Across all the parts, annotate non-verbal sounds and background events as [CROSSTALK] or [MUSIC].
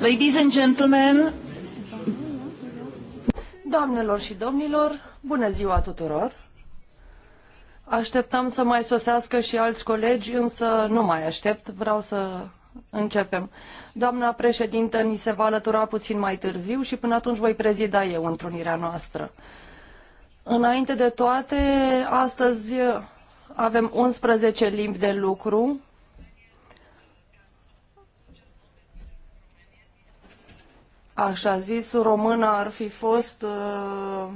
Ladies and gentlemen, Doamnelor și domnilor, bună ziua tuturor! Așteptam să mai sosească și alți colegi, însă nu mai aștept, vreau să începem. Doamna președintă ni se va alătura puțin mai târziu și până atunci voi prezida eu întrunirea noastră. Înainte de toate, astăzi avem 11 limbi de lucru. Așa zis, româna ar fi fost... Uh,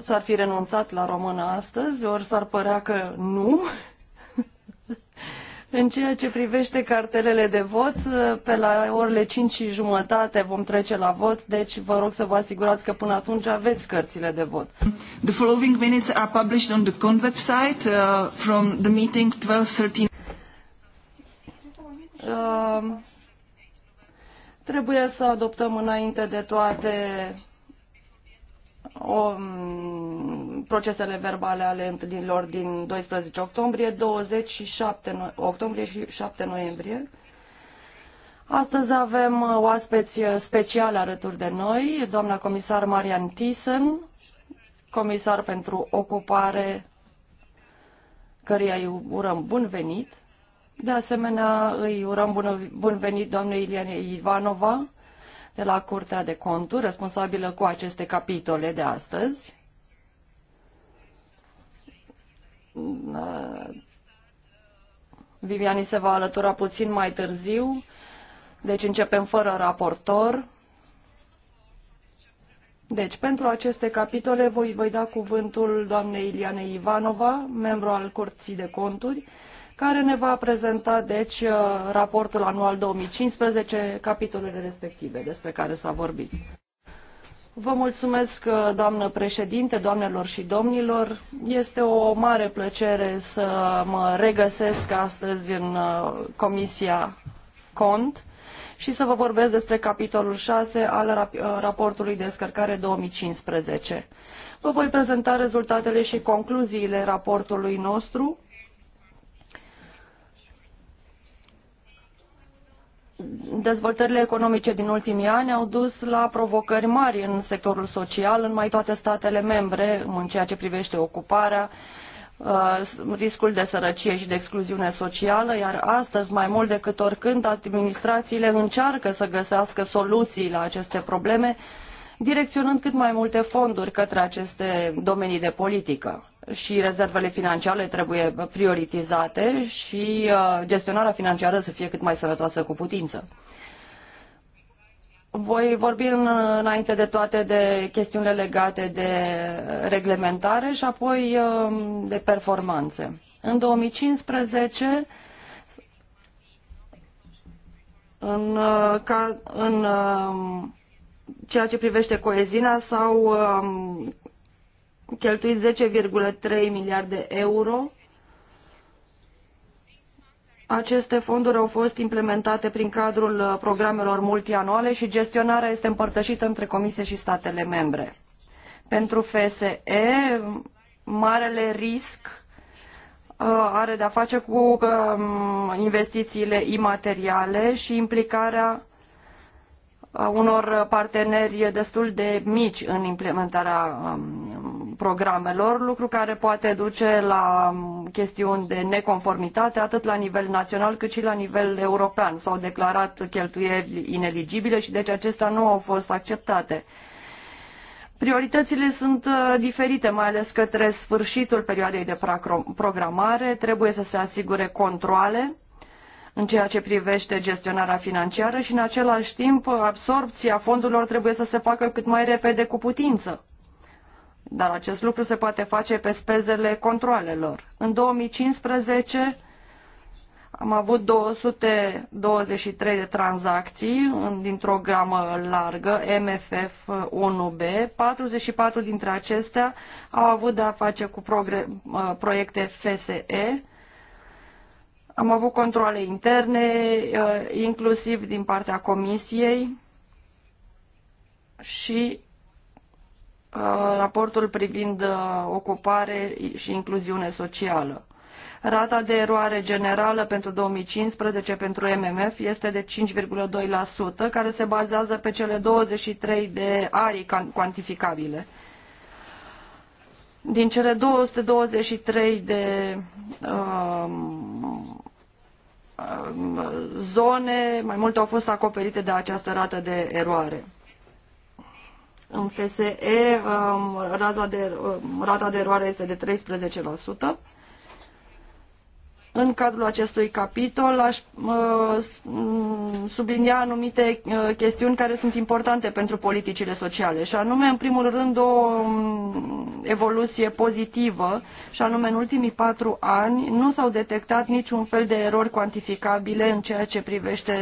s-ar fi renunțat la română astăzi, ori s-ar părea că nu. În ceea ce privește cartelele de vot, pe la orele 5 și jumătate vom trece la vot, deci vă rog să vă asigurați că până atunci aveți cărțile de vot. The following minutes are published on the CON website uh, from the meeting 12:13. Uh, um, trebuie să adoptăm înainte de toate o, um, procesele verbale ale întâlnirilor din 12 octombrie, 27 octombrie și 7 noiembrie. Astăzi avem uh, oaspeți uh, special alături de noi, doamna comisar Marian Thyssen, comisar pentru ocupare, căreia îi urăm bun venit. De asemenea, îi urăm bun, bun venit doamnei Iliane Ivanova, de la Curtea de Conturi, responsabilă cu aceste capitole de astăzi. Viviani se va alătura puțin mai târziu, deci începem fără raportor. Deci, pentru aceste capitole voi, voi da cuvântul doamnei Iliane Ivanova, membru al Curții de Conturi, care ne va prezenta, deci, uh, raportul anual 2015, capitolele respective despre care s-a vorbit. Vă mulțumesc, uh, doamnă președinte, doamnelor și domnilor. Este o mare plăcere să mă regăsesc astăzi în uh, Comisia Cont și să vă vorbesc despre capitolul 6 al uh, raportului de descărcare 2015. Vă voi prezenta rezultatele și concluziile raportului nostru, dezvoltările economice din ultimii ani au dus la provocări mari în sectorul social, în mai toate statele membre, în ceea ce privește ocuparea, uh, riscul de sărăcie și de excluziune socială, iar astăzi, mai mult decât oricând, administrațiile încearcă să găsească soluții la aceste probleme, direcționând cât mai multe fonduri către aceste domenii de politică și rezervele financiare trebuie prioritizate și uh, gestionarea financiară să fie cât mai sănătoasă cu putință. Voi vorbi înainte de toate de chestiunile legate de reglementare și apoi um, de performanțe. În 2015, în, uh, ca, în um, ceea ce privește coeziunea, s-au um, cheltuit 10,3 miliarde euro. Aceste fonduri au fost implementate prin cadrul uh, programelor multianuale și gestionarea este împărtășită între Comisie și statele membre. Pentru FSE, marele risc uh, are de-a face cu um, investițiile imateriale și implicarea unor parteneri destul de mici în implementarea um, programelor, lucru care poate duce la um, chestiuni de neconformitate atât la nivel național cât și la nivel european. S-au declarat cheltuieli ineligibile și deci acestea nu au fost acceptate. Prioritățile sunt uh, diferite, mai ales către sfârșitul perioadei de programare. Trebuie să se asigure controle în ceea ce privește gestionarea financiară și în același timp absorpția fondurilor trebuie să se facă cât mai repede cu putință. Dar acest lucru se poate face pe spezele controalelor. În 2015 am avut 223 de tranzacții dintr-o gramă largă, MFF 1B. 44 dintre acestea au avut de-a face cu uh, proiecte FSE, am avut controle interne, uh, inclusiv din partea comisiei și uh, raportul privind uh, ocupare și incluziune socială. Rata de eroare generală pentru 2015 pentru MMF este de 5,2%, care se bazează pe cele 23 de arii cuantificabile. Din cele 223 de uh, Um, zone, mai multe au fost acoperite de această rată de eroare. În FSE, um, raza de, um, rata de eroare este de 13%. În cadrul acestui capitol aș sublinia anumite ă, chestiuni care sunt importante pentru politicile sociale și anume, în primul rând, o evoluție pozitivă și anume, în ultimii patru ani nu s-au detectat niciun fel de erori cuantificabile în ceea ce privește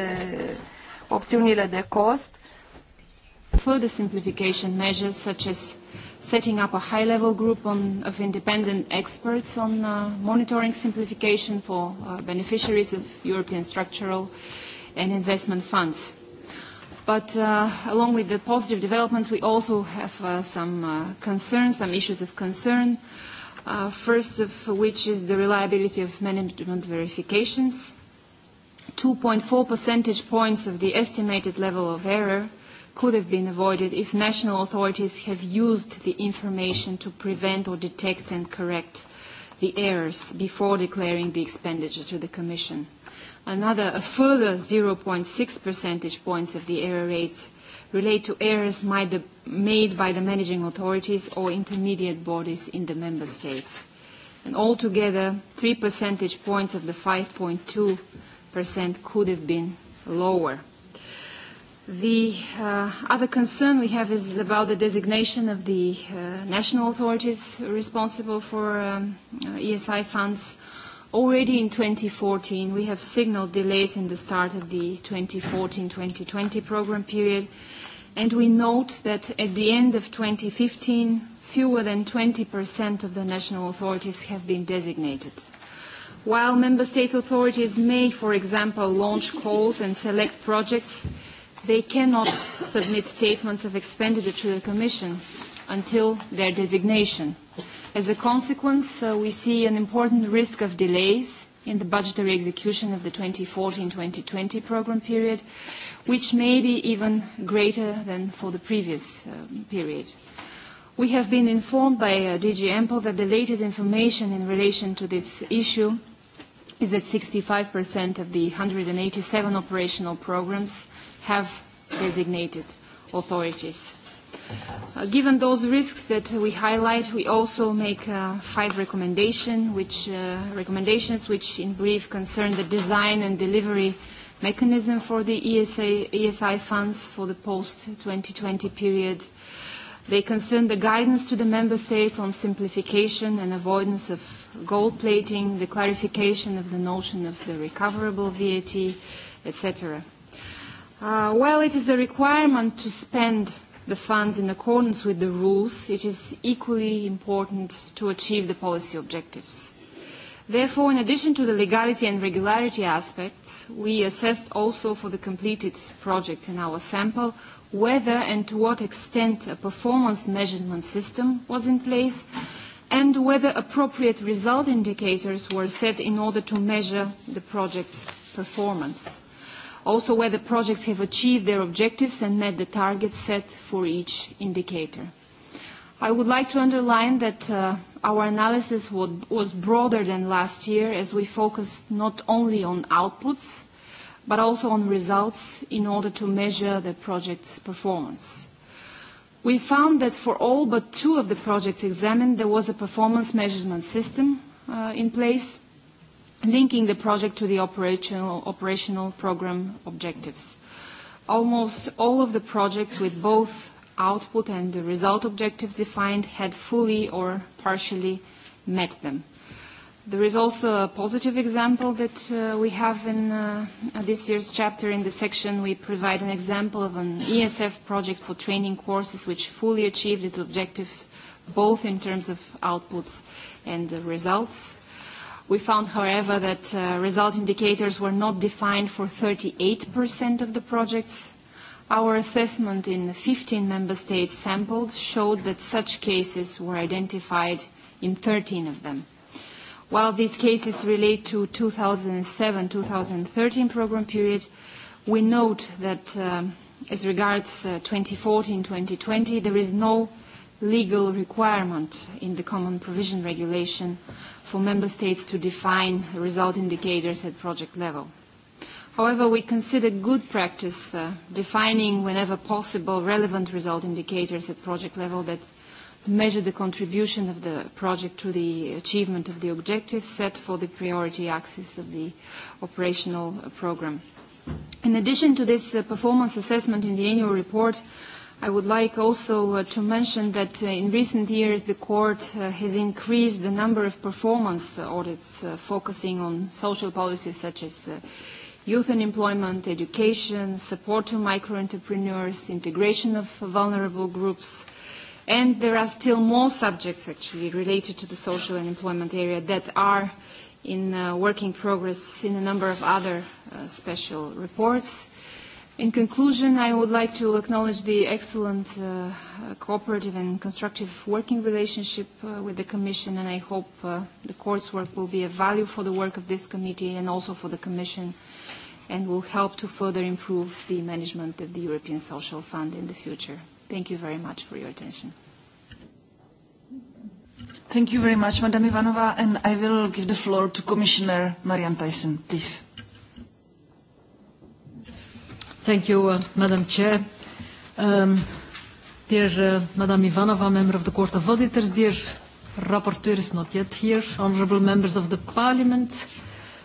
opțiunile de cost. Further simplification measures such as setting up a high-level group on, of independent experts on uh, monitoring simplification for uh, beneficiaries of European structural and investment funds. But uh, along with the positive developments, we also have uh, some uh, concerns, some issues of concern, uh, first of which is the reliability of management verifications. 2.4 percentage points of the estimated level of error could have been avoided if national authorities have used the information to prevent or detect and correct the errors before declaring the expenditure to the Commission. Another, a further 0.6 percentage points of the error rate relate to errors made by the managing authorities or intermediate bodies in the Member States. And altogether, 3 percentage points of the 5.2% could have been lower. The uh, other concern we have is about the designation of the uh, national authorities responsible for um, uh, ESI funds. Already in 2014, we have signaled delays in the start of the 2014-2020 program period, and we note that at the end of 2015, fewer than 20% of the national authorities have been designated. While member states authorities may, for example, launch calls and select projects, they cannot submit statements of expenditure to the Commission until their designation. As a consequence, uh, we see an important risk of delays in the budgetary execution of the 2014-2020 program period, which may be even greater than for the previous um, period. We have been informed by uh, DG Ample that the latest information in relation to this issue is that 65% of the 187 operational programmes have designated authorities. Uh, given those risks that we highlight, we also make uh, five recommendation, which, uh, recommendations which in brief concern the design and delivery mechanism for the ESA, ESI funds for the post-2020 period. They concern the guidance to the Member States on simplification and avoidance of gold plating, the clarification of the notion of the recoverable VAT, etc. Uh, well, it is a requirement to spend the funds in accordance with the rules. It is equally important to achieve the policy objectives. Therefore, in addition to the legality and regularity aspects, we assessed also for the completed projects in our sample whether and to what extent a performance measurement system was in place and whether appropriate result indicators were set in order to measure the project's performance also whether projects have achieved their objectives and met the targets set for each indicator. I would like to underline that uh, our analysis was broader than last year as we focused not only on outputs, but also on results in order to measure the project's performance. We found that for all but two of the projects examined, there was a performance measurement system uh, in place, linking the project to the operational, program objectives. Almost all of the projects with both output and the result objectives defined had fully or partially met them. There is also a positive example that uh, we have in uh, this year's chapter. In the section, we provide an example of an ESF project for training courses which fully achieved its objectives both in terms of outputs and the results. We found, however, that uh, result indicators were not defined for 38% of the projects. Our assessment in 15 member states sampled showed that such cases were identified in 13 of them. While these cases relate to 2007-2013 program period, we note that um, as regards 2014-2020, uh, there is no legal requirement in the Common Provision Regulation for member states to define result indicators at project level. However, we consider good practice uh, defining, whenever possible, relevant result indicators at project level that measure the contribution of the project to the achievement of the objectives set for the priority axis of the operational program. In addition to this uh, performance assessment in the annual report, uh, I would like also uh, to mention that uh, in recent years the court uh, has increased the number of performance audits uh, focusing on social policies such as uh, youth unemployment, education, support to micro-entrepreneurs, integration of vulnerable groups, and there are still more subjects actually related to the social and employment area that are in uh, working progress in a number of other special reports. In conclusion, I would like to acknowledge the excellent uh, cooperative and constructive working relationship uh, with the Commission, and I hope uh, the Court's work will be a value for the work of this committee and also for the Commission, and will help to further improve the management of the European Social Fund in the future. Thank you very much for your attention. Thank you very much, Madam Ivanova, and I will give the floor to Commissioner Marian Tyson, please. Thank you, uh, Madam Chair. Um, dear uh, Madam Ivanova, Member of the Court of Auditors, dear Rapporteur is not yet here, honourable members of the Parliament,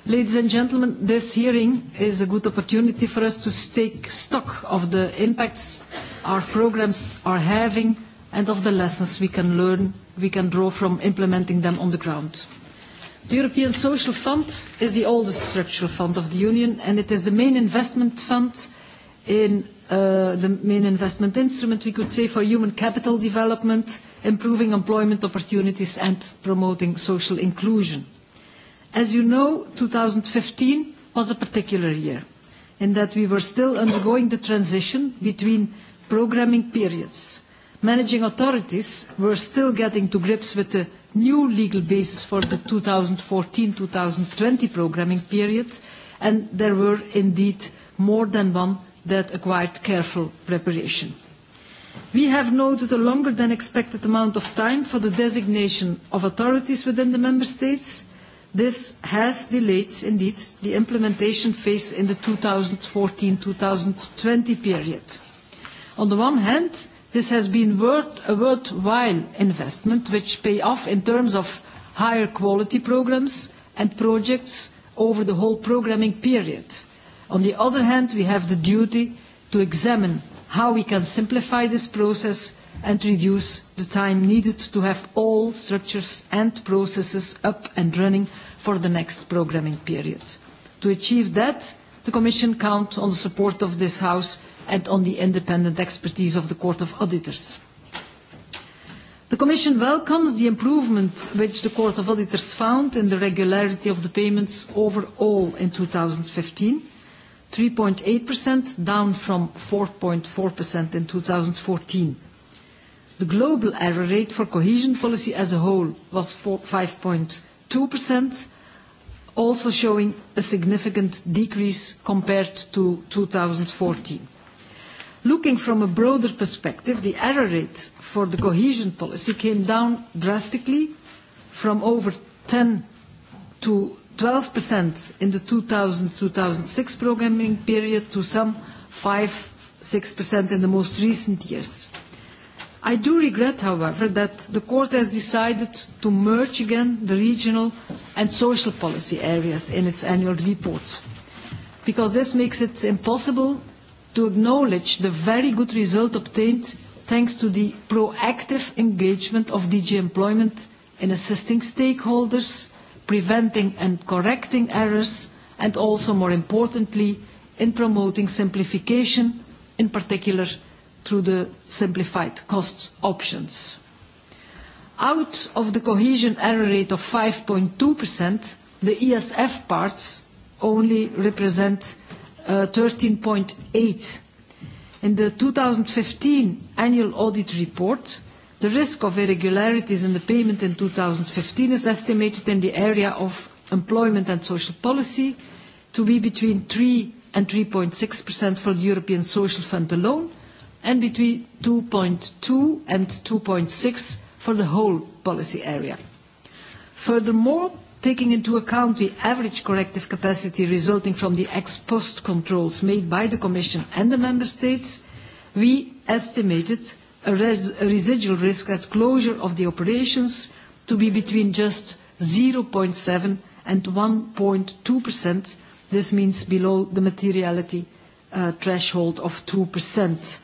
ladies and gentlemen, this hearing is a good opportunity for us to take stock of the impacts our programmes are having and of the lessons we can learn, we can draw from implementing them on the ground. The European Social Fund is the oldest structural fund of the Union and it is the main investment fund in uh, the main investment instrument, we could say for human capital development, improving employment opportunities and promoting social inclusion. As you know, 2015 was a particular year in that we were still undergoing the transition between programming periods. Managing authorities were still getting to grips with the new legal basis for the 2014-2020 programming period, and there were indeed more than one that required careful preparation. We have noted a longer than expected amount of time for the designation of authorities within the Member States. This has delayed, indeed, the implementation phase in the 2014-2020 period. On the one hand, this has been worth, a worthwhile investment, which pay off in terms of higher quality programmes and projects over the whole programming period. On the other hand, we have the duty to examine how we can simplify this process and reduce the time needed to have all structures and processes up and running for the next programming period. To achieve that, the Commission counts on the support of this House and on the independent expertise of the Court of Auditors. The Commission welcomes the improvement which the Court of Auditors found in the regularity of the payments overall in 2015 3.8%, down from 4.4% in 2014. The global error rate for cohesion policy as a whole was 5.2%, also showing a significant decrease compared to 2014. Looking from a broader perspective, the error rate for the cohesion policy came down drastically from over 10 to 12% in the 2000-2006 programming period to some 5-6% in the most recent years. I do regret, however, that the court has decided to merge again the regional and social policy areas in its annual report, because this makes it impossible to acknowledge the very good result obtained thanks to the proactive engagement of DG Employment in assisting stakeholders preventing and correcting errors, and also, more importantly, in promoting simplification, in particular through the simplified costs options. Out of the cohesion error rate of 5.2%, the ESF parts only represent uh, 13.8%. In the 2015 annual audit report, The risk of irregularities in the payment in 2015 is estimated in the area of employment and social policy to be between 3 and 3.6% for the European Social Fund alone and between 2.2 and 2.6 for the whole policy area. Furthermore, taking into account the average corrective capacity resulting from the ex post controls made by the Commission and the Member States, we estimated a res residual risk at closure of the operations to be between just 0.7 and 1.2%. percent. This means below the materiality uh, threshold of 2%. percent.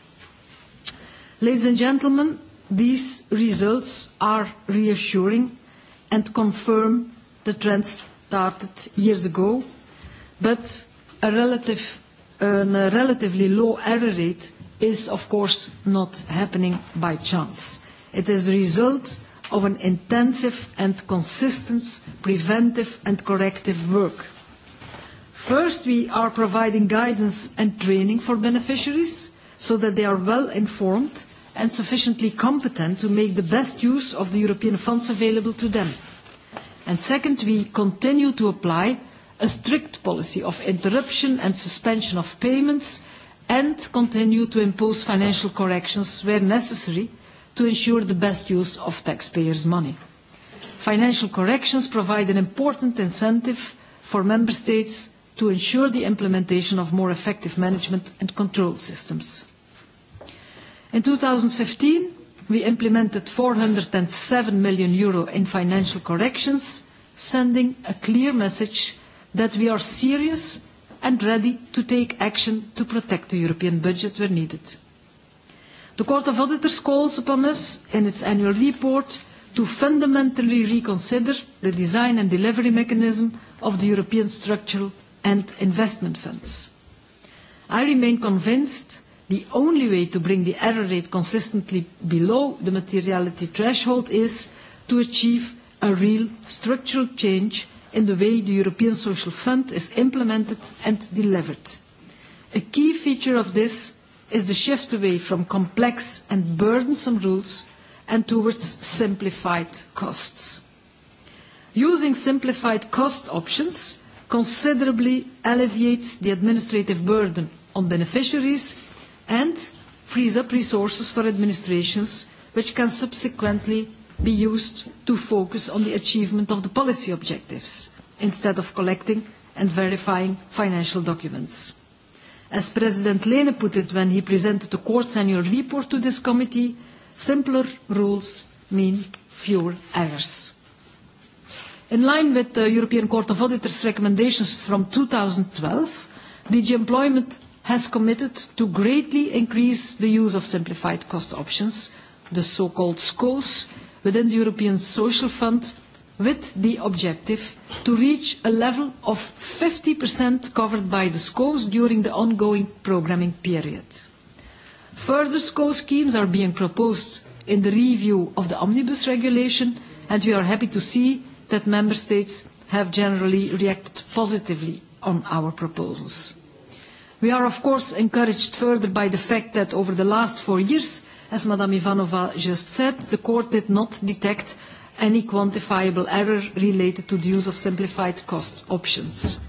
Ladies and gentlemen, these results are reassuring and confirm the trend started years ago, but a, relative, uh, a relatively low error rate is of course not happening by chance. It is the result of an intensive and consistent preventive and corrective work. First, we are providing guidance and training for beneficiaries so that they are well informed and sufficiently competent to make the best use of the European funds available to them. And second, we continue to apply a strict policy of interruption and suspension of payments and continue to impose financial corrections where necessary to ensure the best use of taxpayers' money. Financial corrections provide an important incentive for Member States to ensure the implementation of more effective management and control systems. In 2015, we implemented 407 million euro in financial corrections, sending a clear message that we are serious and ready to take action to protect the European budget where needed. The Court of Auditors calls upon us in its annual report to fundamentally reconsider the design and delivery mechanism of the European structural and investment funds. I remain convinced the only way to bring the error rate consistently below the materiality threshold is to achieve a real structural change in the way the European Social Fund is implemented and delivered. A key feature of this is the shift away from complex and burdensome rules and towards simplified costs. Using simplified cost options considerably alleviates the administrative burden on beneficiaries and frees up resources for administrations which can subsequently be used to focus on the achievement of the policy objectives instead of collecting and verifying financial documents. As President Lehne put it when he presented the court's annual report to this committee, simpler rules mean fewer errors. In line with the European Court of Auditors' recommendations from 2012, DG Employment has committed to greatly increase the use of simplified cost options, the so-called SCOs, within the European Social Fund with the objective to reach a level of 50% covered by the SCOs during the ongoing programming period. Further SCO schemes are being proposed in the review of the Omnibus regulation and we are happy to see that Member States have generally reacted positively on our proposals. We are of course encouraged further by the fact that over the last four years, as Madame Ivanova just said, the court did not detect any quantifiable error related to the use of simplified cost options.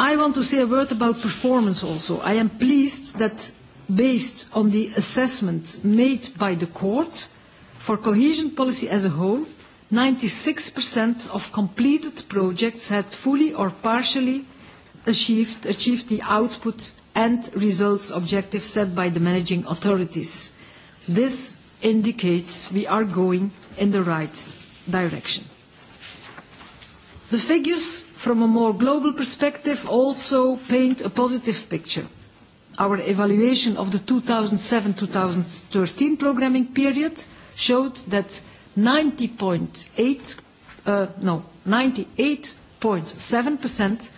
I want to say a word about performance also. I am pleased that based on the assessment made by the court, for cohesion policy as a whole, 96% of completed projects had fully or partially achieved, achieve the output and results objectives set by the managing authorities. This indicates we are going in the right direction. The figures from a more global perspective also paint a positive picture. Our evaluation of the 2007-2013 programming period showed that 90.8, uh, no, 98.7%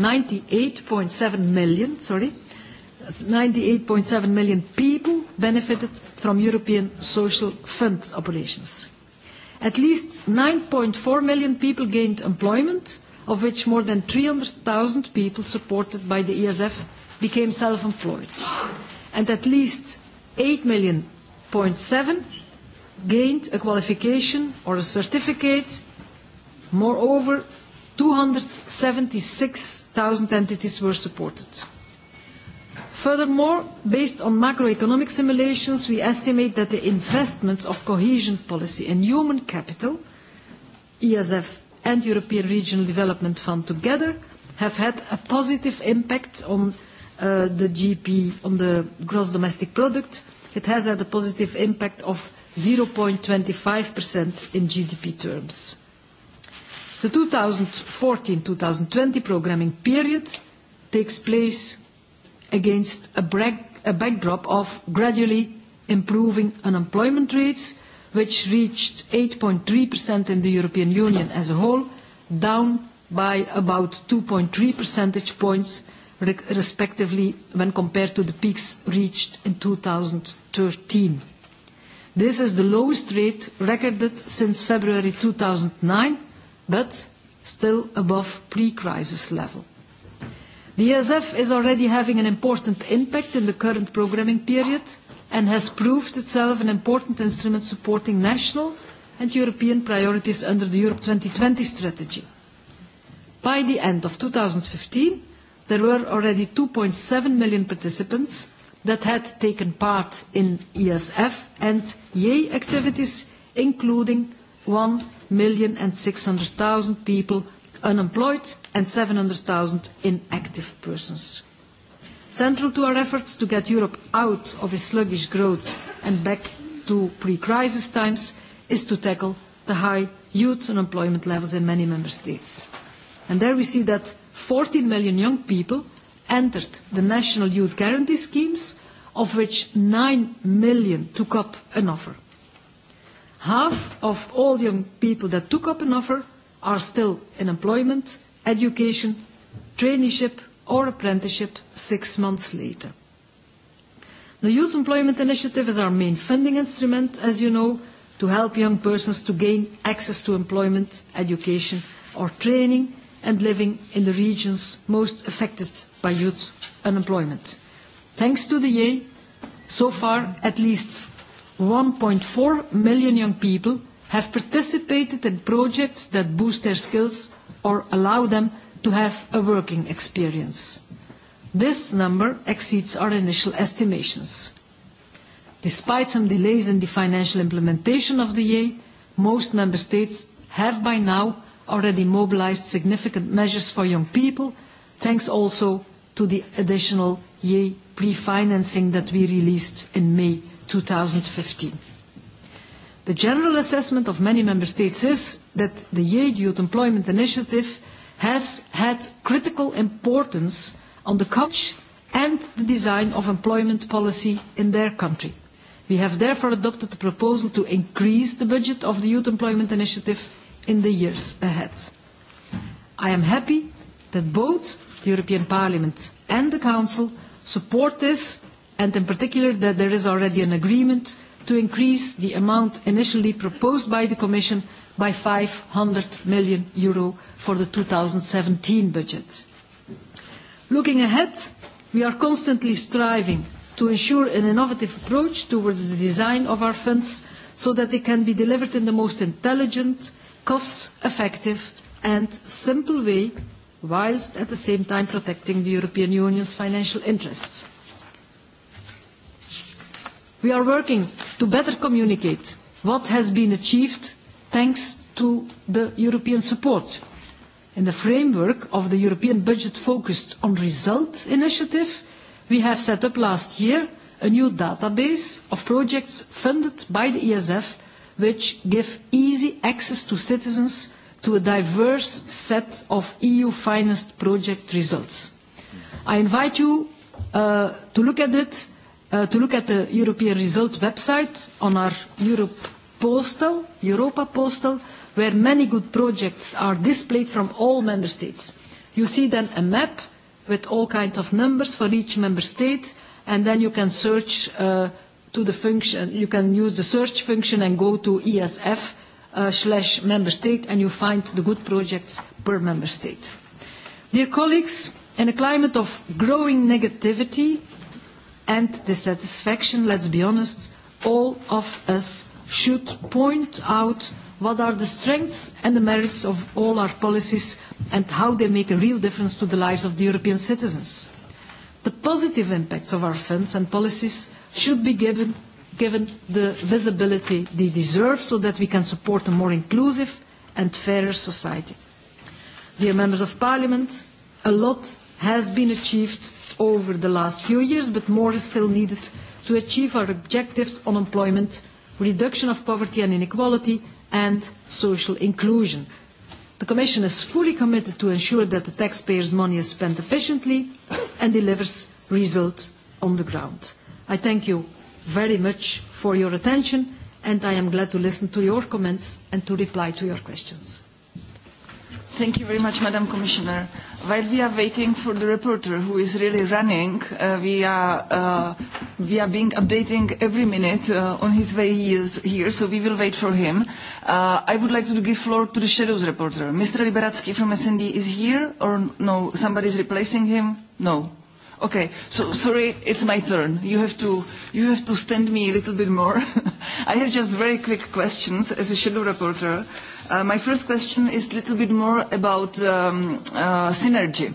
98.7 million, sorry, 98.7 million people benefited from European Social Fund operations. At least 9.4 million people gained employment, of which more than 300,000 people supported by the ESF became self-employed. And at least 8 million gained a qualification or a certificate. Moreover, 276,000 entities were supported. Furthermore, based on macroeconomic simulations, we estimate that the investments of cohesion policy and human capital, ESF and European Regional Development Fund together, have had a positive impact on uh, the GP, on the gross domestic product. It has had a positive impact of 0.25% in GDP terms. The 2014-2020 programming period takes place against a, a backdrop of gradually improving unemployment rates, which reached 8.3% in the European Union as a whole, down by about 2.3 percentage points respectively when compared to the peaks reached in 2013. This is the lowest rate recorded since February 2009 but still above pre-crisis level. The ESF is already having an important impact in the current programming period and has proved itself an important instrument supporting national and European priorities under the Europe 2020 strategy. By the end of 2015, there were already 2.7 million participants that had taken part in ESF and EA activities, including one million and six hundred thousand people unemployed and seven hundred thousand inactive persons. Central to our efforts to get Europe out of its sluggish growth and back to pre-crisis times is to tackle the high youth unemployment levels in many member states. And there we see that 14 million young people entered the national youth guarantee schemes, of which 9 million took up an offer Half of all young people that took up an offer are still in employment, education, traineeship or apprenticeship six months later. The Youth Employment Initiative is our main funding instrument, as you know, to help young persons to gain access to employment, education or training and living in the regions most affected by youth unemployment. Thanks to the YEI, so far at least 1.4 million young people have participated in projects that boost their skills or allow them to have a working experience. This number exceeds our initial estimations. Despite some delays in the financial implementation of the EA, most member states have by now already mobilized significant measures for young people, thanks also to the additional EA pre-financing that we released in May 2015. The general assessment of many member states is that the Youth Employment Initiative has had critical importance on the coach and the design of employment policy in their country. We have therefore adopted the proposal to increase the budget of the Youth Employment Initiative in the years ahead. I am happy that both the European Parliament and the Council support this and in particular that there is already an agreement to increase the amount initially proposed by the Commission by 500 million euro for the 2017 budget. Looking ahead, we are constantly striving to ensure an innovative approach towards the design of our funds so that they can be delivered in the most intelligent, cost-effective and simple way, whilst at the same time protecting the European Union's financial interests. We are working to better communicate what has been achieved thanks to the European support. In the framework of the European budget focused on results initiative, we have set up last year a new database of projects funded by the ESF which give easy access to citizens to a diverse set of EU-financed project results. I invite you uh, to look at it Uh, to look at the European Result website on our Europe Postal, Europa Postal, where many good projects are displayed from all member states. You see then a map with all kinds of numbers for each member state, and then you can search uh, to the function, you can use the search function and go to ESF uh, slash member state, and you find the good projects per member state. Dear colleagues, in a climate of growing negativity, and dissatisfaction, let's be honest, all of us should point out what are the strengths and the merits of all our policies and how they make a real difference to the lives of the European citizens. The positive impacts of our funds and policies should be given, given the visibility they deserve so that we can support a more inclusive and fairer society. Dear Members of Parliament, a lot has been achieved over the last few years, but more is still needed to achieve our objectives on employment, reduction of poverty and inequality, and social inclusion. The Commission is fully committed to ensure that the taxpayers' money is spent efficiently and delivers results on the ground. I thank you very much for your attention, and I am glad to listen to your comments and to reply to your questions. Thank you very much, Madam Commissioner. While we are waiting for the reporter who is really running, uh, we, are, uh, we are being updating every minute uh, on his way he is here, so we will wait for him. Uh, I would like to give floor to the shadows reporter. Mr. Liberatsky from SND is here or no? Somebody is replacing him? No. Okay, so sorry, it's my turn. You have to, you have to stand me a little bit more. [LAUGHS] I have just very quick questions as a shadow reporter. Uh, Uh, my first question is a little bit more about um, uh, synergy.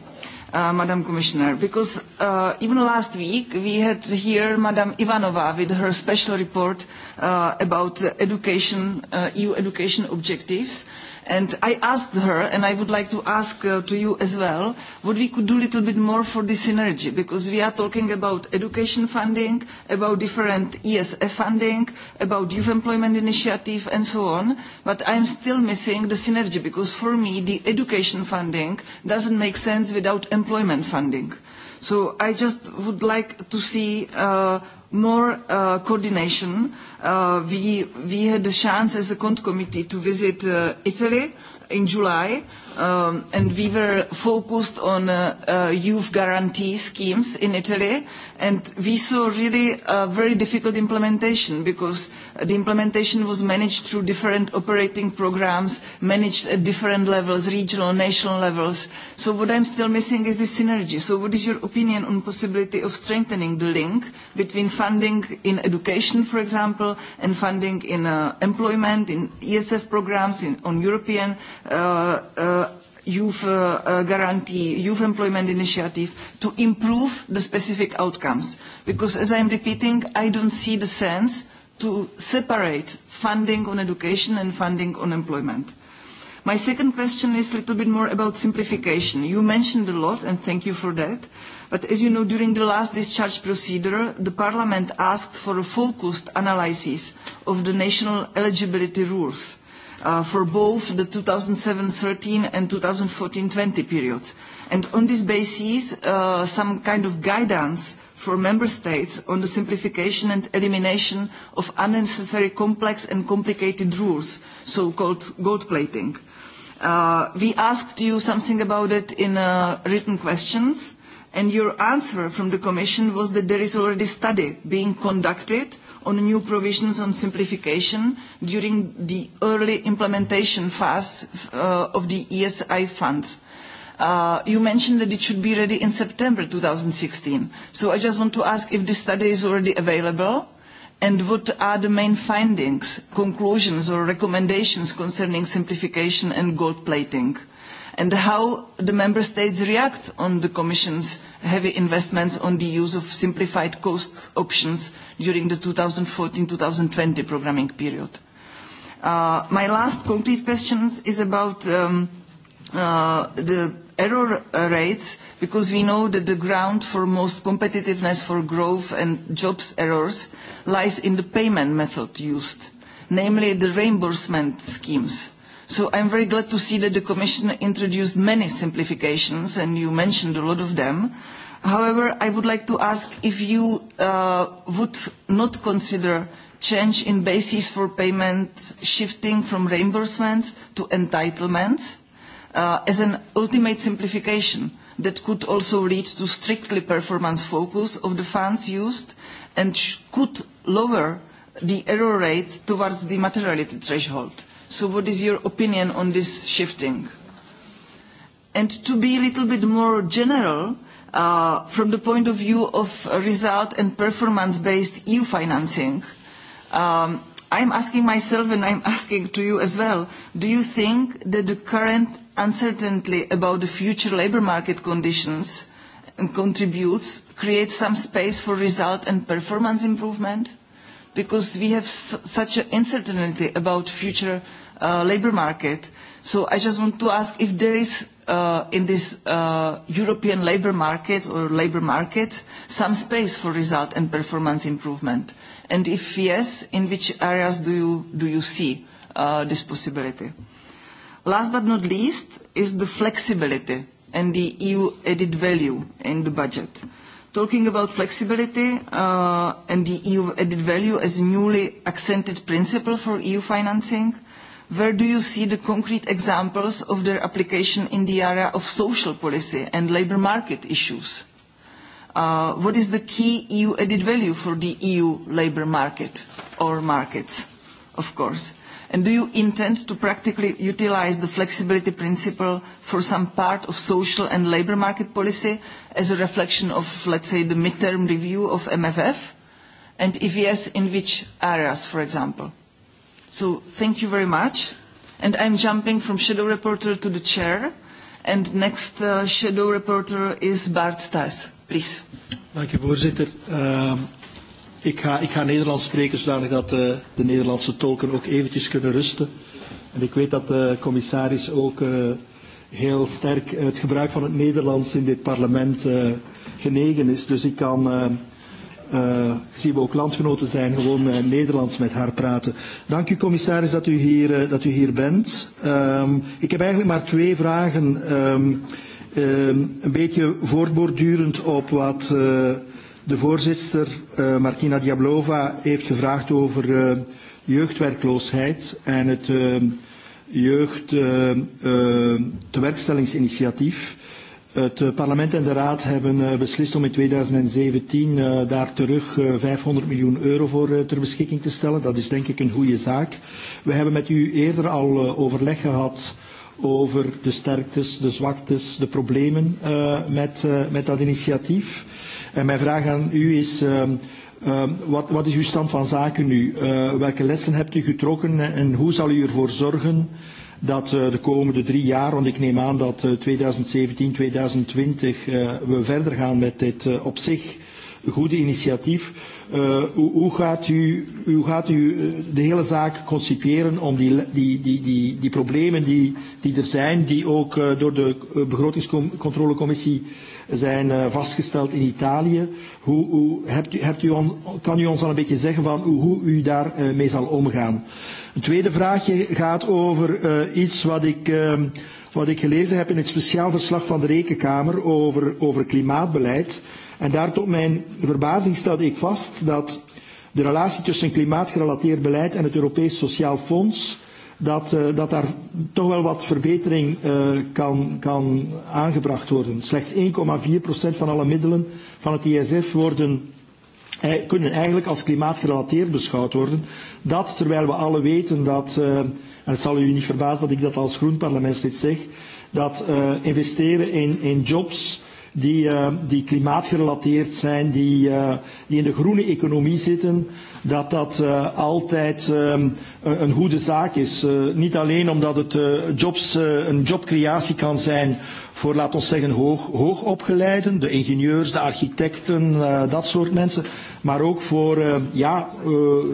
Uh, Madam Commissioner, because uh, even last week we had here Madam Ivanova with her special report uh, about education, uh, EU education objectives, And I asked her, and I would like to ask uh, to you as well, what we could do a little bit more for this synergy, because we are talking about education funding, about different ESF funding, about youth employment initiative, and so on. But I am still missing the synergy, because for me, the education funding doesn't make sense without employment funding. So I just would like to see uh, more uh, coordination. Uh, we, we had the chance as a CONT committee to visit uh, Italy in July, um, and we were focused on uh, uh, youth guarantee schemes in Italy, And we saw really a very difficult implementation because the implementation was managed through different operating programs, managed at different levels, regional, national levels. So what I'm still missing is the synergy. So what is your opinion on possibility of strengthening the link between funding in education, for example, and funding in uh, employment, in ESF programs, in, on European uh, uh, youth uh, uh, guarantee, youth employment initiative to improve the specific outcomes. Because as I'm repeating, I don't see the sense to separate funding on education and funding on employment. My second question is a little bit more about simplification. You mentioned a lot, and thank you for that. But as you know, during the last discharge procedure, the Parliament asked for a focused analysis of the national eligibility rules Uh, for both the 2007-13 and 2014-20 periods. And on this basis, uh, some kind of guidance for member states on the simplification and elimination of unnecessary complex and complicated rules, so-called gold plating. Uh, we asked you something about it in uh, written questions, and your answer from the Commission was that there is already a study being conducted on new provisions on simplification during the early implementation phase uh, of the ESI funds. Uh, you mentioned that it should be ready in September 2016. So I just want to ask if this study is already available and what are the main findings, conclusions or recommendations concerning simplification and gold plating. Uh, and how the member states react on the Commission's heavy investments on the use of simplified cost options during the 2014-2020 programming period. Uh, my last concrete question is about um, uh, the error rates, because we know that the ground for most competitiveness for growth and jobs errors lies in the payment method used, namely the reimbursement schemes So I'm very glad to see that the Commission introduced many simplifications, and you mentioned a lot of them. However, I would like to ask if you uh, would not consider change in basis for payments shifting from reimbursements to entitlements uh, as an ultimate simplification that could also lead to strictly performance focus of the funds used and could lower the error rate towards the materiality threshold. So what is your opinion on this shifting? And to be a little bit more general, uh, from the point of view of result and performance-based EU financing, um, I'm asking myself and I'm [LAUGHS] asking to you as well, do you think that the current uncertainty about the future labour market conditions contributes, creates some space for result and performance improvement? because we have such an uncertainty about future uh, labour market. So I just want to ask if there is uh, in this uh, European labour market or labour market some space for result and performance improvement. And if yes, in which areas do you, do you see uh, this possibility? Last but not least is the flexibility and the EU added value in the budget talking about flexibility uh, and the EU added value as a newly accented principle for EU financing, where do you see the concrete examples of their application in the area of social policy and labour market issues? Uh, what is the key EU added value for the EU labour market or markets, of course? And do you intend to practically utilise the flexibility principle for some part of social and labour market policy as a reflection of, let's say, the midterm review of MFF? And if yes, in which areas, for example? So thank you very much. And I'm jumping from shadow reporter to the chair. And next uh, shadow reporter is Bart Stas. Please. Dank u, voorzitter. Ehm, Ik ga, ik ga Nederlands spreken zodanig dat uh, de Nederlandse tolken ook eventjes kunnen rusten. En ik weet dat de eh, commissaris ook uh, heel sterk het gebruik van het Nederlands in dit parlement uh, genegen is. Dus ik kan, uh, uh, zien we ook landgenoten zijn, gewoon uh, Nederlands met haar praten. Dank u commissaris dat u hier, uh, dat u hier bent. Um, ik heb eigenlijk maar twee vragen. Um, um, een beetje voortbordurend op wat... Uh, de voorzitter uh, Martina Diablova heeft gevraagd over uh, jeugdwerkloosheid en het uh, eh, jeugdtewerkstellingsinitiatief. Uh, uh, het parlement en de raad hebben uh, beslist om in 2017 uh, daar terug uh, 500 miljoen euro voor uh, ter beschikking te stellen. Dat is denk ik een goede zaak. We hebben met u eerder al uh, overleg gehad over de sterktes, de zwaktes, de problemen uh, met, uh, met dat initiatief. En mijn vraag aan u is, um, um, wat, wat is uw stand van zaken nu? Uh, welke lessen hebt u getrokken en, hoe zal u ervoor zorgen dat uh, de komende drie jaar, want ik neem aan dat uh, 2017, 2020 uh, we verder gaan met dit uh, op zich goede initiatief. Uh, hoe, hoe gaat u, hoe gaat u de hele zaak concipiëren om die, die, die, die, die problemen die, die er zijn, die ook uh, door de begrotingscontrolecommissie uh, zijn uh, vastgesteld in Italië. Hoe, hoe, hebt u, hebt u on, kan u ons al een beetje zeggen van hoe, hoe u daarmee eh, uh, zal omgaan? Een tweede vraagje gaat over uh, iets wat ik... Uh, wat ik gelezen heb in het speciaal verslag van de Rekenkamer over, over klimaatbeleid. En daar tot mijn verbazing stelde ik vast dat de relatie tussen klimaatgerelateerd beleid en het Europees Sociaal Fonds uh, dat, uh, dat daar toch wel wat verbetering uh, kan, kan aangebracht worden. Slechts 1,4% van alle middelen van het ISF worden uh, kunnen eigenlijk als klimaatgerelateerd beschouwd worden. Dat terwijl we alle weten dat, uh, en het zal u niet verbazen dat ik dat als groen parlementslid zeg, dat uh, investeren in, in jobs die, uh, die klimaatgerelateerd zijn, die, uh, die in de groene economie zitten, dat dat uh, altijd um, een, een goede zaak is. Uh, niet alleen omdat het uh, jobs, uh, een jobcreatie kan zijn voor, laten we zeggen, hoog, hoogopgeleiden, de ingenieurs, de architecten, uh, dat soort mensen, maar ook voor uh, ja, uh,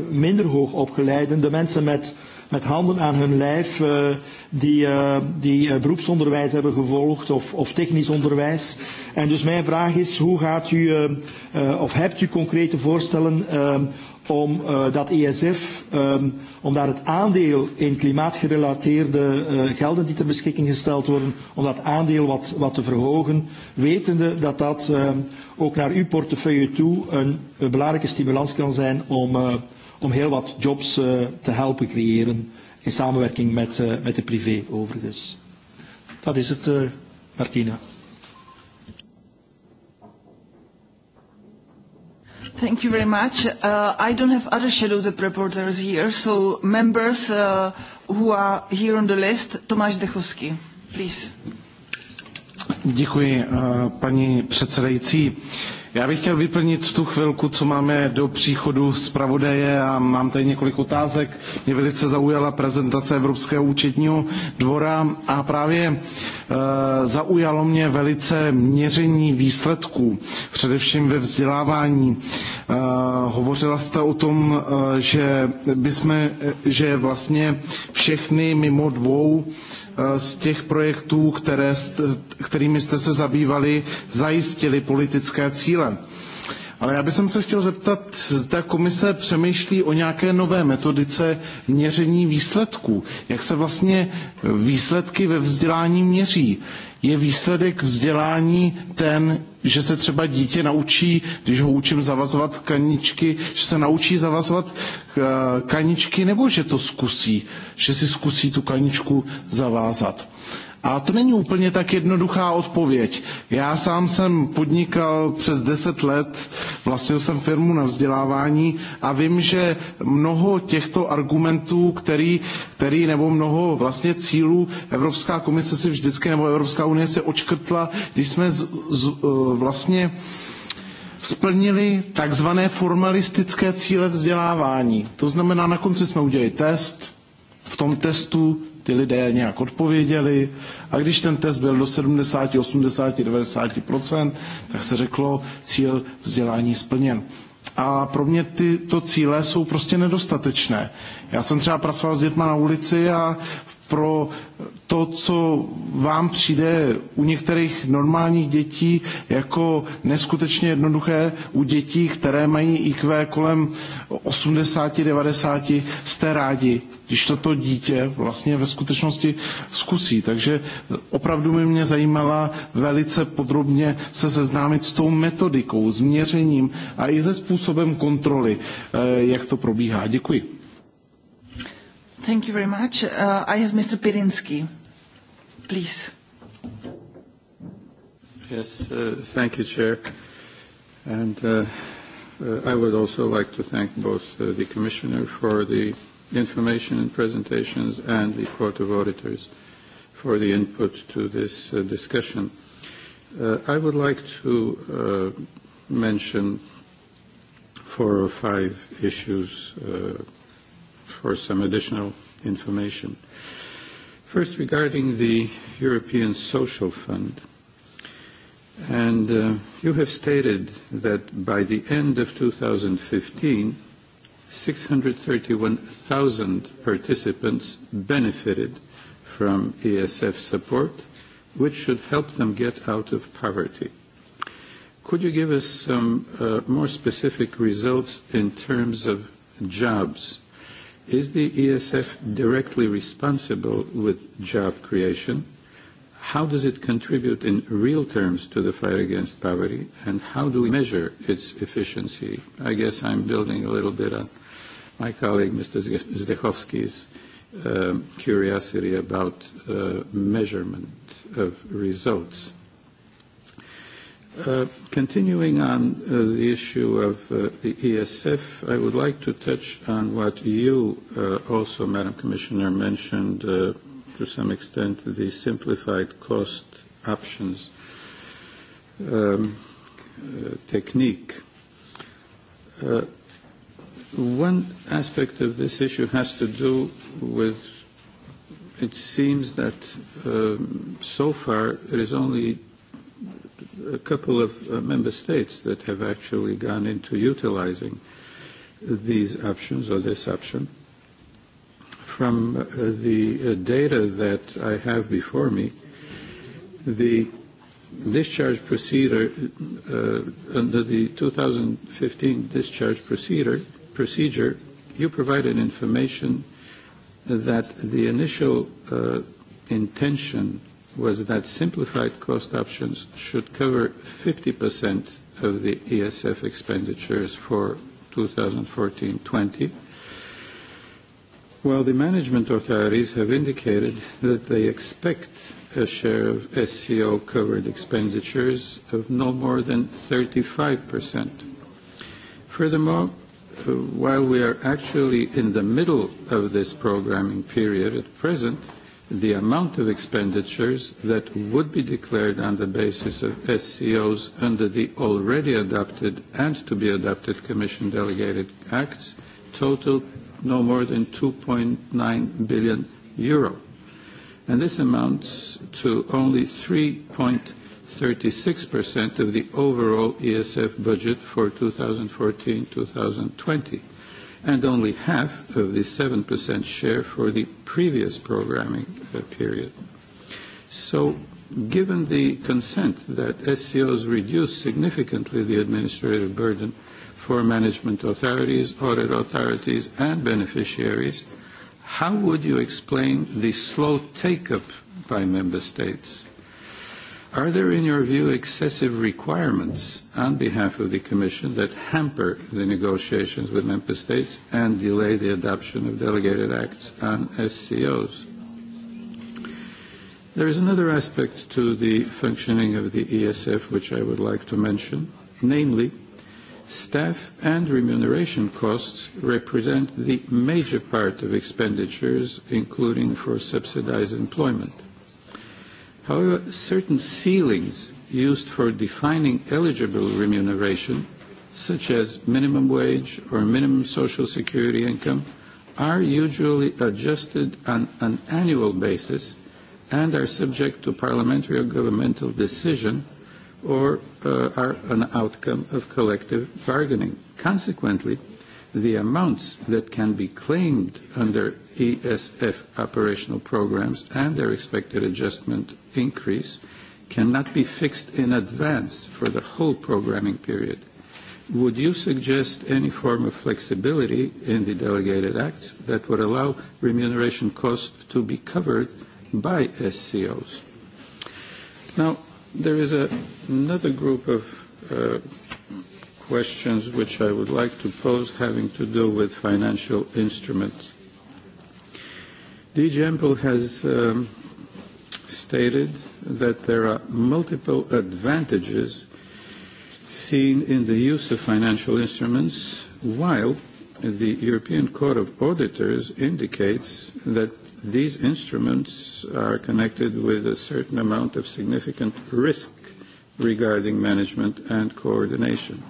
minder hoogopgeleiden, de mensen met met handen aan hun lijf uh, die, uh, die uh, beroepsonderwijs hebben gevolgd of, of technisch onderwijs. En dus mijn vraag is, hoe gaat u uh, uh, of hebt u concrete voorstellen uh, om uh, dat ESF, um, om daar het aandeel in klimaatgerelateerde uh, gelden die ter beschikking gesteld worden, om dat aandeel wat, wat te verhogen, wetende dat dat uh, ook naar uw portefeuille toe een, een belangrijke stimulans kan zijn om... Uh, om heel wat jobs uh, te helpen creëren. In samenwerking met, uh, met de privé overigens. Dat is het, uh, Martina. Thank you very much. Uh, I don't have other shadows of reporters here, so members uh, who are here on the list, Tomáš Dechovský, please. Děkuji, uh, paní předsedající. Uh, Já bych chtěl vyplnit tu chvilku, co máme do příchodu zpravodaje a mám tady několik otázek. Mě velice zaujala prezentace Evropského účetního dvora a právě e, eh, zaujalo mě velice měření výsledků, především ve vzdělávání. E, eh, hovořila jste o tom, e, eh, že, bychom, že vlastně všechny mimo dvou e, Eh, z těch projektů, které, kterými jste se zabývali, zajistili politické cíle. Ale já bych se chtěl zeptat, zda komise přemýšlí o nějaké nové metodice měření výsledků. Jak se vlastně výsledky ve vzdělání měří? Je výsledek vzdělání ten, že se třeba dítě naučí, když ho učím zavazovat kaničky, že se naučí zavazovat eh, kaničky, nebo že to zkusí, že si zkusí tu kaničku zavázat. A to není úplně tak jednoduchá odpověď. Já sám jsem podnikal přes 10 let, vlastnil jsem firmu na vzdělávání a vím, že mnoho těchto argumentů, který, který nebo mnoho vlastně cílů Evropská komise si vždycky, nebo Evropská unie se očkrtla, když jsme z, z, eh, vlastně splnili takzvané formalistické cíle vzdělávání. To znamená, na konci jsme udělali test, v tom testu ty lidé nějak odpověděli a když ten test byl do 70, 80, 90 tak se řeklo cíl vzdělání splněn. A pro mě tyto cíle jsou prostě nedostatečné. Já jsem třeba pracoval s dětma na ulici a pro to, co vám přijde u některých normálních dětí jako neskutečně jednoduché, u dětí, které mají IQ kolem 80-90, jste rádi, když toto dítě vlastně ve skutečnosti zkusí. Takže opravdu by mě zajímala velice podrobně se seznámit s tou metodikou, s měřením a i se způsobem kontroly, eh, jak to probíhá. Děkuji. Thank you very much. Uh, I have Mr. Pirinsky. Please. Yes, uh, thank you, Chair. And uh, uh, I would also like to thank both uh, the Commissioner for the information and presentations and the Court of Auditors for the input to this uh, discussion. Uh, I would like to uh, mention four or five issues uh, for some additional information. First, regarding the European Social Fund, and uh, you have stated that by the end of 2015, 631,000 participants benefited from ESF support, which should help them get out of poverty. Could you give us some uh, more specific results in terms of jobs Is the ESF directly responsible with job creation? How does it contribute in real terms to the fight against poverty? And how do we measure its efficiency? I guess I'm building a little bit on my colleague, Mr. Zdechovsky's uh, um, curiosity about uh, measurement of results. Uh, continuing on uh, the issue of uh, the ESF, I would like to touch on what you uh, also, Madam Commissioner, mentioned uh, to some extent, the simplified cost options um, uh, technique. Uh, one aspect of this issue has to do with it seems that um, so far it is only a couple of uh, member states that have actually gone into utilizing these options or this option. From uh, the uh, data that I have before me, the discharge procedure uh, under the 2015 discharge procedure procedure you provided information that the initial uh, intention was that simplified cost options should cover 50% of the ESF expenditures for 2014-20, while the management authorities have indicated that they expect a share of SCO-covered expenditures of no more than 35%. Furthermore, uh, while we are actually in the middle of this programming period at present, the amount of expenditures that would be declared on the basis of SCOs under the already adopted and to be adopted Commission delegated acts totaled no more than 2.9 billion euro. And this amounts to only 3.36% of the overall ESF budget for 2014-2020 and only half of the 7% share for the previous programming uh, period. So given the consent that SCOs reduce significantly the administrative burden for management authorities, audit authorities and beneficiaries, how would you explain the slow take-up by member states are there, in your view, excessive requirements on behalf of the Commission that hamper the negotiations with Member States and delay the adoption of delegated acts on SCOs? There is another aspect to the functioning of the ESF which I would like to mention, namely Staff and remuneration costs represent the major part of expenditures, including for subsidized employment. However, certain ceilings used for defining eligible remuneration, such as minimum wage or minimum social security income, are usually adjusted on an annual basis and are subject to parliamentary or governmental decision or uh, are an outcome of collective bargaining. Consequently, the amounts that can be claimed under ESF operational programs and their expected adjustment increase cannot be fixed in advance for the whole programming period. Would you suggest any form of flexibility in the delegated acts that would allow remuneration costs to be covered by SCOs? Now, there is a, another group of uh, questions which I would like to pose having to do with financial instruments. DG Ample has um, stated that there are multiple advantages seen in the use of financial instruments, while the European Court of Auditors indicates that these instruments are connected with a certain amount of significant risk regarding management and coordination.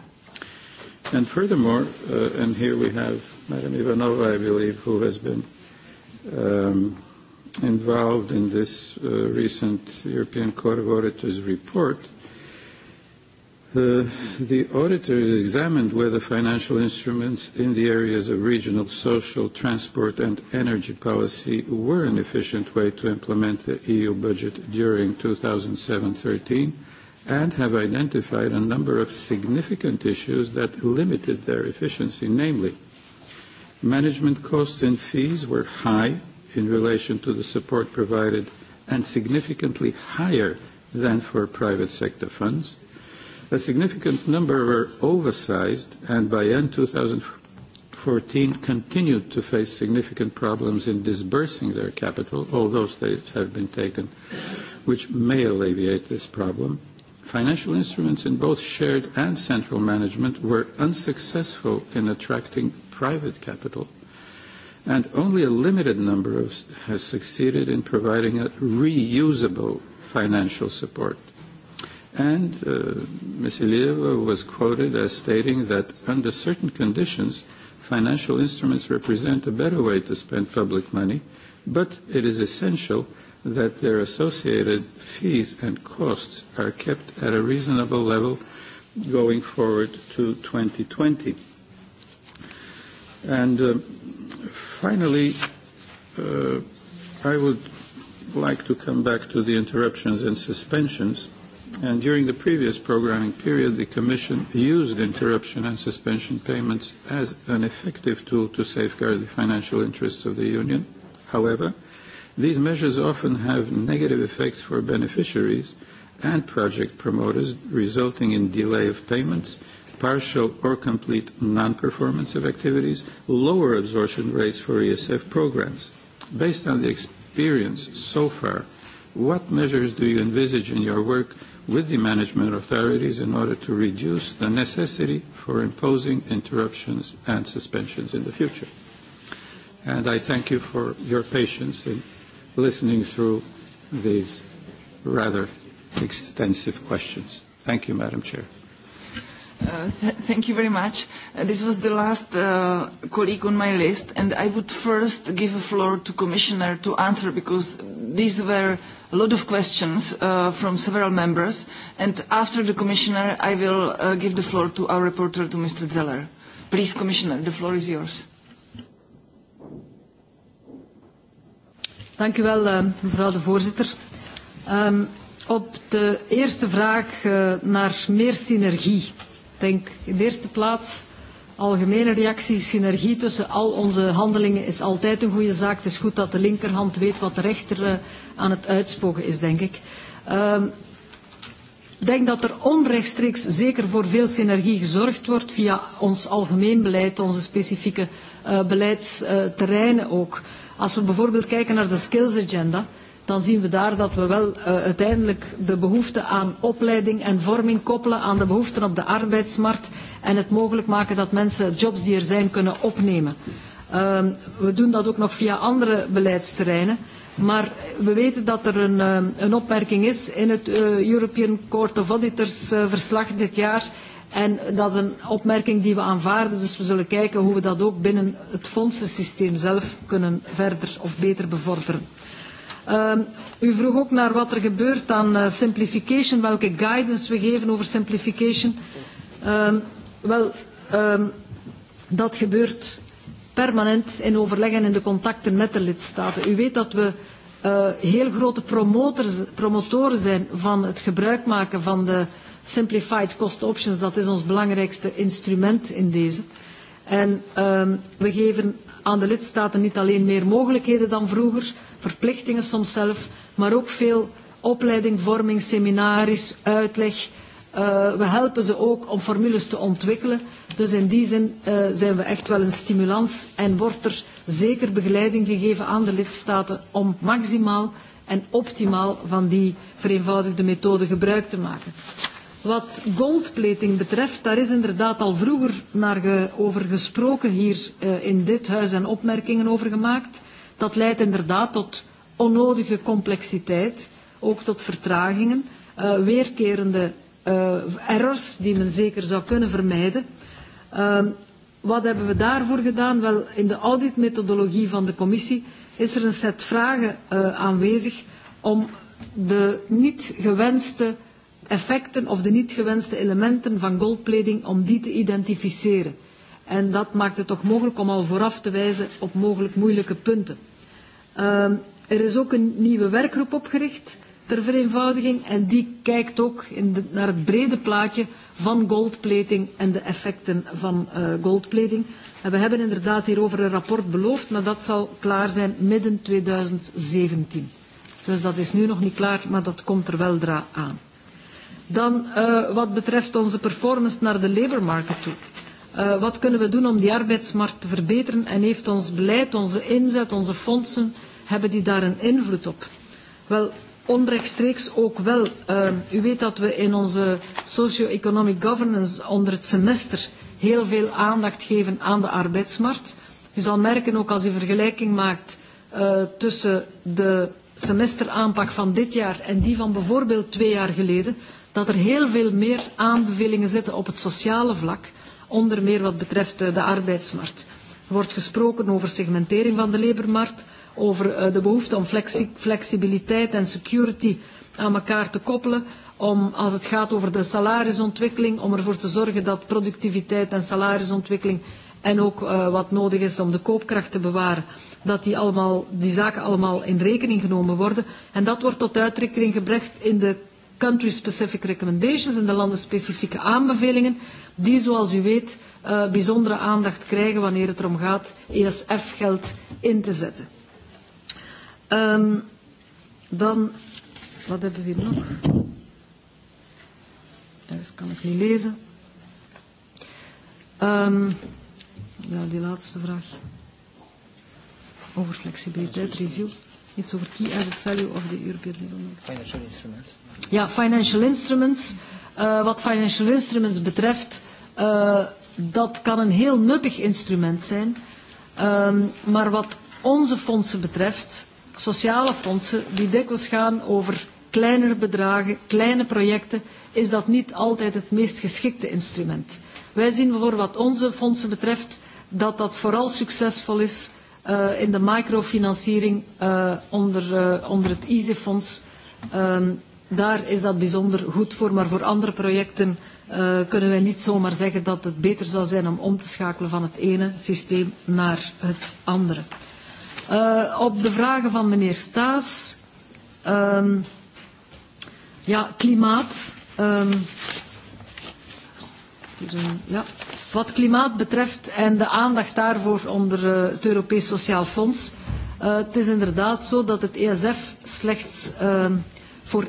And furthermore, uh, and here we have Madam Ivanova, I believe, who has been um, involved in this uh, recent European Court of Auditors report. Uh, the auditor examined whether financial instruments in the areas of regional, social, transport and energy policy were an efficient way to implement the EU budget during 2007-13 and have identified a number of significant issues that limited their efficiency, namely, management costs and fees were high in relation to the support provided and significantly higher than for private sector funds. A significant number were oversized and by end 2014 continued to face significant problems in disbursing their capital, although steps have been taken which may alleviate this problem Financial instruments in both shared and central management were unsuccessful in attracting private capital, and only a limited number of, has succeeded in providing a reusable financial support. And uh, Ms. Ilieva was quoted as stating that under certain conditions, financial instruments represent a better way to spend public money, but it is essential that their associated fees and costs are kept at a reasonable level going forward to 2020. And uh, finally, uh, I would like to come back to the interruptions and suspensions. And during the previous programming period, the Commission used interruption and suspension payments as an effective tool to safeguard the financial interests of the Union. However, These measures often have negative effects for beneficiaries and project promoters, resulting in delay of payments, partial or complete non-performance of activities, lower absorption rates for ESF programs. Based on the experience so far, what measures do you envisage in your work with the management authorities in order to reduce the necessity for imposing interruptions and suspensions in the future? And I thank you for your patience in listening through these rather extensive questions. Thank you, Madam Chair. Uh, th thank you very much. Uh, this was the last uh, colleague on my list, and I would first give the floor to Commissioner to answer because these were a lot of questions uh, from several members. And after the Commissioner, I will uh, give the floor to our reporter, to Mr. Zeller. Please, Commissioner, the floor is yours. Dank u wel, eh, mevrouw de voorzitter. Um, op de eerste vraag uh, naar meer synergie. Ik denk in de eerste plaats algemene reactie, synergie tussen al onze handelingen is altijd een goede zaak. Het is goed dat de linkerhand weet wat de rechter uh, aan het uitspogen is, denk ik. Um, Ik denk dat er onrechtstreeks zeker voor veel synergie gezorgd wordt via ons algemeen beleid, onze specifieke uh, beleidsterreinen uh, ook. Als we bijvoorbeeld kijken naar de skills agenda, dan zien we daar dat we wel uh, uiteindelijk de behoefte aan opleiding en vorming koppelen aan de behoeften op de arbeidsmarkt en het mogelijk maken dat mensen jobs die er zijn kunnen opnemen. Uh, we doen dat ook nog via andere beleidsterreinen. Maar we weten dat er een, ehm, een opmerking is in het uh, European Court of Auditors uh, verslag dit jaar En dat is een opmerking die we aanvaarden, dus we zullen kijken hoe we dat ook binnen het fondsensysteem zelf kunnen verder of beter bevorderen. Uh, u vroeg ook naar wat er gebeurt aan uh, simplification, welke guidance we geven over simplification. Uh, wel, uh, dat gebeurt permanent in overleg en in de contacten met de lidstaten. U weet dat we uh, heel grote promotoren zijn van het gebruik maken van de Simplified Cost Options, dat is ons belangrijkste instrument in deze. En um, we geven aan de lidstaten niet alleen meer mogelijkheden dan vroeger, verplichtingen soms zelf, maar ook veel opleiding, vorming, seminaries, uitleg. Uh, we helpen ze ook om formules te ontwikkelen. Dus in die zin uh, zijn we echt wel een stimulans en wordt er zeker begeleiding gegeven aan de lidstaten om maximaal en optimaal van die vereenvoudigde methode gebruik te maken. Wat goldplating betreft, daar is inderdaad al vroeger naar ge, over gesproken hier uh, in dit huis en opmerkingen over gemaakt. Dat leidt inderdaad tot onnodige complexiteit, ook tot vertragingen, uh, weerkerende uh, errors die men zeker zou kunnen vermijden. Uh, wat hebben we daarvoor gedaan? Wel, in de auditmethodologie van de commissie is er een set vragen uh, aanwezig om de niet gewenste effecten of de niet gewenste elementen van goldplating om die te identificeren. En dat maakt het toch mogelijk om al vooraf te wijzen op mogelijk moeilijke punten. Uh, er is ook een nieuwe werkgroep opgericht ter vereenvoudiging en die kijkt ook in de, naar het brede plaatje van goldplating en de effecten van uh, eh, goldplating. En we hebben inderdaad hierover een rapport beloofd, maar dat zal klaar zijn midden 2017. Dus dat is nu nog niet klaar, maar dat komt er wel dra aan. Dan uh, wat betreft onze performance naar de labormarkt toe. Uh, wat kunnen we doen om die arbeidsmarkt te verbeteren en heeft ons beleid, onze inzet, onze fondsen, hebben die daar een invloed op? Wel, onrechtstreeks ook wel. Uh, u weet dat we in onze socio-economic governance onder het semester heel veel aandacht geven aan de arbeidsmarkt. U zal merken ook als u vergelijking maakt uh, tussen de semesteraanpak van dit jaar en die van bijvoorbeeld twee jaar geleden, dat er heel veel meer aanbevelingen zitten op het sociale vlak, onder meer wat betreft eh, de arbeidsmarkt. Er wordt gesproken over segmentering van de labormarkt, over eh, de behoefte om flexibiliteit en security aan elkaar te koppelen, om als het gaat over de salarisontwikkeling, om ervoor te zorgen dat productiviteit en salarisontwikkeling en ook uh, wat nodig is om de koopkracht te bewaren, dat die, allemaal, die zaken allemaal in rekening genomen worden. En dat wordt tot uitdrukking gebracht in de country-specific recommendations en de landenspecifieke aanbevelingen, die zoals u weet uh, bijzondere aandacht krijgen wanneer het erom gaat ESF-geld in te zetten. Um, dan, wat hebben we nog? Dat kan ik niet lezen. Um, ja, die laatste vraag. Over flexibiliteit, review. Iets over key added value of the European Development. Financial instruments. Ja, financial instruments. Uh, wat financial instruments betreft, uh, dat kan een heel nuttig instrument zijn. Um, maar wat onze fondsen betreft, sociale fondsen, die dikwijls gaan over kleinere bedragen, kleine projecten, is dat niet altijd het meest geschikte instrument. Wij zien voor wat onze fondsen betreft dat dat vooral succesvol is uh, in de microfinanciering uh, onder, uh, onder het ISE-fonds. Ehm, daar is dat bijzonder goed voor. Maar voor andere projecten uh, kunnen wij niet zomaar zeggen dat het beter zou zijn om om te schakelen van het ene systeem naar het andere. Uh, op de vragen van meneer Staes. Um, ja, klimaat. Um, hier, ja. Wat klimaat betreft en de aandacht daarvoor onder uh, het Europees Sociaal Fonds. Uh, het is inderdaad zo dat het ESF slechts... Uh, voor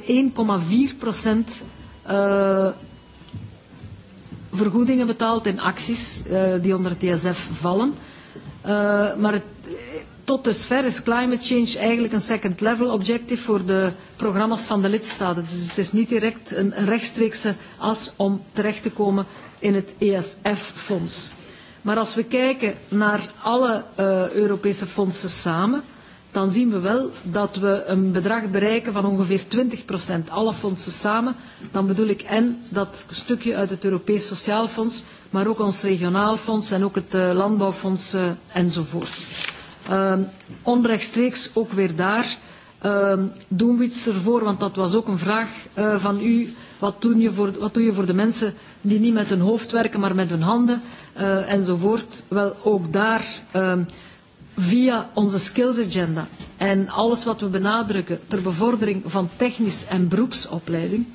1,4 procent uh, vergoedingen betaald in acties uh, die onder het TSF vallen. Uh, maar het, tot dusver is climate change eigenlijk een second level objective voor de programma's van de lidstaten. Dus het is niet direct een, een rechtstreekse as om terecht te komen in het ESF-fonds. Maar als we kijken naar alle uh, Europese fondsen samen, dan zien we wel dat we een bedrag bereiken van ongeveer 20%, alle fondsen samen. Dan bedoel ik en dat stukje uit het Europees Sociaal Fonds, maar ook ons regionaal fonds en ook het eh, landbouwfonds eh, enzovoort. Uh, onrechtstreeks ook weer daar uh, doen we iets ervoor, want dat was ook een vraag uh, van u. Wat, doen je voor, wat doe je voor de mensen die niet met hun hoofd werken, maar met hun handen uh, enzovoort? Wel, ook daar... Uh, via onze skills agenda en alles wat we benadrukken ter bevordering van technisch en beroepsopleiding,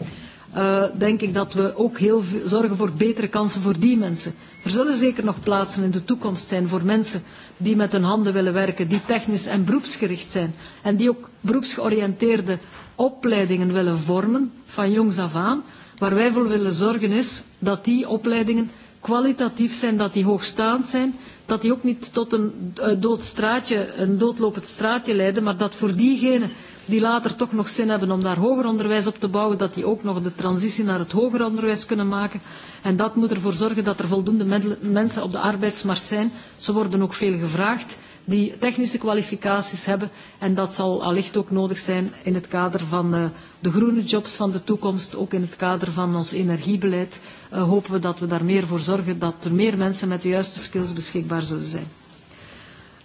uh, denk ik dat we ook heel veel zorgen voor betere kansen voor die mensen. Er zullen zeker nog plaatsen in de toekomst zijn voor mensen die met hun handen willen werken, die technisch en beroepsgericht zijn en die ook beroepsgeoriënteerde opleidingen willen vormen van jongs af aan. Waar wij voor willen zorgen is dat die opleidingen kwalitatief zijn, dat die hoogstaand zijn, dat die ook niet tot een eh, dood straatje, een doodlopend straatje leiden, maar dat voor diegenen die later toch nog zin hebben om daar hoger onderwijs op te bouwen, dat die ook nog de transitie naar het hoger onderwijs kunnen maken. En dat moet ervoor zorgen dat er voldoende mensen op de arbeidsmarkt zijn. Ze worden ook veel gevraagd die technische kwalificaties hebben. En dat zal allicht ook nodig zijn in het kader van eh, de groene jobs van de toekomst, ook in het kader van ons energiebeleid, uh, hopen we dat we daar meer voor zorgen dat er meer mensen met de juiste skills beschikbaar zullen zijn.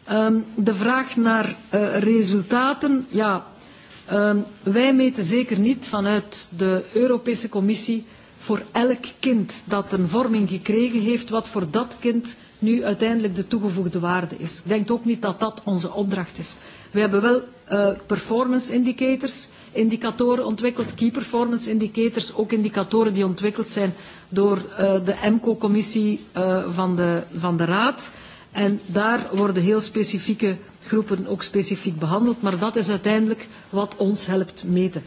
Um, de vraag naar uh, resultaten. Ja, um, wij meten zeker niet vanuit de Europese Commissie voor elk kind dat een vorming gekregen heeft wat voor dat kind nu uiteindelijk de toegevoegde waarde is. Ik denk ook niet dat dat onze opdracht is. We hebben wel Eh, performance indicators, indicatoren ontwikkeld, key performance indicators, ook indicatoren die ontwikkeld zijn door eh, de EMCO-commissie eh, van, de, Raad. En daar worden heel specifieke groepen ook specifiek behandeld, maar dat is uiteindelijk wat ons helpt meten.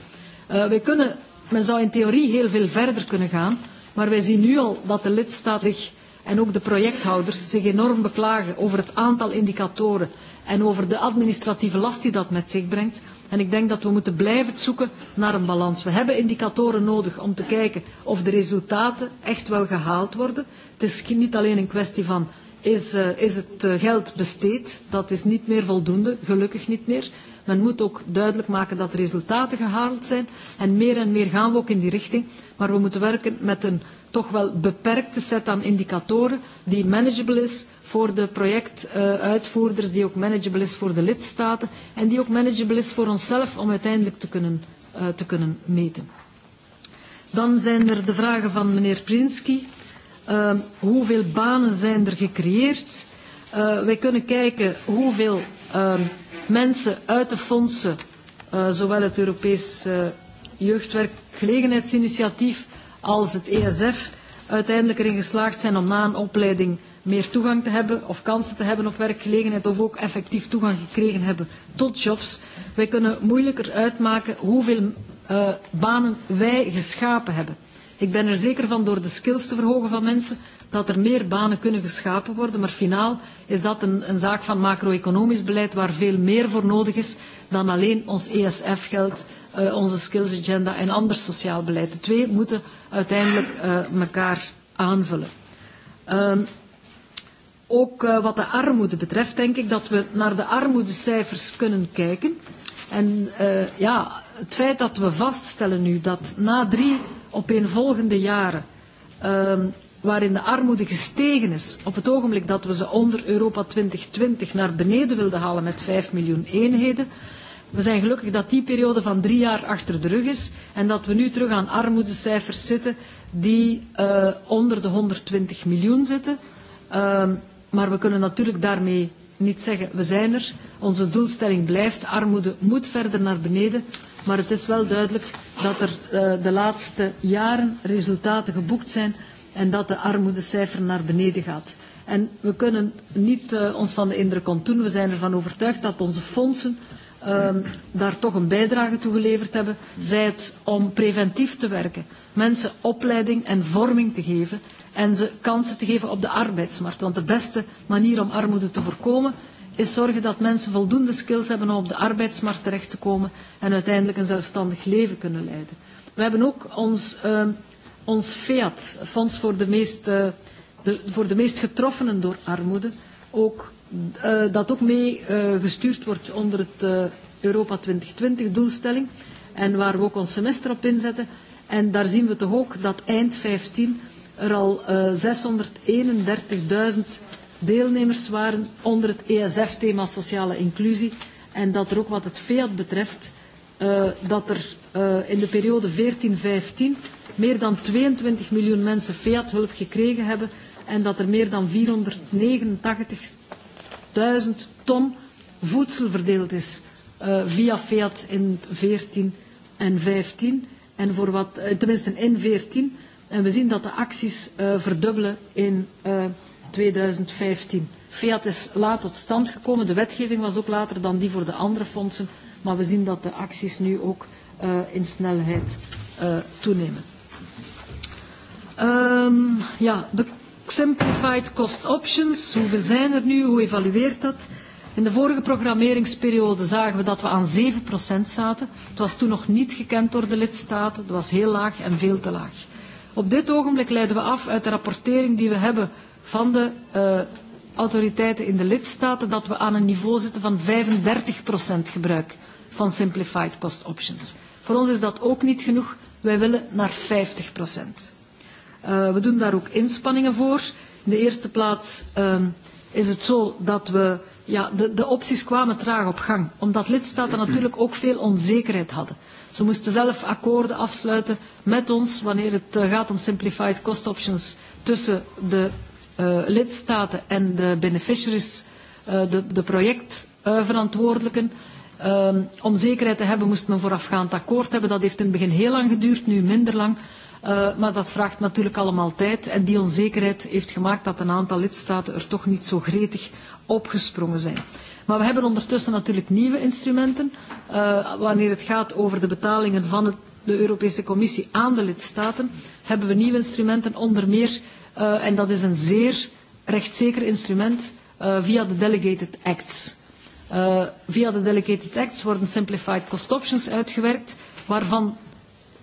wij kunnen, men zou in theorie heel veel verder kunnen gaan, maar wij zien nu al dat de lidstaten zich en ook de projecthouders zich enorm beklagen over het aantal indicatoren en over de administratieve last die dat met zich brengt. En ik denk dat we moeten blijven zoeken naar een balans. We hebben indicatoren nodig om te kijken of de resultaten echt wel gehaald worden. Het is niet alleen een kwestie van is, uh, is het eh, geld besteed. Dat is niet meer voldoende, gelukkig niet meer. Men moet ook duidelijk maken dat de resultaten gehaald zijn. En meer en meer gaan we ook in die richting. Maar we moeten werken met een toch wel beperkte set aan indicatoren die manageable is, voor de projectuitvoerders, eh, die ook manageable is voor de lidstaten en die ook manageable is voor onszelf om uiteindelijk te kunnen, uh, te kunnen meten. Dan zijn er de vragen van meneer Prinsky. Uh, hoeveel banen zijn er gecreëerd? Uh, wij kunnen kijken hoeveel uh, mensen uit de fondsen, uh, zowel het Europees uh, Jeugdwerkgelegenheidsinitiatief als het ESF, uiteindelijk erin geslaagd zijn om na een opleiding meer toegang te hebben of kansen te hebben op werkgelegenheid of ook effectief toegang gekregen hebben tot jobs. Wij kunnen moeilijker uitmaken hoeveel uh, banen wij geschapen hebben. Ik ben er zeker van door de skills te verhogen van mensen dat er meer banen kunnen geschapen worden. Maar finaal is dat een, een zaak van macro-economisch beleid waar veel meer voor nodig is dan alleen ons ESF-geld, uh, eh, onze skills agenda en ander sociaal beleid. De twee moeten uiteindelijk uh, elkaar aanvullen. Uh, Ook uh, wat de armoede betreft denk ik dat we naar de armoedecijfers kunnen kijken. En uh, ja, het feit dat we vaststellen nu dat na drie opeenvolgende jaren uh, waarin de armoede gestegen is, op het ogenblik dat we ze onder Europa 2020 naar beneden wilden halen met 5 miljoen eenheden, we zijn gelukkig dat die periode van drie jaar achter de rug is en dat we nu terug aan armoedecijfers zitten die uh, onder de 120 miljoen zitten. Uh, maar we kunnen natuurlijk daarmee niet zeggen we zijn er. Onze doelstelling blijft. Armoede moet verder naar beneden. Maar het is wel duidelijk dat er uh, de laatste jaren resultaten geboekt zijn en dat de armoedecijfer naar beneden gaat. En we kunnen niet uh, ons van de indruk ontdoen. We zijn ervan overtuigd dat onze fondsen uh, daar toch een bijdrage toe geleverd hebben. Zij het om preventief te werken, mensen opleiding en vorming te geven en ze kansen te geven op de arbeidsmarkt. Want de beste manier om armoede te voorkomen is zorgen dat mensen voldoende skills hebben om op de arbeidsmarkt terecht te komen en uiteindelijk een zelfstandig leven kunnen leiden. We hebben ook ons, uh, ons FEAT, Fonds voor de, meest, uh, de, voor de meest getroffenen door armoede, ook, uh, dat ook mee uh, gestuurd wordt onder het uh, Europa 2020-doelstelling en waar we ook ons semester op inzetten. En daar zien we toch ook dat eind 15 er al uh, eh, 631.000 deelnemers waren onder het ESF-thema sociale inclusie. En dat er ook wat het VEAT betreft, uh, dat er uh, in de periode 14-15 meer dan 22 miljoen mensen VEAT-hulp gekregen hebben. En dat er meer dan 489.000 ton voedsel verdeeld is uh, via VEAT in 14 en 15. En voor wat, tenminste in 14. En we zien dat de acties uh, verdubbelen in uh, 2015. FEAT is laat tot stand gekomen. De wetgeving was ook later dan die voor de andere fondsen. Maar we zien dat de acties nu ook uh, in snelheid uh, toenemen. Um, ja, de simplified cost options. Hoeveel zijn er nu? Hoe evalueert dat? In de vorige programmeringsperiode zagen we dat we aan 7% zaten. Het was toen nog niet gekend door de lidstaten. Het was heel laag en veel te laag. Op dit ogenblik leiden we af uit de rapportering die we hebben van de uh, autoriteiten in de lidstaten dat we aan een niveau zitten van 35% gebruik van simplified cost options. Voor ons is dat ook niet genoeg. Wij willen naar 50%. Uh, eh, we doen daar ook inspanningen voor. In de eerste plaats uh, is het zo dat we... Ja, de, de opties kwamen traag op gang, omdat lidstaten natuurlijk ook veel onzekerheid hadden. Ze moesten zelf akkoorden afsluiten met ons wanneer het eh, gaat om simplified cost options tussen de uh, lidstaten en de beneficiaries, uh, de, de projectverantwoordelijken. Uh, om zekerheid te hebben moest men voorafgaand akkoord hebben. Dat heeft in het begin heel lang geduurd, nu minder lang. Uh, maar dat vraagt natuurlijk allemaal tijd. En die onzekerheid heeft gemaakt dat een aantal lidstaten er toch niet zo gretig opgesprongen zijn. Maar we hebben ondertussen natuurlijk nieuwe instrumenten. Uh, wanneer het gaat over de betalingen van het, de Europese Commissie aan de lidstaten, hebben we nieuwe instrumenten onder meer, uh, en dat is een zeer rechtszeker instrument, uh, via de Delegated Acts. Uh, via de Delegated Acts worden simplified cost options uitgewerkt, waarvan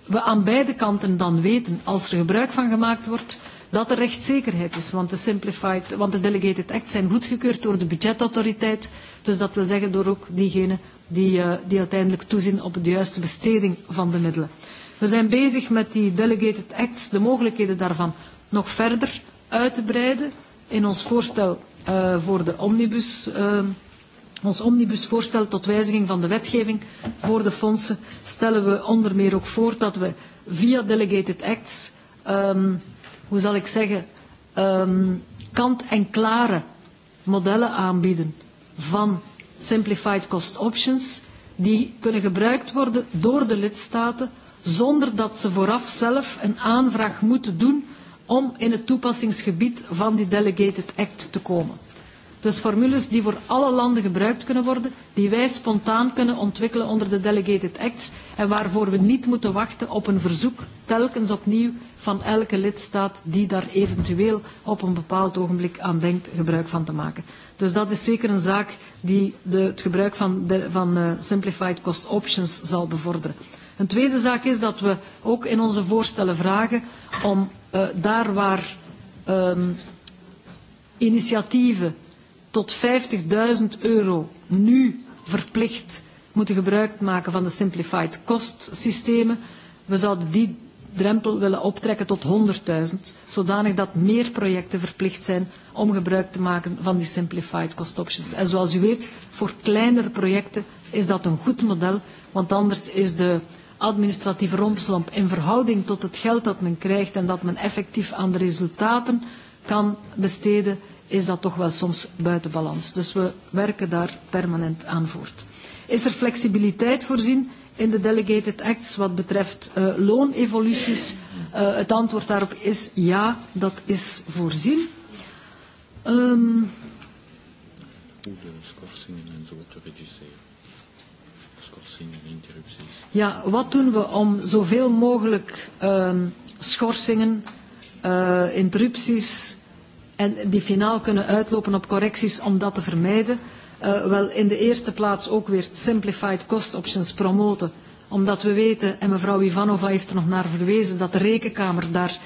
we aan beide kanten dan weten, als er gebruik van gemaakt wordt, dat er rechtszekerheid is. Want de, simplified, want de delegated acts zijn goedgekeurd door de budgetautoriteit. Dus dat wil zeggen door ook diegenen die, uh, die uiteindelijk toezien op de juiste besteding van de middelen. We zijn bezig met die delegated acts, de mogelijkheden daarvan nog verder uit te breiden. In ons voorstel uh, voor de omnibus, uh, ons omnibusvoorstel tot wijziging van de wetgeving voor de fondsen stellen we onder meer ook voor dat we via delegated acts um, hoe zal ik zeggen, um, ehm, kant-en-klare modellen aanbieden van simplified cost options die kunnen gebruikt worden door de lidstaten zonder dat ze vooraf zelf een aanvraag moeten doen om in het toepassingsgebied van die Delegated Act te komen. Dus formules die voor alle landen gebruikt kunnen worden, die wij spontaan kunnen ontwikkelen onder de Delegated Acts en waarvoor we niet moeten wachten op een verzoek, telkens opnieuw, van elke lidstaat die daar eventueel op een bepaald ogenblik aan denkt gebruik van te maken. Dus dat is zeker een zaak die de, het gebruik van, de, van uh, simplified cost options zal bevorderen. Een tweede zaak is dat we ook in onze voorstellen vragen om uh, daar waar um, initiatieven tot 50.000 euro nu verplicht moeten gebruik maken van de simplified cost systemen. We zouden die drempel willen optrekken tot 100.000, zodanig dat meer projecten verplicht zijn om gebruik te maken van die simplified cost options. En zoals u weet, voor kleinere projecten is dat een goed model, want anders is de administratieve rompslomp in verhouding tot het geld dat men krijgt en dat men effectief aan de resultaten kan besteden, is dat toch wel soms buiten balans. Dus we werken daar permanent aan voort. Is er flexibiliteit voorzien in de Delegated Acts wat betreft uh, loonevoluties? Uh, het antwoord daarop is ja, dat is voorzien. Um, ja, wat doen we om zoveel mogelijk uh, schorsingen, uh, interrupties, en die finaal kunnen uitlopen op correcties om dat te vermijden. Uh, wel in de eerste plaats ook weer simplified cost options promoten. Omdat we weten, en mevrouw Ivanova heeft er nog naar verwezen, dat de rekenkamer daar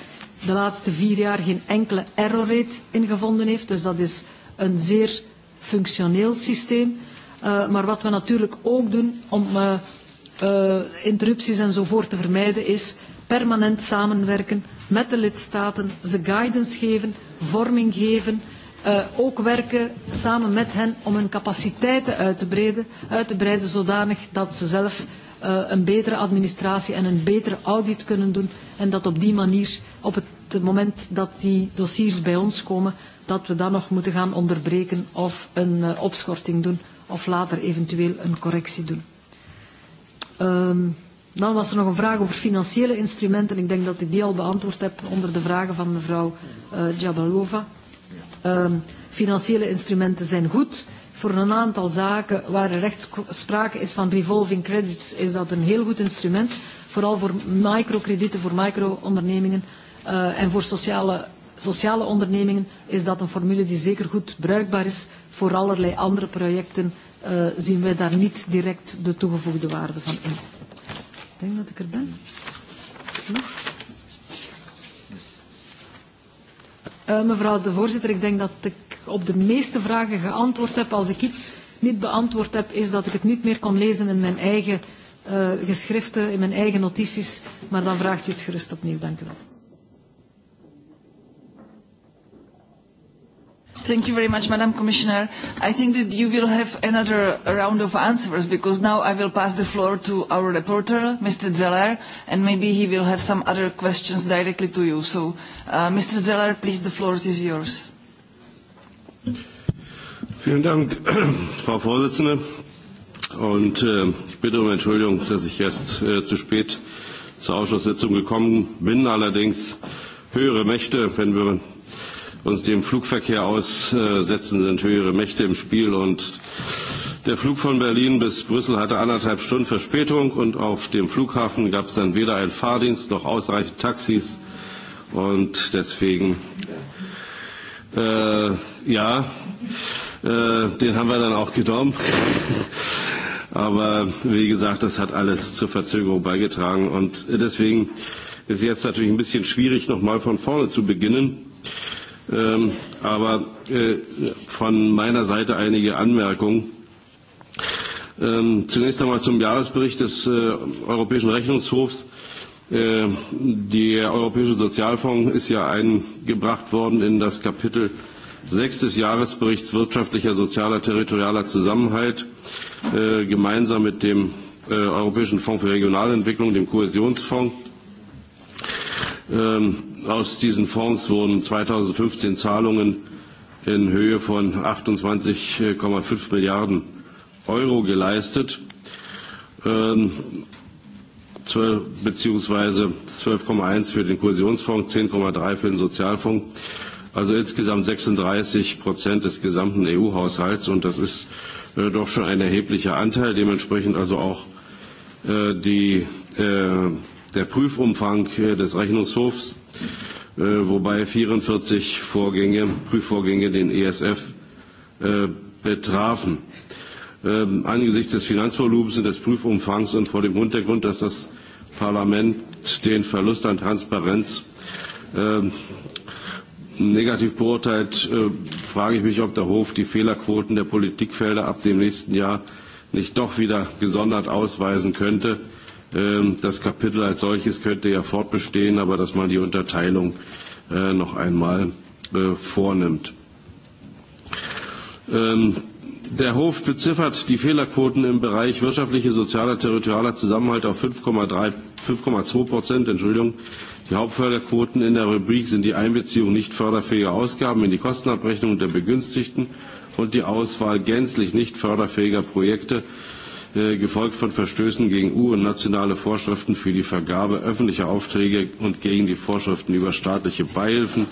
de laatste vier jaar geen enkele error rate in gevonden heeft. Dus dat is een zeer functioneel systeem. Uh, maar wat we natuurlijk ook doen om uh, uh, interrupties enzovoort te vermijden is permanent samenwerken met de lidstaten, ze guidance geven, vorming geven, uh, ook werken samen met hen om hun capaciteiten uit te breiden, uit te breiden zodanig dat ze zelf uh, een betere administratie en een betere audit kunnen doen en dat op die manier op het moment dat die dossiers bij ons komen, dat we dan nog moeten gaan onderbreken of een uh, opschorting doen of later eventueel een correctie doen. Um, Dan was er nog een vraag over financiële instrumenten. Ik denk dat ik die al beantwoord heb onder de vragen van mevrouw uh, eh, Djabalova. Um, ehm, financiële instrumenten zijn goed. Voor een aantal zaken waar er echt sprake is van revolving credits is dat een heel goed instrument. Vooral voor microkredieten, voor microondernemingen uh, en voor sociale, sociale ondernemingen is dat een formule die zeker goed bruikbaar is. Voor allerlei andere projecten uh, zien wij daar niet direct de toegevoegde waarde van in. Denk dat ik er ben. Nog? Uh, mevrouw de voorzitter, ik denk dat ik op de meeste vragen geantwoord heb. Als ik iets niet beantwoord heb, is dat ik het niet meer kan lezen in mijn eigen uh, geschriften, in mijn eigen notities. Maar dan vraagt u het gerust opnieuw. Dank u wel. Thank you very much, Madam Commissioner. I think that you will have another round of answers because now I will pass the floor to our reporter, Mr. Zeller, and maybe he will have some other questions directly to you. So, uh, Mr. Zeller, please, the floor is yours. Vielen Dank, [CLEARS THROAT] Frau Vorsitzende. Und äh, ich bitte um Entschuldigung, dass ich erst äh, zu spät zur Ausschusssitzung gekommen bin. Allerdings höhere Mächte, wenn wir uns dem Flugverkehr aussetzen, sind höhere Mächte im Spiel. Und der Flug von Berlin bis Brüssel hatte anderthalb Stunden Verspätung und auf dem Flughafen gab es dann weder einen Fahrdienst noch ausreichend Taxis. Und deswegen, äh, ja, äh, den haben wir dann auch genommen. [LAUGHS] Aber wie gesagt, das hat alles zur Verzögerung beigetragen. Und deswegen ist jetzt natürlich ein bisschen schwierig, nochmal von vorne zu beginnen. Äh, Ähm, aber äh, von meiner Seite einige Anmerkungen. Ähm, zunächst einmal zum Jahresbericht des äh, Europäischen Rechnungshofs. Äh, der Europäische Sozialfonds ist ja eingebracht worden in das Kapitel 6 des Jahresberichts wirtschaftlicher, sozialer, territorialer Zusammenhalt, äh, gemeinsam mit dem äh, Europäischen Fonds für Regionalentwicklung, dem Kohäsionsfonds. Ähm, Aus diesen Fonds wurden 2015 Zahlungen in Höhe von 28,5 Milliarden Euro geleistet, ähm, beziehungsweise 12,1 für den Kohäsionsfonds, 10,3 für den Sozialfonds, also insgesamt 36 Prozent des gesamten EU-Haushalts und das ist äh, doch schon ein erheblicher Anteil, dementsprechend also auch äh, die, äh, der Prüfumfang des Rechnungshofs Äh, wobei 44 Vorgänge, Prüfvorgänge den ESF äh, betrafen. Ähm, angesichts des Finanzvolumens und des Prüfumfangs und vor dem Hintergrund, dass das Parlament den Verlust an Transparenz ähm, negativ beurteilt, äh, frage ich mich, ob der Hof die Fehlerquoten der Politikfelder ab dem nächsten Jahr nicht doch wieder gesondert ausweisen könnte Ähm, das Kapitel als solches könnte ja fortbestehen, aber dass man die Unterteilung äh, noch einmal äh, vornimmt. Ähm, der Hof beziffert die Fehlerquoten im Bereich wirtschaftliche, sozialer, territorialer Zusammenhalt auf 5,2 Prozent. Entschuldigung. Die Hauptförderquoten in der Rubrik sind die Einbeziehung nicht förderfähiger Ausgaben in die Kostenabrechnung der Begünstigten und die Auswahl gänzlich nicht förderfähiger Projekte Äh, gefolgt von Verstößen gegen EU- und nationale Vorschriften für die Vergabe öffentlicher Aufträge und gegen die Vorschriften über staatliche Beihilfen.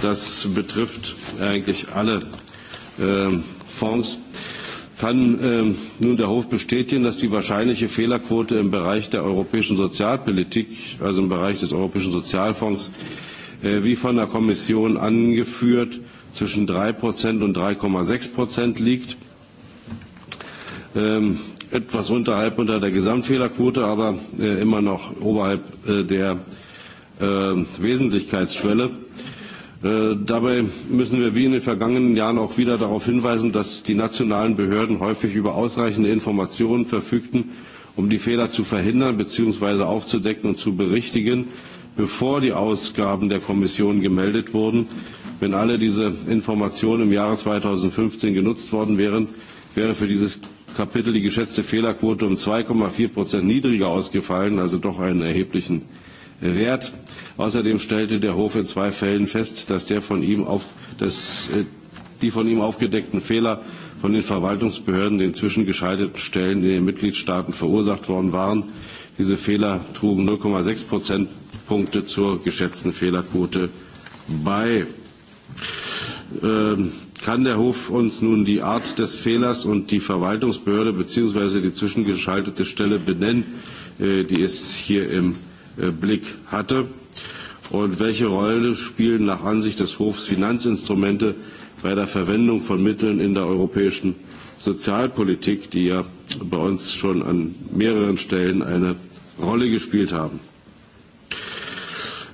Das betrifft eigentlich alle äh, Fonds. Kann äh, nun der Hof bestätigen, dass die wahrscheinliche Fehlerquote im Bereich der europäischen Sozialpolitik, also im Bereich des Europäischen Sozialfonds, äh, wie von der Kommission angeführt, zwischen 3% und 3,6% liegt? Ähm, etwas unterhalb unter der Gesamtfehlerquote, aber äh, immer noch oberhalb äh, der äh, Wesentlichkeitsschwelle. Äh, dabei müssen wir wie in den vergangenen Jahren auch wieder darauf hinweisen, dass die nationalen Behörden häufig über ausreichende Informationen verfügten, um die Fehler zu verhindern bzw. aufzudecken und zu berichtigen, bevor die Ausgaben der Kommission gemeldet wurden. Wenn alle diese Informationen im Jahre 2015 genutzt worden wären, wäre für dieses Kapitel die geschätzte Fehlerquote um 2,4 Prozent niedriger ausgefallen, also doch einen erheblichen Wert. Außerdem stellte der Hof in zwei Fällen fest, dass, der von ihm auf, dass äh, die von ihm aufgedeckten Fehler von den Verwaltungsbehörden, den zwischengeschalteten Stellen in den Mitgliedstaaten verursacht worden waren. Diese Fehler trugen 0,6 Prozentpunkte zur geschätzten Fehlerquote bei. Ähm, kann der Hof uns nun die Art des Fehlers und die Verwaltungsbehörde bzw. die zwischengeschaltete Stelle benennen, äh, die es hier im äh, Blick hatte? Und welche Rolle spielen nach Ansicht des Hofs Finanzinstrumente bei der Verwendung von Mitteln in der europäischen Sozialpolitik, die ja bei uns schon an mehreren Stellen eine Rolle gespielt haben?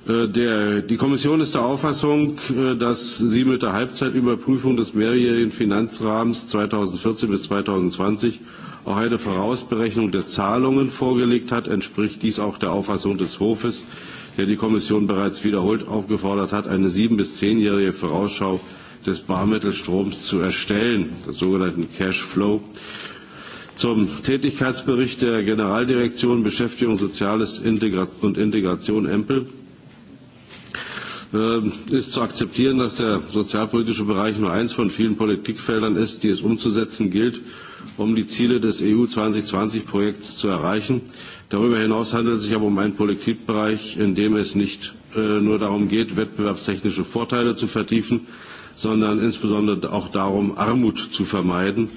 Äh, der, die Kommission ist der Auffassung, äh, dass sie mit der Halbzeitüberprüfung des mehrjährigen Finanzrahmens 2014 bis 2020 auch eine Vorausberechnung der Zahlungen vorgelegt hat, entspricht dies auch der Auffassung des Hofes, der die Kommission bereits wiederholt aufgefordert hat, eine sieben- bis zehnjährige Vorausschau des Barmittelstroms zu erstellen, des sogenannten Cashflow. Zum Tätigkeitsbericht der Generaldirektion Beschäftigung, Soziales und Integration Empel ist ähm, zu akzeptieren, dass der sozialpolitische Bereich nur eins von vielen Politikfeldern ist, die es umzusetzen gilt, um die Ziele des EU 2020-Projekts zu erreichen. Darüber hinaus handelt es sich aber um einen Politikbereich, in dem es nicht äh, nur darum geht, wettbewerbstechnische Vorteile zu vertiefen, sondern insbesondere auch darum, Armut zu vermeiden,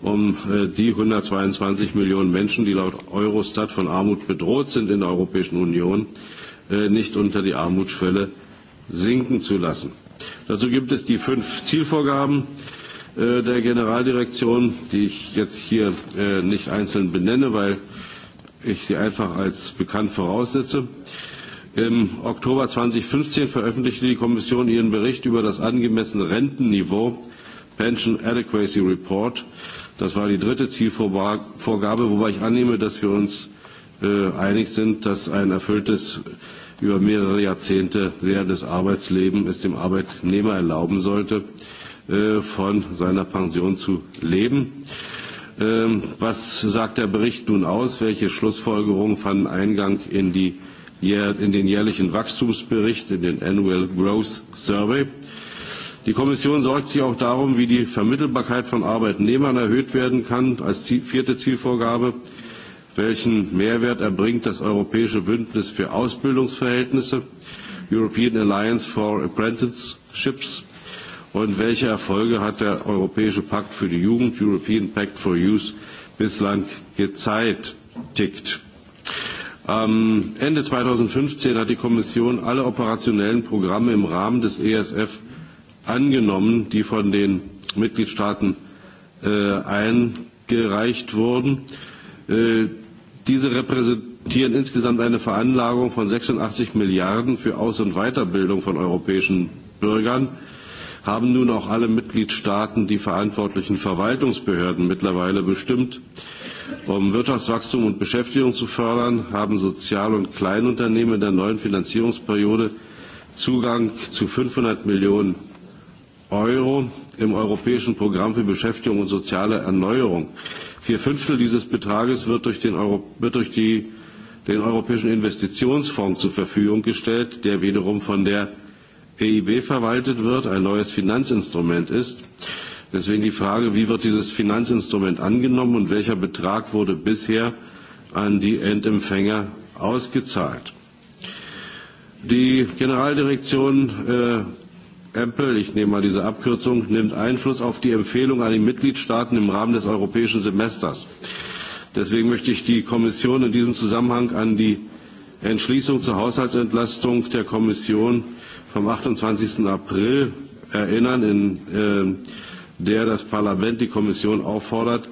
um äh, die 122 Millionen Menschen, die laut Eurostat von Armut bedroht sind in der Europäischen Union, äh, nicht unter die Armutsschwelle sinken zu lassen. Dazu gibt es die fünf Zielvorgaben äh, der Generaldirektion, die ich jetzt hier äh, nicht einzeln benenne, weil ich sie einfach als bekannt voraussetze. Im Oktober 2015 veröffentlichte die Kommission ihren Bericht über das angemessene Rentenniveau, Pension Adequacy Report. Das war die dritte Zielvorgabe, wobei ich annehme, dass wir uns äh, einig sind, dass ein erfülltes äh, über mehrere Jahrzehnte während des Arbeitslebens es dem Arbeitnehmer erlauben sollte, äh, von seiner Pension zu leben. Ähm, was sagt der Bericht nun aus? Welche Schlussfolgerungen fanden Eingang in, die, in den jährlichen Wachstumsbericht, in den Annual Growth Survey? Die Kommission sorgt sich auch darum, wie die Vermittelbarkeit von Arbeitnehmern erhöht werden kann, als vierte Zielvorgabe. Welchen Mehrwert erbringt das Europäische Bündnis für Ausbildungsverhältnisse, European Alliance for Apprenticeships? Und welche Erfolge hat der Europäische Pakt für die Jugend, European Pact for Youth, bislang gezeitigt? Ähm, Ende 2015 hat die Kommission alle operationellen Programme im Rahmen des ESF angenommen, die von den Mitgliedstaaten äh, eingereicht wurden. Äh, Diese repräsentieren insgesamt eine Veranlagung von 86 Milliarden für Aus- und Weiterbildung von europäischen Bürgern, haben nun auch alle Mitgliedstaaten die verantwortlichen Verwaltungsbehörden mittlerweile bestimmt. Um Wirtschaftswachstum und Beschäftigung zu fördern, haben Sozial- und Kleinunternehmen in der neuen Finanzierungsperiode Zugang zu 500 Millionen Euro im Europäischen Programm für Beschäftigung und soziale Erneuerung. Vier Fünftel dieses Betrages wird durch, den, Euro, wird durch die, den Europäischen Investitionsfonds zur Verfügung gestellt, der wiederum von der EIB verwaltet wird, ein neues Finanzinstrument ist. Deswegen die Frage, wie wird dieses Finanzinstrument angenommen und welcher Betrag wurde bisher an die Endempfänger ausgezahlt? Die Generaldirektion äh, Apple, ich nehme mal diese Abkürzung, nimmt Einfluss auf die Empfehlung an die Mitgliedstaaten im Rahmen des europäischen Semesters. Deswegen möchte ich die Kommission in diesem Zusammenhang an die Entschließung zur Haushaltsentlastung der Kommission vom 28. April erinnern, in äh, der das Parlament die Kommission auffordert,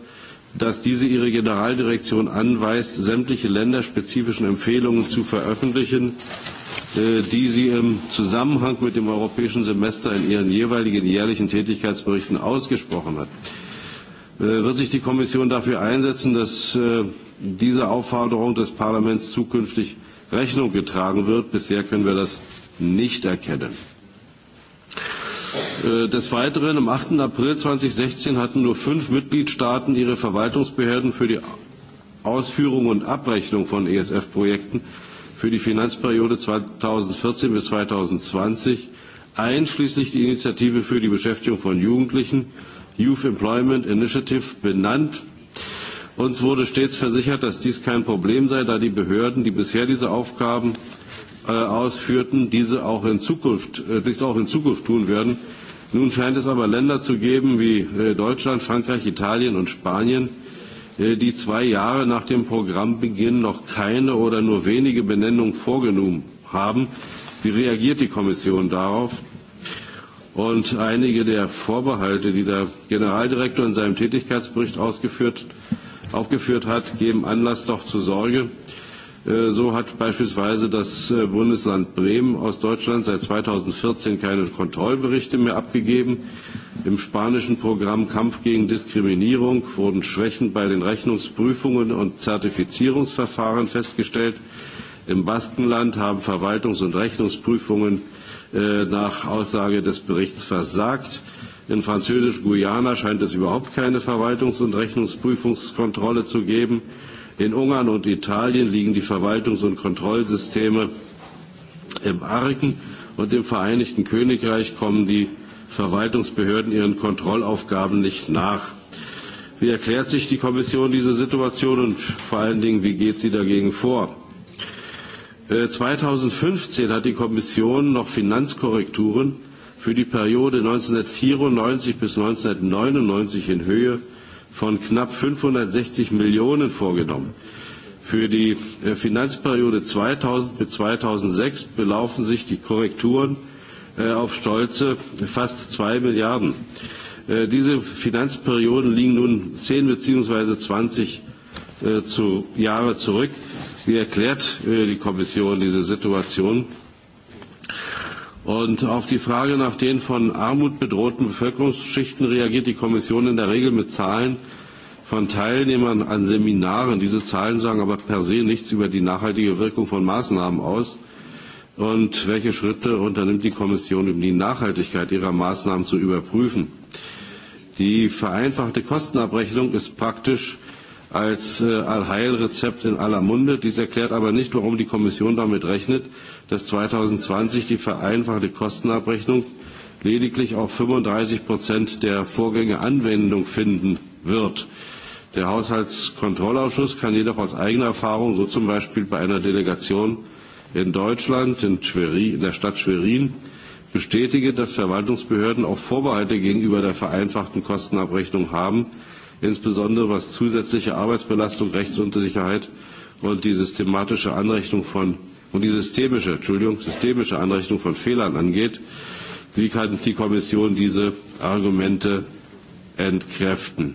dass diese ihre Generaldirektion anweist, sämtliche länderspezifischen Empfehlungen zu veröffentlichen Äh, die Sie im Zusammenhang mit dem europäischen Semester in Ihren jeweiligen jährlichen Tätigkeitsberichten ausgesprochen hat. Äh, wird sich die Kommission dafür einsetzen, dass äh, dieser Aufforderung des Parlaments zukünftig Rechnung getragen wird? Bisher können wir das nicht erkennen. Des Weiteren, am 8. April 2016 hatten nur fünf Mitgliedstaaten ihre Verwaltungsbehörden für die Ausführung und Abrechnung von ESF-Projekten für die Finanzperiode 2014 bis 2020, einschließlich die Initiative für die Beschäftigung von Jugendlichen, Youth Employment Initiative, benannt. Uns wurde stets versichert, dass dies kein Problem sei, da die Behörden, die bisher diese Aufgaben äh, ausführten, diese auch in Zukunft, äh, dies auch in Zukunft tun werden. Nun scheint es aber Länder zu geben wie äh, Deutschland, Frankreich, Italien und Spanien, Äh, die zwei Jahre nach dem Programmbeginn noch keine oder nur wenige Benennungen vorgenommen haben. Wie reagiert die Kommission darauf? Und einige der Vorbehalte, die der Generaldirektor in seinem Tätigkeitsbericht ausgeführt, aufgeführt hat, geben Anlass doch zur Sorge, Äh, so hat beispielsweise das äh, Bundesland Bremen aus Deutschland seit 2014 keine Kontrollberichte mehr abgegeben. Im spanischen Programm Kampf gegen Diskriminierung wurden Schwächen bei den Rechnungsprüfungen und Zertifizierungsverfahren festgestellt. Im Baskenland haben Verwaltungs- und Rechnungsprüfungen äh, nach Aussage des Berichts versagt. In Französisch-Guyana scheint es überhaupt keine Verwaltungs- und Rechnungsprüfungskontrolle zu geben. In Ungarn und Italien liegen die Verwaltungs- und Kontrollsysteme im Argen und im Vereinigten Königreich kommen die Verwaltungsbehörden ihren Kontrollaufgaben nicht nach. Wie erklärt sich die Kommission diese Situation und vor allen Dingen, wie geht sie dagegen vor? 2015 äh, hat die Kommission noch Finanzkorrekturen für die Periode 1994 bis 1999 in Höhe von knapp 560 Millionen vorgenommen. Für die äh, Finanzperiode 2000 bis 2006 belaufen sich die Korrekturen äh, auf stolze fast 2 Milliarden. Äh, diese Finanzperioden liegen nun 10 bzw. 20 zu Jahre zurück. Wie erklärt die Kommission diese Situation? Und auf die Frage nach den von Armut bedrohten Bevölkerungsschichten reagiert die Kommission in der Regel mit Zahlen von Teilnehmern an Seminaren. Diese Zahlen sagen aber per se nichts über die nachhaltige Wirkung von Maßnahmen aus. Und welche Schritte unternimmt die Kommission, um die Nachhaltigkeit ihrer Maßnahmen zu überprüfen? Die vereinfachte Kostenabrechnung ist praktisch als äh, Allheilrezept in aller Munde. Dies erklärt aber nicht, warum die Kommission damit rechnet, dass 2020 die vereinfachte Kostenabrechnung lediglich auf 35 Prozent der Vorgänge Anwendung finden wird. Der Haushaltskontrollausschuss kann jedoch aus eigener Erfahrung, so zum Beispiel bei einer Delegation in Deutschland, in, Schwerin, in der Stadt Schwerin, bestätigen, dass Verwaltungsbehörden auch Vorbehalte gegenüber der vereinfachten Kostenabrechnung haben, insbesondere was zusätzliche Arbeitsbelastung, Rechtsunsicherheit und die systematische Anrechnung von und die systemische, Entschuldigung, systemische Anrechnung von Fehlern angeht. Wie kann die Kommission diese Argumente entkräften?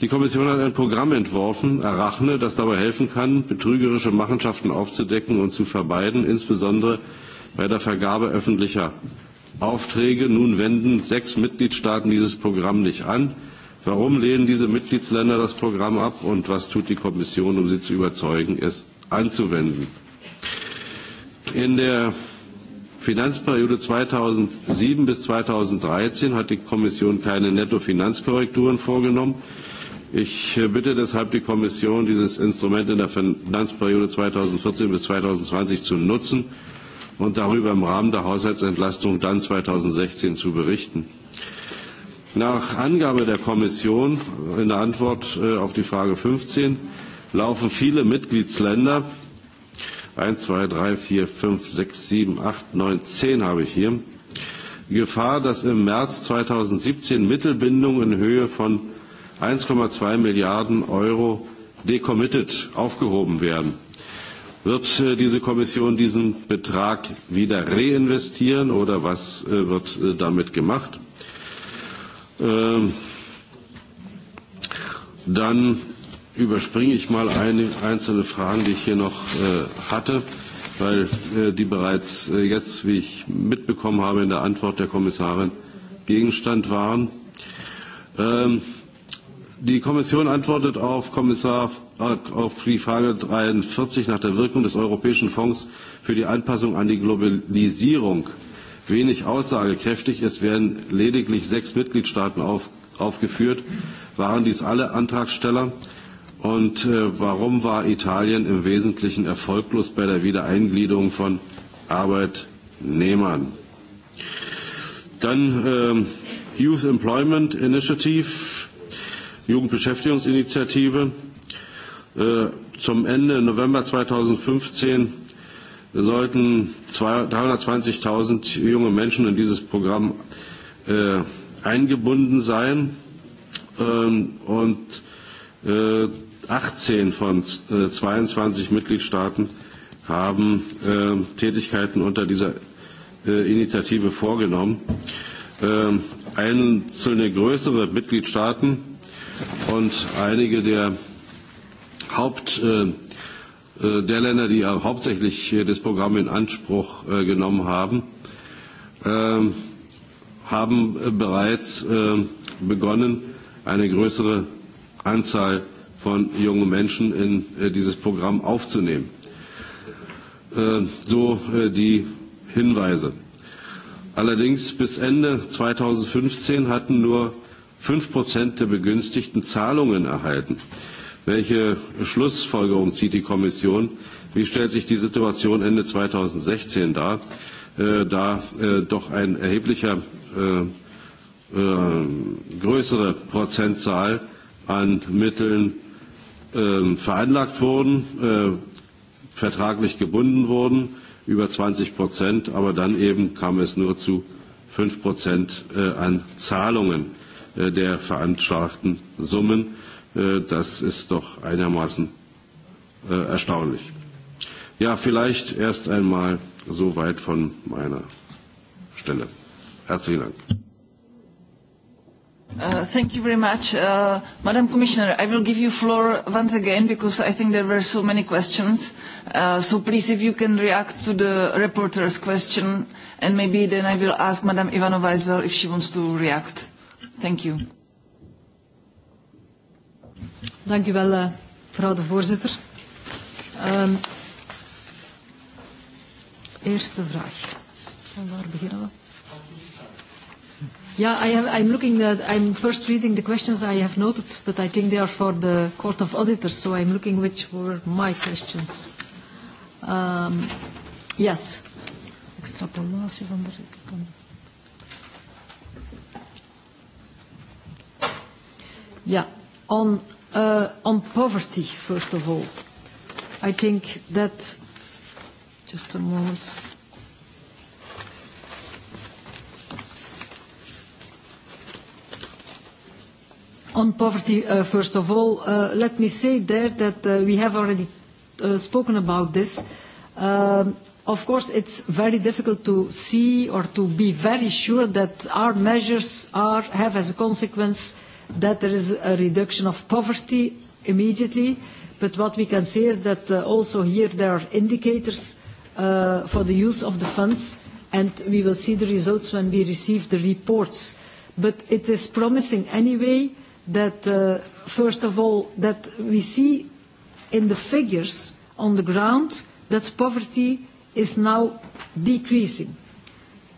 Die Kommission hat ein Programm entworfen, Arachne, das dabei helfen kann, betrügerische Machenschaften aufzudecken und zu vermeiden, insbesondere bei der Vergabe öffentlicher Aufträge. Nun wenden sechs Mitgliedstaaten dieses Programm nicht an. Warum lehnen diese Mitgliedsländer das Programm ab und was tut die Kommission, um sie zu überzeugen, es anzuwenden? In der Finanzperiode 2007 bis 2013 hat die Kommission keine Nettofinanzkorrekturen vorgenommen. Ich äh, bitte deshalb die Kommission, dieses Instrument in der Finanzperiode 2014 bis 2020 zu nutzen und darüber im Rahmen der Haushaltsentlastung dann 2016 zu berichten. Nach Angabe der Kommission in der Antwort äh, auf die Frage 15 laufen viele Mitgliedsländer 1, 2, 3, 4, 5, 6, 7, 8, 9, 10 habe ich hier Gefahr, dass im März 2017 Mittelbindung in Höhe von 1,2 Milliarden Euro decommitted aufgehoben werden. Wird äh, diese Kommission diesen Betrag wieder reinvestieren oder was äh, wird äh, damit gemacht? Ähm, dann überspringe ich mal eine, einzelne Fragen, die ich hier noch äh, hatte, weil äh, die bereits äh, jetzt, wie ich mitbekommen habe, in der Antwort der Kommissarin Gegenstand waren. Ähm, die Kommission antwortet auf, Kommissar, auf die Frage 43 nach der Wirkung des Europäischen Fonds für die Anpassung an die Globalisierung wenig aussagekräftig. Es werden lediglich sechs Mitgliedstaaten auf, aufgeführt. Waren dies alle Antragsteller? Und äh, warum war Italien im Wesentlichen erfolglos bei der Wiedereingliederung von Arbeitnehmern? Dann ähm, Youth Employment Initiative, Jugendbeschäftigungsinitiative. Äh, zum Ende November 2015 sollten 320.000 junge Menschen in dieses Programm äh, eingebunden sein ähm, und äh, 18 von äh, 22 Mitgliedstaaten haben äh, Tätigkeiten unter dieser äh, Initiative vorgenommen. Äh, einzelne größere Mitgliedstaaten und einige der Haupt äh, Äh, der Länder, die hauptsächlich das Programm in Anspruch äh, genommen haben, ähm, haben äh, bereits ähm, begonnen, eine größere Anzahl von jungen Menschen in dieses Programm aufzunehmen. So die Hinweise. Allerdings bis Ende 2015 hatten nur 5 der Begünstigten Zahlungen erhalten. Welche Schlussfolgerung zieht die Kommission? Wie stellt sich die Situation Ende 2016 dar, äh, da äh, doch ein erheblicher äh, äh, größere Prozentzahl an Mitteln äh, veranlagt wurden, äh, vertraglich gebunden wurden, über 20 Prozent, aber dann eben kam es nur zu 5 Prozent äh, an Zahlungen äh, der veranschlagten Summen Äh, das ist doch einigermaßen äh, erstaunlich. Ja, vielleicht erst einmal so weit von meiner Stelle. Herzlichen Dank. Uh, thank you very much. Uh, Madam Commissioner, I will give you floor once again because I think there were so many questions. Uh, so please, if you can react to the reporter's question, and maybe then I will ask Madam Ivanova as well if she wants to react. Thank you. Dank u wel, uh, mevrouw de voorzitter. Um, eerste vraag. Van waar beginnen we? Ja, Yeah, I am, I'm looking at, I'm first reading the questions I have noted, but I think they are for the Court of Auditors, so I'm looking which were my questions. Um, yes. Extrapolatie van de rekening. Ja, Yeah. On Uh, on poverty, first of all, I think that, just a moment. On poverty, uh, first of all, uh, let me say there that uh, we have already uh, spoken about this. Um, of course, it's very difficult to see or to be very sure that our measures are, have as a consequence that there is a reduction of poverty immediately. But what we can say is that uh, also here there are indicators uh, for the use of the funds, and we will see the results when we receive the reports. But it is promising anyway that, uh, first of all, that we see in the figures on the ground that poverty is now decreasing.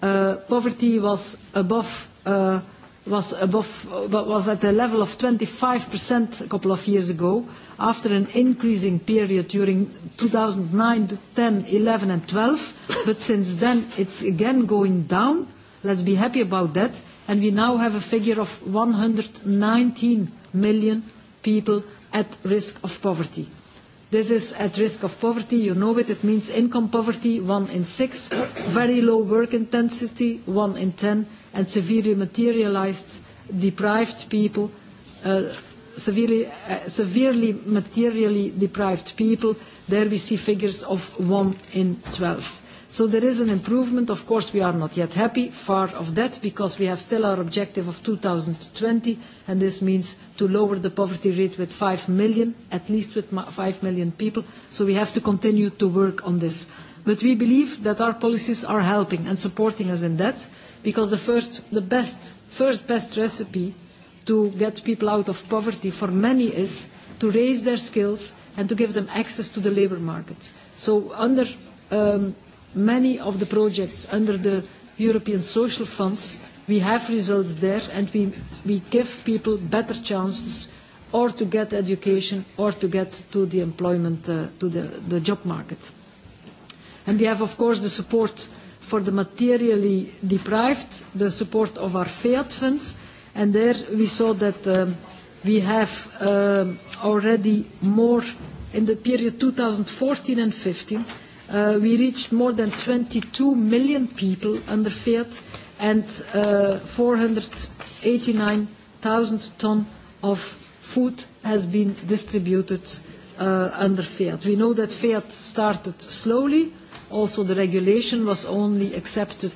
Uh, poverty was above uh, was, at a level of 25% a couple of years ago, after an increasing period during 2009, 10, 11, and 12. But since then, it's again going down. Let's be happy about that. And we now have a figure of 119 million people at risk of poverty. This is at risk of poverty, you know it, it means income poverty, one in six, very low work intensity, one in ten, and severely materialized deprived people, uh, severely, uh, severely materially deprived people, there we see figures of 1 in 12. So there is an improvement. Of course, we are not yet happy, far of that, because we have still our objective of 2020, and this means to lower the poverty rate with 5 million, at least with 5 million people. So we have to continue to work on this. But we believe that our policies are helping and supporting us in that because the first, the best, first best recipe to get people out of poverty for many is to raise their skills and to give them access to the labour market. So under um, many of the projects under the European social funds, we have results there and we, we give people better chances or to get education or to get to the employment, uh, to the, the job market. And we have, of course, the support for the materially deprived, the support of our FEAD funds. And there we saw that um, we have uh, already more in the period 2014 and 15. Uh, we reached more than 22 million people under FEAD and uh, 489,000 ton of food has been distributed uh, under FEAD. We know that FEAD started slowly, Also, the regulation was only accepted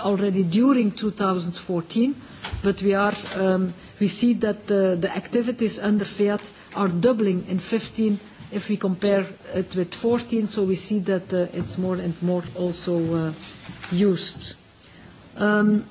already during 2014, but we, are, um, we see that the, the activities under FIAT are doubling in 15 if we compare it with 14, so we see that uh, it's more and more also uh, used. Um,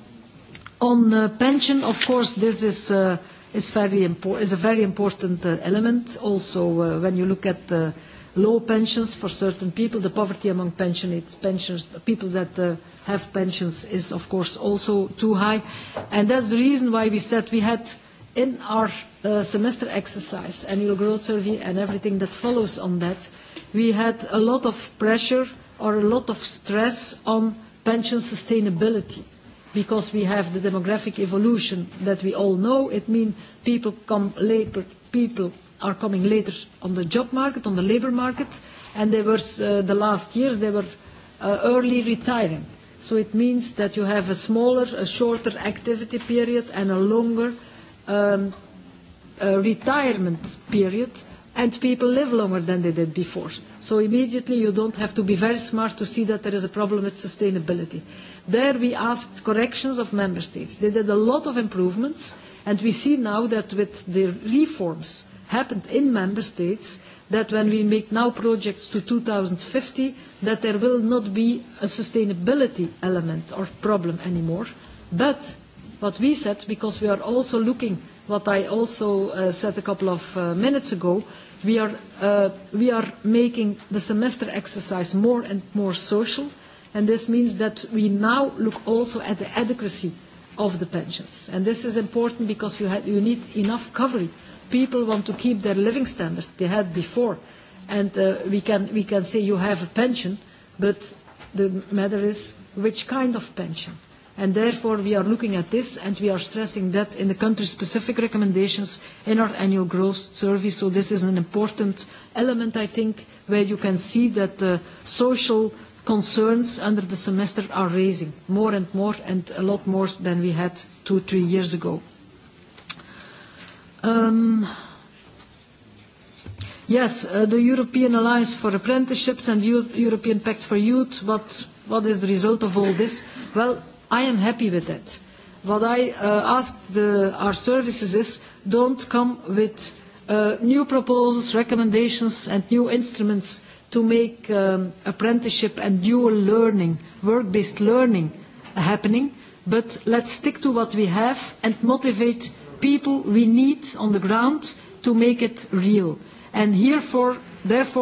on uh, pension, of course, this is, uh, is, very is a very important uh, element. Also, uh, when you look at the low pensions for certain people. The poverty among pensioners, people that uh, have pensions is, of course, also too high. And that's the reason why we said we had in our uh, semester exercise, annual growth survey and everything that follows on that, we had a lot of pressure or a lot of stress on pension sustainability because we have the demographic evolution that we all know. It means people come later, people are coming later on the job market, on the labour market, and they were, uh, the last years, they were uh, early retiring. So it means that you have a smaller, a shorter activity period and a longer um, a retirement period, and people live longer than they did before. So immediately you don't have to be very smart to see that there is a problem with sustainability. There we asked corrections of member states. They did a lot of improvements, and we see now that with the reforms happened in member states that when we make now projects to 2050, that there will not be a sustainability element or problem anymore. But what we said, because we are also looking, what I also uh, said a couple of uh, minutes ago, we are, uh, we are making the semester exercise more and more social, and this means that we now look also at the adequacy of the pensions. And this is important because you, you need enough coverage people want to keep their living standard they had before. And uh, we, can, we can say you have a pension, but the matter is which kind of pension. And therefore, we are looking at this, and we are stressing that in the country-specific recommendations in our annual growth survey. So this is an important element, I think, where you can see that the uh, social concerns under the semester are raising more and more, and a lot more than we had two, three years ago. Um, yes, uh, the European Alliance for Apprenticeships and the European Pact for Youth, what, what is the result of all this? Well, I am happy with that. What I uh, ask our services is don't come with uh, new proposals, recommendations and new instruments to make um, apprenticeship and dual learning, work-based learning happening, but let's stick to what we have and motivate people we need on the ground to make it real. And therefore,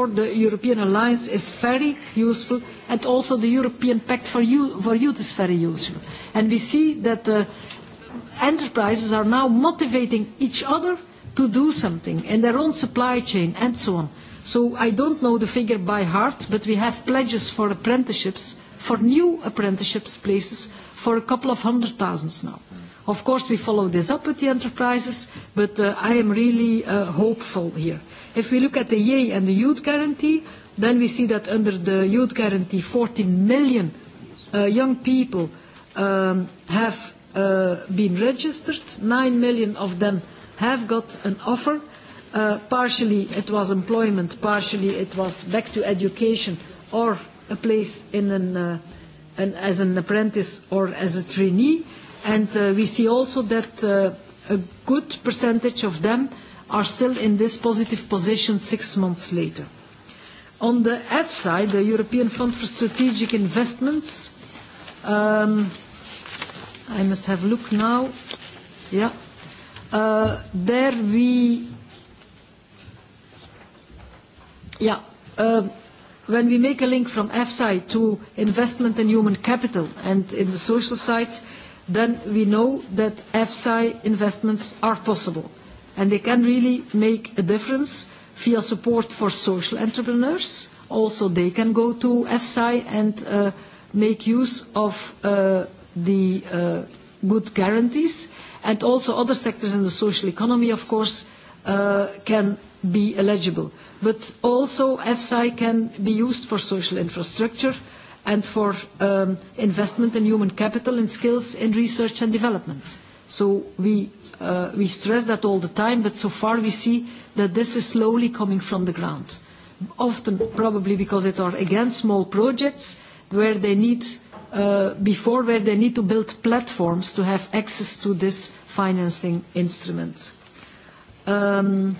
the European alliance is very useful, and also the European Pact for, you, for Youth is very useful. And we see that the uh, enterprises are now motivating each other to do something in their own supply chain and so on. So I don't know the figure by heart, but we have pledges for apprenticeships, for new apprenticeships places, for a couple of hundred thousands now. Of course, we follow this up with the enterprises, but uh, I am really uh, hopeful here. If we look at the YEI and the youth guarantee, then we see that under the youth guarantee, 14 million uh, young people um, have uh, been registered. 9 million of them have got an offer. Uh, partially it was employment, partially it was back to education or a place in an, uh, an, as an apprentice or as a trainee and uh, we see also that uh, a good percentage of them are still in this positive position six months later. On the F side, the European Fund for Strategic Investments, um, I must have a look now. Yeah. Uh, there we... Yeah. Uh, when we make a link from F side to investment in human capital and in the social side, then we know that EFSI investments are possible. And they can really make a difference via support for social entrepreneurs. Also, they can go to EFSI and uh, make use of uh, the uh, good guarantees. And also other sectors in the social economy, of course, uh, can be eligible. But also, EFSI can be used for social infrastructure, and for um, investment in human capital and skills in research and development. So we, uh, we stress that all the time, but so far we see that this is slowly coming from the ground. Often probably because it are again small projects where they need, uh, before where they need to build platforms to have access to this financing instrument. Um,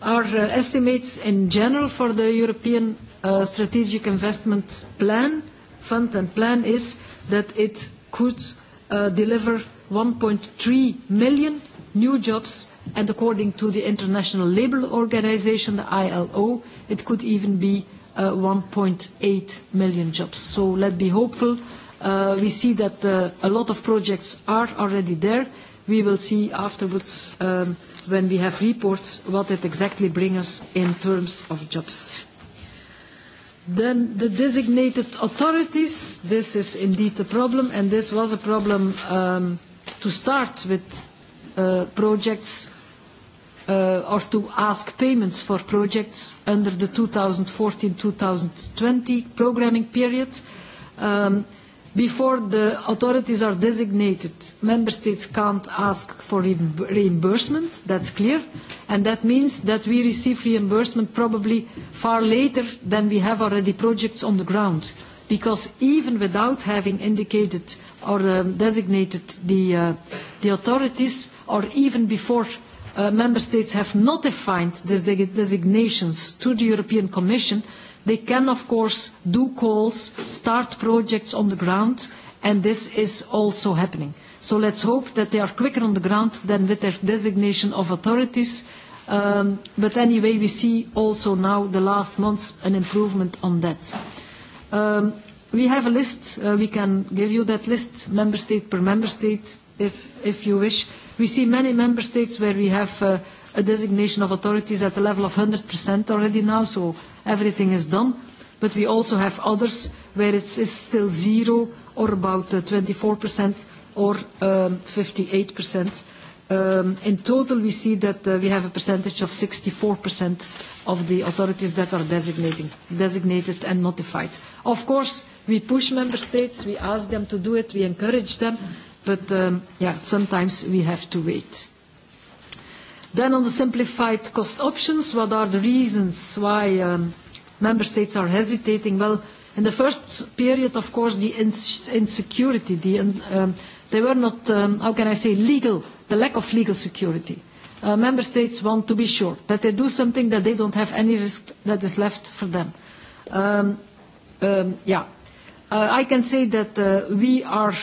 our uh, estimates in general for the European uh, strategic investment plan, fund and plan is that it could uh, deliver 1.3 million new jobs and according to the International Labour Organization, the ILO, it could even be uh, 1.8 million jobs. So let's be hopeful. Uh, we see that uh, a lot of projects are already there. We will see afterwards um, when we have reports what it exactly brings us in terms of jobs. Then the designated authorities, this is indeed a problem, and this was a problem um, to start with uh, projects uh, or to ask payments for projects under the 2014-2020 programming period. Um, Before the authorities are designated, member states can't ask for re reimbursement, that's clear, and that means that we receive reimbursement probably far later than we have already projects on the ground, because even without having indicated or um, designated the, uh, the authorities, or even before uh, member states have notified these designations to the European Commission, They can, of course, do calls, start projects on the ground, and this is also happening. So let's hope that they are quicker on the ground than with their designation of authorities. Um, but anyway, we see also now the last months an improvement on that. Um, we have a list. Uh, we can give you that list, member state per member state, if, if you wish. We see many member states where we have uh, a designation of authorities at the level of 100% already now, so everything is done. But we also have others where it is still zero or about 24% uh, or um, 58%. Um, in total, we see that uh, we have a percentage of 64% of the authorities that are designating, designated and notified. Of course, we push member states, we ask them to do it, we encourage them, but um, yeah, sometimes we have to wait. Then on the simplified cost options, what are the reasons why um, member states are hesitating? Well, in the first period, of course, the insecurity, the, um, um, they were not, um, how can I say, legal, the lack of legal security. Uh, member states want to be sure that they do something that they don't have any risk that is left for them. Um, um, yeah. Uh, I can say that uh, we are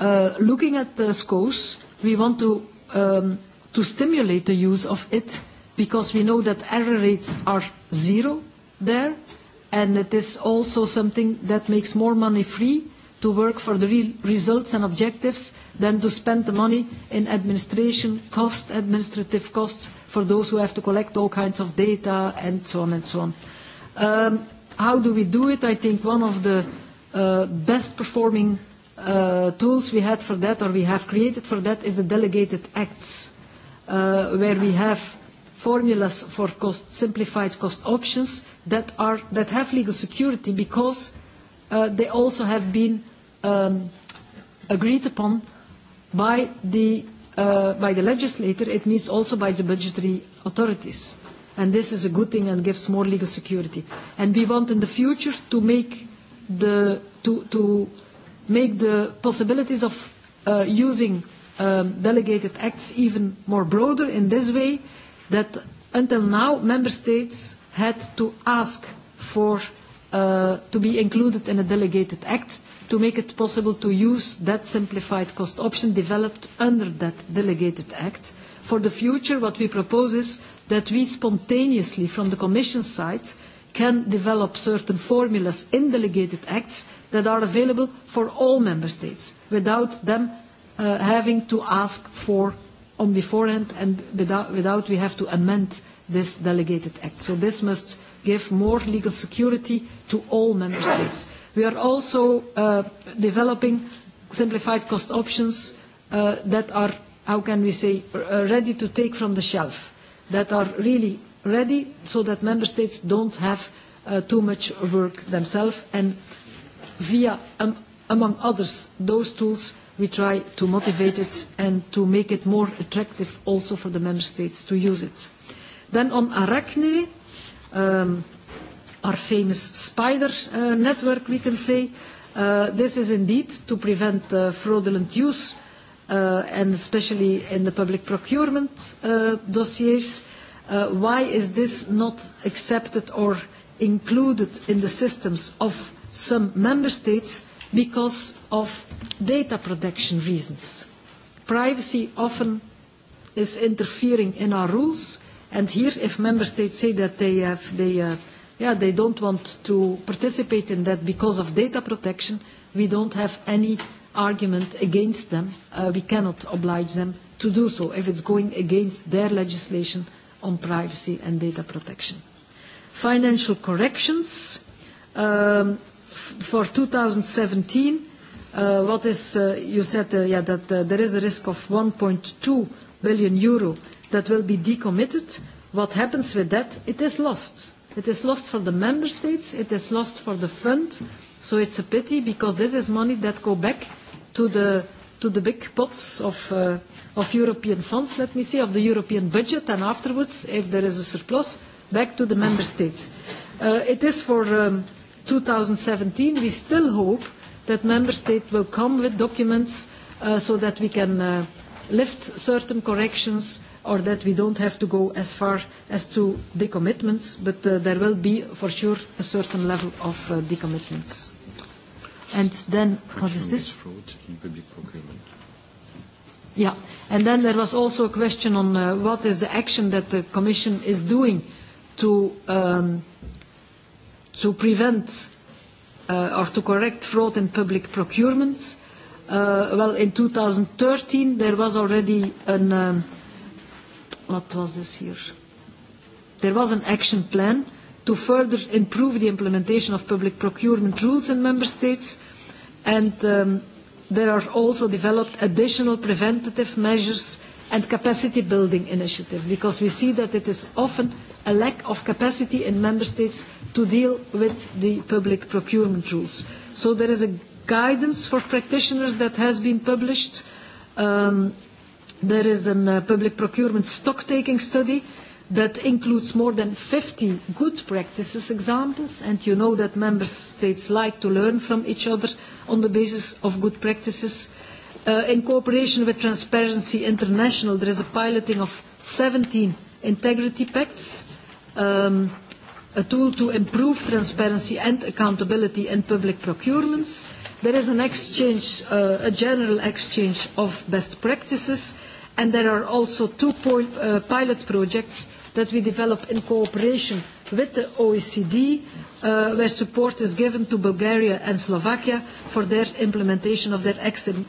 uh, looking at the scores. We want to um, to stimulate the use of it because we know that error rates are zero there and it is also something that makes more money free to work for the real results and objectives than to spend the money in administration cost, administrative costs for those who have to collect all kinds of data and so on and so on. Um, how do we do it? I think one of the uh, best performing uh, tools we had for that or we have created for that is the delegated acts Uh, where we have formulas for cost, simplified cost options that, are, that have legal security because uh, they also have been um, agreed upon by the, uh, by the legislator, it means also by the budgetary authorities. And this is a good thing and gives more legal security. And we want in the future to make the, to, to make the possibilities of uh, using Uh, delegated acts even more broader in this way that until now member states had to ask for uh, to be included in a delegated act to make it possible to use that simplified cost option developed under that delegated act. For the future, what we propose is that we spontaneously, from the Commission side, can develop certain formulas in delegated acts that are available for all member states without them uh, having to ask for on beforehand and without, without we have to amend this delegated act. So this must give more legal security to all member states. We are also uh, developing simplified cost options uh, that are, how can we say, uh, ready to take from the shelf, that are really ready so that member states don't have uh, too much work themselves and via, um, among others, those tools we try to motivate it and to make it more attractive also for the member states to use it. Then on Arachne, um, our famous spider uh, network, we can say, uh, this is indeed to prevent uh, fraudulent use uh, and especially in the public procurement uh, dossiers. Uh, why is this not accepted or included in the systems of some member states? because of data protection reasons. Privacy often is interfering in our rules, and here if member states say that they, have, they, uh, yeah, they don't want to participate in that because of data protection, we don't have any argument against them. Uh, we cannot oblige them to do so if it's going against their legislation on privacy and data protection. Financial corrections. Um, for 2017, uh, what is, uh, you said uh, yeah, that uh, there is a risk of 1.2 billion euro that will be decommitted. What happens with that? It is lost. It is lost for the member states. It is lost for the fund. So it's a pity because this is money that go back to the to the big pots of, uh, of European funds, let me say, of the European budget, and afterwards, if there is a surplus, back to the member states. Uh, it is for um, 2017, we still hope that member states will come with documents uh, so that we can uh, lift certain corrections or that we don't have to go as far as to decommitments, but uh, there will be for sure a certain level of uh, decommitments. And then, what is this? Fraud in public procurement. Yeah, and then there was also a question on uh, what is the action that the Commission is doing to um, to prevent uh, or to correct fraud in public procurement. Uh, well, in 2013 there was already an um, what was this year? There was an action plan to further improve the implementation of public procurement rules in member states, and um, there are also developed additional preventative measures and capacity building initiative because we see that it is often a lack of capacity in member states to deal with the public procurement rules. So there is a guidance for practitioners that has been published. Um, there is a uh, public procurement stock-taking study that includes more than 50 good practices examples, and you know that member states like to learn from each other on the basis of good practices. Uh, Uh, in cooperation with Transparency International, there is a piloting of 17 integrity pacts, um, a tool to improve transparency and accountability in public procurements. There is an exchange, uh, a general exchange of best practices, and there are also two uh, pilot projects that we develop in cooperation with the OECD uh, where support is given to Bulgaria and Slovakia for their implementation of their action,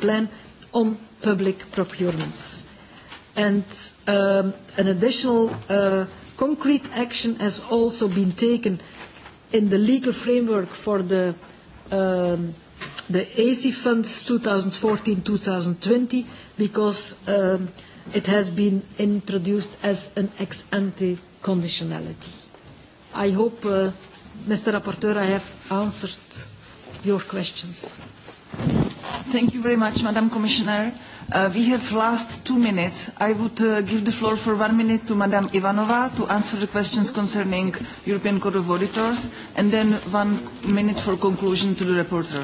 plan on public procurements. And um, an additional uh, concrete action has also been taken in the legal framework for the, um, the AC funds 2014-2020 because um, it has been introduced as an ex-ante conditionality. I hope uh, Mr. Rapporteur, I have answered your questions. Thank you very much, Madam Commissioner. Uh, we have last two minutes. I would uh, give the floor for one minute to Madam Ivanova to answer the questions concerning European Court of Auditors, and then one minute for conclusion to the reporter.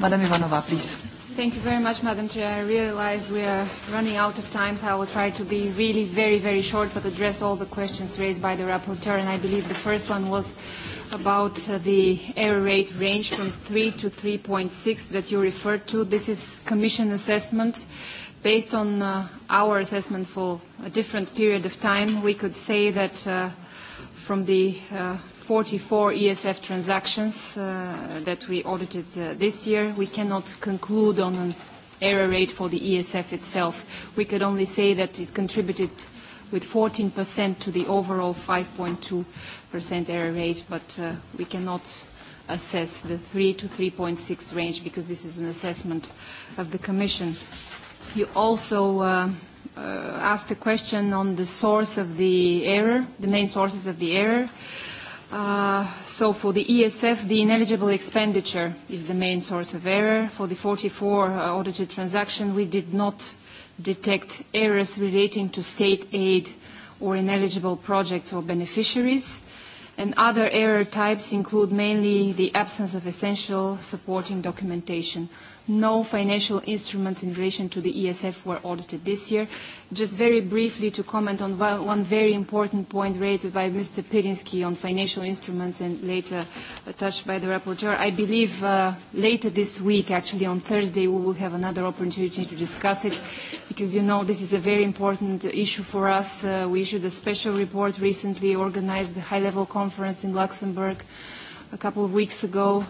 Madam Ivanova, please. Thank you very much, Madam Chair. I realize we are running out of time, so I will try to be really very, very short, but address all the questions raised by the rapporteur, and I believe the first one was about uh, the error rate range from 3 to 3.6 that you referred to. This is Commission assessment. Based on uh, our assessment for a different period of time, we could say that uh, from the uh, 44 ESF transactions uh, that we audited uh, this year, we cannot conclude on an error rate for the ESF itself. We could only say that it contributed with 14% to the overall 5.2 percent error rate, but uh, we cannot assess the 3 to 3.6 range because this is an assessment of the Commission. You also uh, uh, asked a question on the source of the error, the main sources of the error. so for the ESF, the ineligible expenditure is the main source of error. For the 44 audited transaction, we did not detect errors relating to state aid or ineligible projects or beneficiaries and other error types include mainly the absence of essential supporting documentation no financial instruments in relation to the ESF were audited this year. Just very briefly to comment on one very important point raised by Mr. Pirinsky on financial instruments and later touched by the rapporteur. I believe uh, later this week, actually on Thursday, we will have another opportunity to discuss it because you know this is a very important issue for us. Uh, we issued a special report recently, organized a high-level conference in Luxembourg a couple of weeks ago.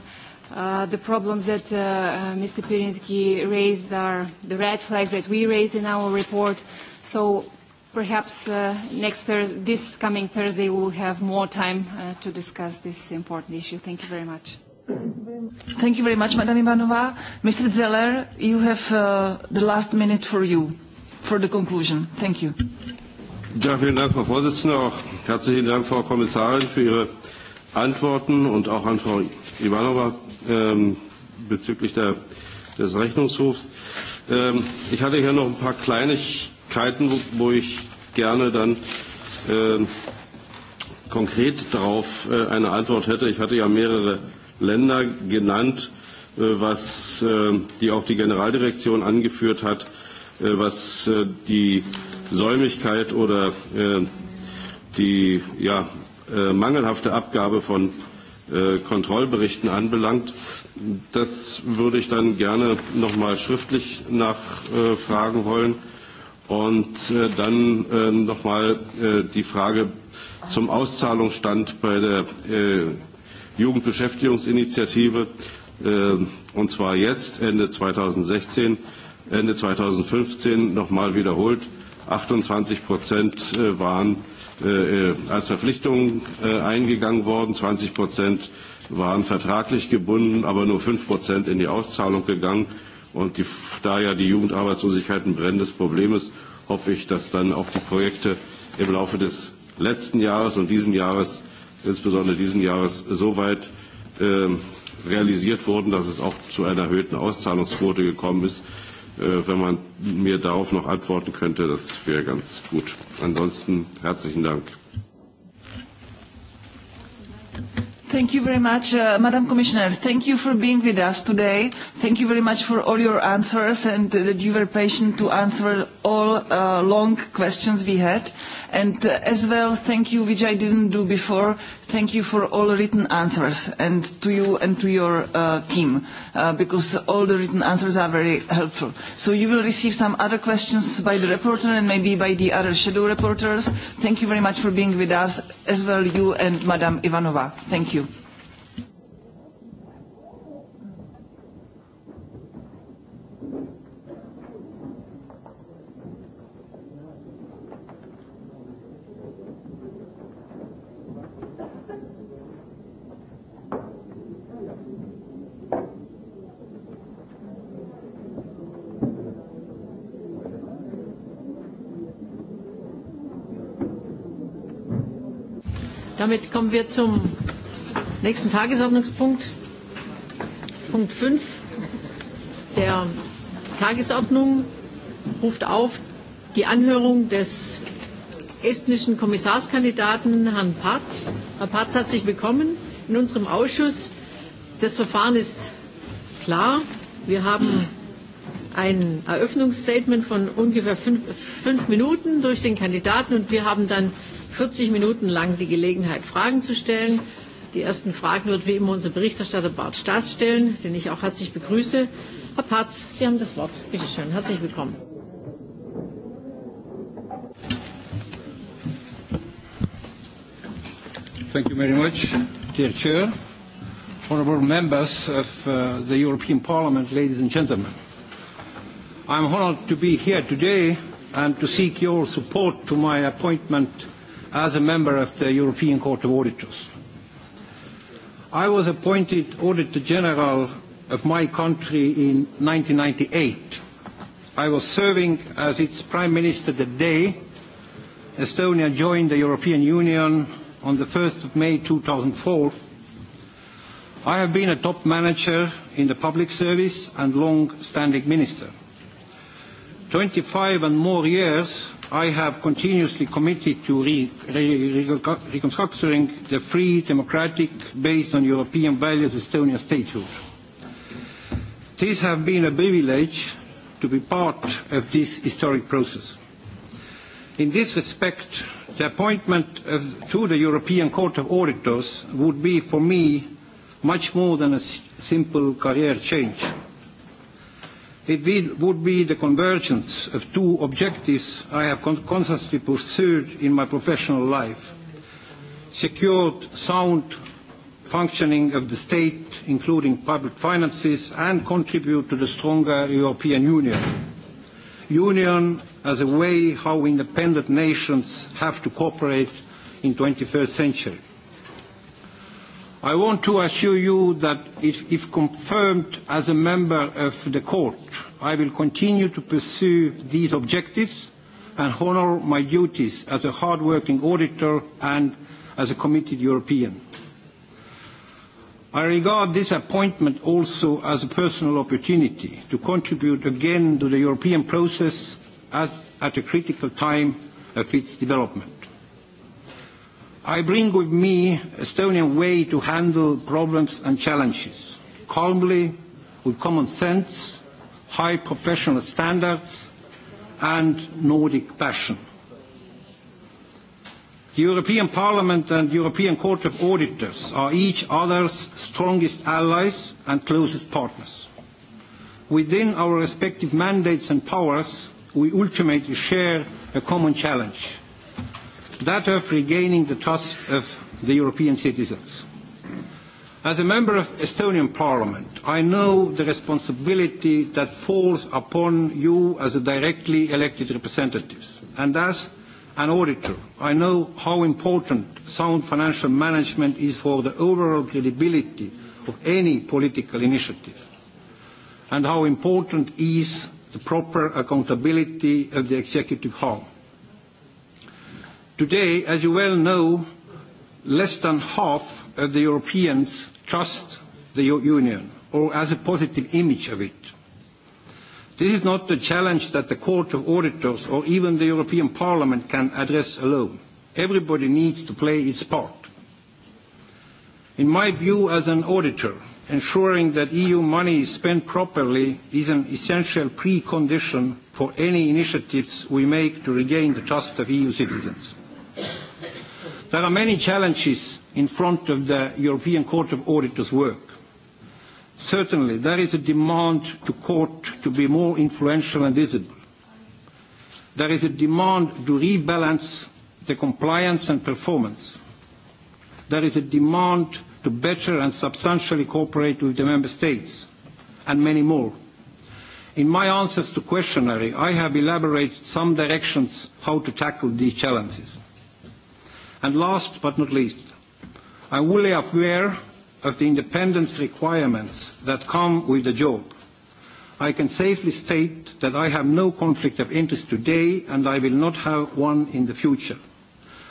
Uh, the problems that uh, uh Mr. Pirinsky raised are the red flags that we raised in our report. So perhaps uh, next Thursday, this coming Thursday, we'll have more time uh, to discuss this important issue. Thank you very much. Thank you very much, Madam Ivanova. Mr. Zeller, you have uh, the last minute for you, for the conclusion. Thank you. Ja, vielen Dank, Frau Vorsitzende. Auch herzlichen Dank, Frau Kommissarin, für Ihre Antworten und auch an Frau Ivanova ähm, bezüglich der, des Rechnungshofs. Ähm, ich hatte hier noch ein paar Kleinigkeiten, wo, wo ich gerne dann äh, konkret darauf äh, eine Antwort hätte. Ich hatte ja mehrere Länder genannt, äh, was, äh, die auch die Generaldirektion angeführt hat, äh, was äh, die Säumigkeit oder äh, die ja, Äh, mangelhafte Abgabe von äh, Kontrollberichten anbelangt. Das würde ich dann gerne noch mal schriftlich nachfragen wollen. Und äh, dann äh, nochmal äh, die Frage zum Auszahlungsstand bei der äh, Jugendbeschäftigungsinitiative, äh, und zwar jetzt, Ende 2016, Ende 2015 nochmal wiederholt. 28 Prozent äh, waren Äh, äh, als Verpflichtung äh, eingegangen worden. 20 Prozent waren vertraglich gebunden, aber nur 5 Prozent in die Auszahlung gegangen. Und die, da ja die Jugendarbeitslosigkeit ein brennendes Problem ist, hoffe ich, dass dann auch die Projekte im Laufe des letzten Jahres und diesen Jahres, insbesondere diesen Jahres, so weit äh, realisiert wurden, dass es auch zu einer erhöhten Auszahlungsquote gekommen ist, Äh, wenn man mir darauf noch antworten könnte, das wäre ganz gut. Ansonsten herzlichen Dank. Thank you very much, uh, Madam Commissioner. Thank you for being with us today. Thank you very much for all your answers and uh, that you were patient to answer all uh, long questions we had. And uh, as well, thank you, which I didn't do before, thank you for all written answers and to you and to your uh, team, uh, because all the written answers are very helpful. So you will receive some other questions by the reporter and maybe by the other shadow reporters. Thank you very much for being with us, as well you and Madam Ivanova. Thank you. Damit kommen wir zum nächsten Tagesordnungspunkt, Punkt 5 der Tagesordnung ruft auf die Anhörung des estnischen Kommissarskandidaten Herrn Parz. Herr Parz, sich bekommen in unserem Ausschuss. Das Verfahren ist klar. Wir haben ein Eröffnungsstatement von ungefähr fünf, fünf Minuten durch den Kandidaten und wir haben dann 40 Minuten lang die Gelegenheit, Fragen zu stellen. Die ersten Fragen wird wie immer unser Berichterstatter Bart Staats stellen, den ich auch herzlich begrüße. Herr Patz, Sie haben das Wort. Bitte schön, herzlich willkommen. Thank you very much, dear Chair, honorable members of uh, the European Parliament, ladies and gentlemen. I'm honored to be here today and to seek your support to my appointment as a member of the European Court of Auditors. I was appointed Auditor General of my country in 1998. I was serving as its Prime Minister the day Estonia joined the European Union on the 1st of May 2004. I have been a top manager in the public service and long-standing minister. 25 and more years I have continuously committed to re re reconstructing the free, democratic, based on European values Estonian statehood. This has been a privilege to be part of this historic process. In this respect, the appointment of, to the European Court of Auditors would be for me much more than a simple career change. It would be the convergence of two objectives I have constantly pursued in my professional life. Secured sound functioning of the state, including public finances, and contribute to the stronger European Union. Union as a way how independent nations have to cooperate in 21st century. I want to assure you that if, if confirmed as a member of the court, I will continue to pursue these objectives and honour my duties as a hard-working auditor and as a committed European. I regard this appointment also as a personal opportunity to contribute again to the European process as at a critical time of its development. I bring with me Estonian way to handle problems and challenges, calmly, with common sense, high professional standards, and Nordic passion. The European Parliament and European Court of Auditors are each other's strongest allies and closest partners. Within our respective mandates and powers, we ultimately share a common challenge that of regaining the trust of the European citizens. As a member of Estonian Parliament, I know the responsibility that falls upon you as a directly elected representatives, and as an auditor, I know how important sound financial management is for the overall credibility of any political initiative, and how important is the proper accountability of the executive arm. Today, as you well know, less than half of the Europeans trust the Union or has a positive image of it. This is not a challenge that the Court of Auditors or even the European Parliament can address alone. Everybody needs to play its part. In my view as an auditor, ensuring that EU money is spent properly is an essential precondition for any initiatives we make to regain the trust of EU citizens. There are many challenges in front of the European Court of Auditors' work. Certainly, there is a demand to court to be more influential and visible. There is a demand to rebalance the compliance and performance. There is a demand to better and substantially cooperate with the member states, and many more. In my answers to questionnaire, I have elaborated some directions how to tackle these challenges. And last but not least, I'm fully aware of the independence requirements that come with the job. I can safely state that I have no conflict of interest today and I will not have one in the future,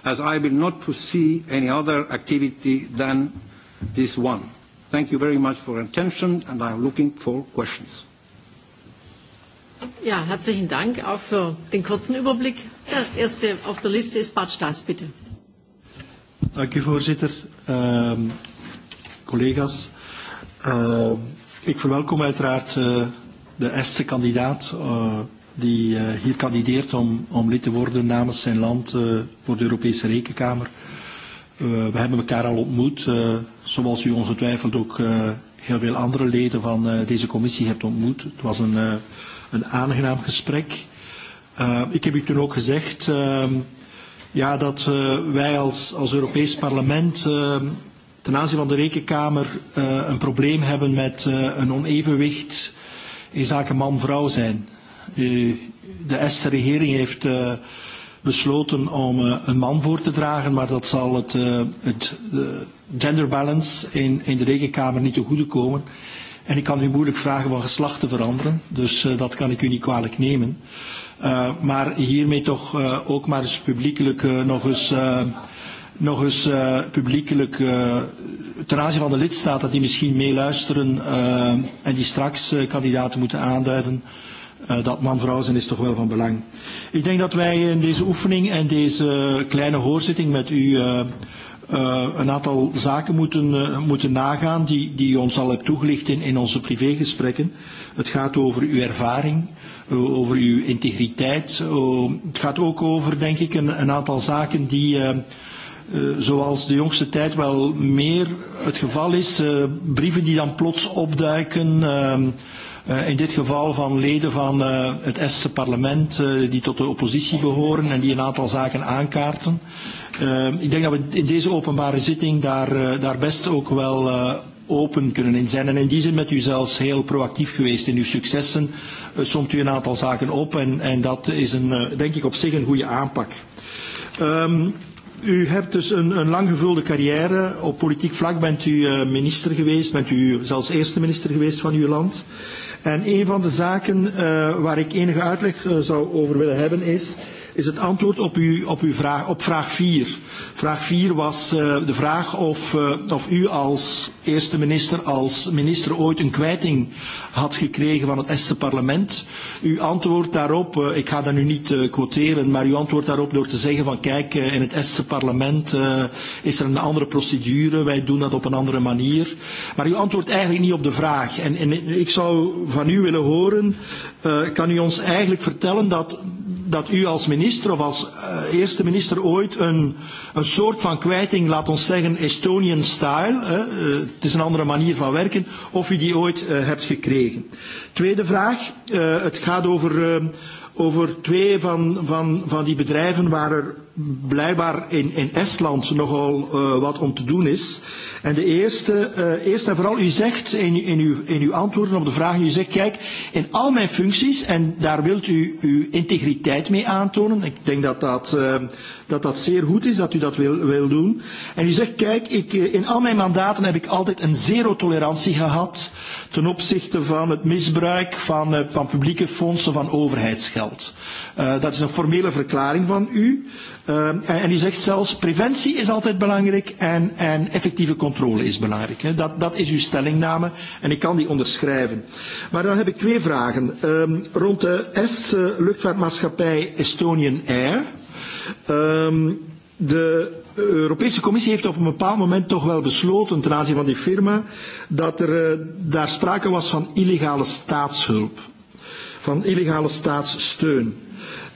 as I will not pursue any other activity than this one. Thank you very much for your attention and I am looking for questions. Ja, herzlichen Dank auch für den kurzen Überblick. Der erste auf der Liste ist Bart Stas, bitte. Dank u voorzitter. Uh, collega's, uh, ik verwelkom uiteraard uh, de Estse kandidaat uh, die uh, hier kandideert om, om lid te worden namens zijn land uh, voor de Europese Rekenkamer. Uh, we hebben elkaar al ontmoet, uh, zoals u ongetwijfeld ook uh, heel veel andere leden van uh, deze commissie hebt ontmoet. Het was een, uh, een aangenaam gesprek. Uh, ik heb u toen ook gezegd... Uh, ja, dat uh, wij als, als Europees parlement uh, ten aanzien van de Rekenkamer uh, een probleem hebben met uh, een onevenwicht in zaken man-vrouw zijn. Uh, de Estse regering heeft uh, besloten om uh, een man voor te dragen, maar dat zal het, uh, het uh, gender balance in, in de rekenkamer niet te goede komen. En ik kan u moeilijk vragen van geslacht te veranderen, dus uh, dat kan ik u niet kwalijk nemen. Uh, Uh, maar hiermee toch uh, ook maar eens publiekelijk uh, nog eens, uh, nog eens uh, publiekelijk uh, ten aanzien van de lidstaten die misschien meeluisteren uh, en die straks uh, kandidaten moeten aanduiden. Uh, dat man-vrouw zijn is toch wel van belang. Ik denk dat wij in deze oefening en deze kleine hoorzitting met u uh, uh, een aantal zaken moeten, uh, moeten nagaan die, die u ons al hebt toegelicht in, in onze privégesprekken. Het gaat over uw ervaring, uh, over uw integriteit. Uh, het gaat ook over, denk ik, een, een aantal zaken die... Uh, Uh, zoals de jongste tijd wel meer het geval is, uh, brieven die dan plots opduiken, uh, uh, in dit geval van leden van uh, het Estse parlement uh, die tot de oppositie behoren en die een aantal zaken aankaarten. Uh, ik denk dat we in deze openbare zitting daar, uh, daar best ook wel uh, open kunnen in zijn. En in die zin bent u zelfs heel proactief geweest in uw successen. Uh, somt u een aantal zaken op en, en dat is een, uh, denk ik op zich een goede aanpak. Um, u hebt dus een, een lang gevulde carrière. Op politiek vlak bent u uh, minister geweest, bent u zelfs eerste minister geweest van uw land. En een van de zaken uh, waar ik enige uitleg uh, zou over willen hebben is is het antwoord op, u, op, uw vraag, op vraag 4. Vraag 4 was uh, de vraag of, uh, of u als eerste minister, als minister ooit een kwijting had gekregen van het Estse parlement. Uw antwoord daarop, uh, ik ga dat nu niet uh, quoteren, maar uw antwoord daarop door te zeggen van kijk, uh, in het Estse parlement uh, is er een andere procedure, wij doen dat op een andere manier. Maar u antwoordt eigenlijk niet op de vraag. En, en ik zou van u willen horen, uh, kan u ons eigenlijk vertellen dat dat u als minister of als uh, eerste minister ooit een, een soort van kwijting, laat ons zeggen Estonian style, hè, uh, het is een andere manier van werken, of u die ooit uh, hebt gekregen. Tweede vraag, uh, het gaat over... Uh, over twee van, van, van die bedrijven waar er blijkbaar in, in Estland nogal uh, wat om te doen is. En de eerste, uh, eerst en vooral, u zegt in, in, uw, in uw antwoorden op de vragen, u zegt, kijk, in al mijn functies, en daar wilt u uw integriteit mee aantonen, ik denk dat dat, uh, dat, dat zeer goed is dat u dat wil, wil doen. En u zegt, kijk, ik, in al mijn mandaten heb ik altijd een zero tolerantie gehad ten opzichte van het misbruik van, uh, van publieke fondsen van overheidsgeld. Uh, dat is een formele verklaring van u. Uh, en, en u zegt zelfs preventie is altijd belangrijk en, en effectieve controle is belangrijk. Hè. Dat, dat is uw stellingname en ik kan die onderschrijven. Maar dan heb ik twee vragen. Um, rond de S-luchtvaartmaatschappij Estonian Air. Um, de eh, Europese Commissie heeft op een bepaald moment toch wel besloten ten aanzien van die firma dat er uh, daar sprake was van illegale staatshulp, van illegale staatssteun.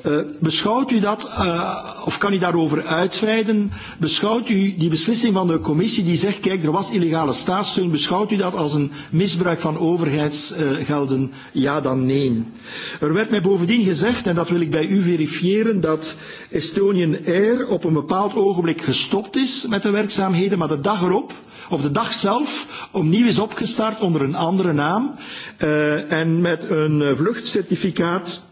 Eh, beschouwt u dat, uh, of kan u daarover uitweiden, beschouwt u die beslissing van de commissie die zegt, kijk, er was illegale staatssteun, beschouwt u dat als een misbruik van overheidsgelden? Uh, ja, dan nee. Er werd mij bovendien gezegd, en dat wil ik bij u verifiëren, dat Estonian Air op een bepaald ogenblik gestopt is met de werkzaamheden, maar de dag erop of de dag zelf opnieuw is opgestart onder een andere naam uh, en met een vluchtcertificaat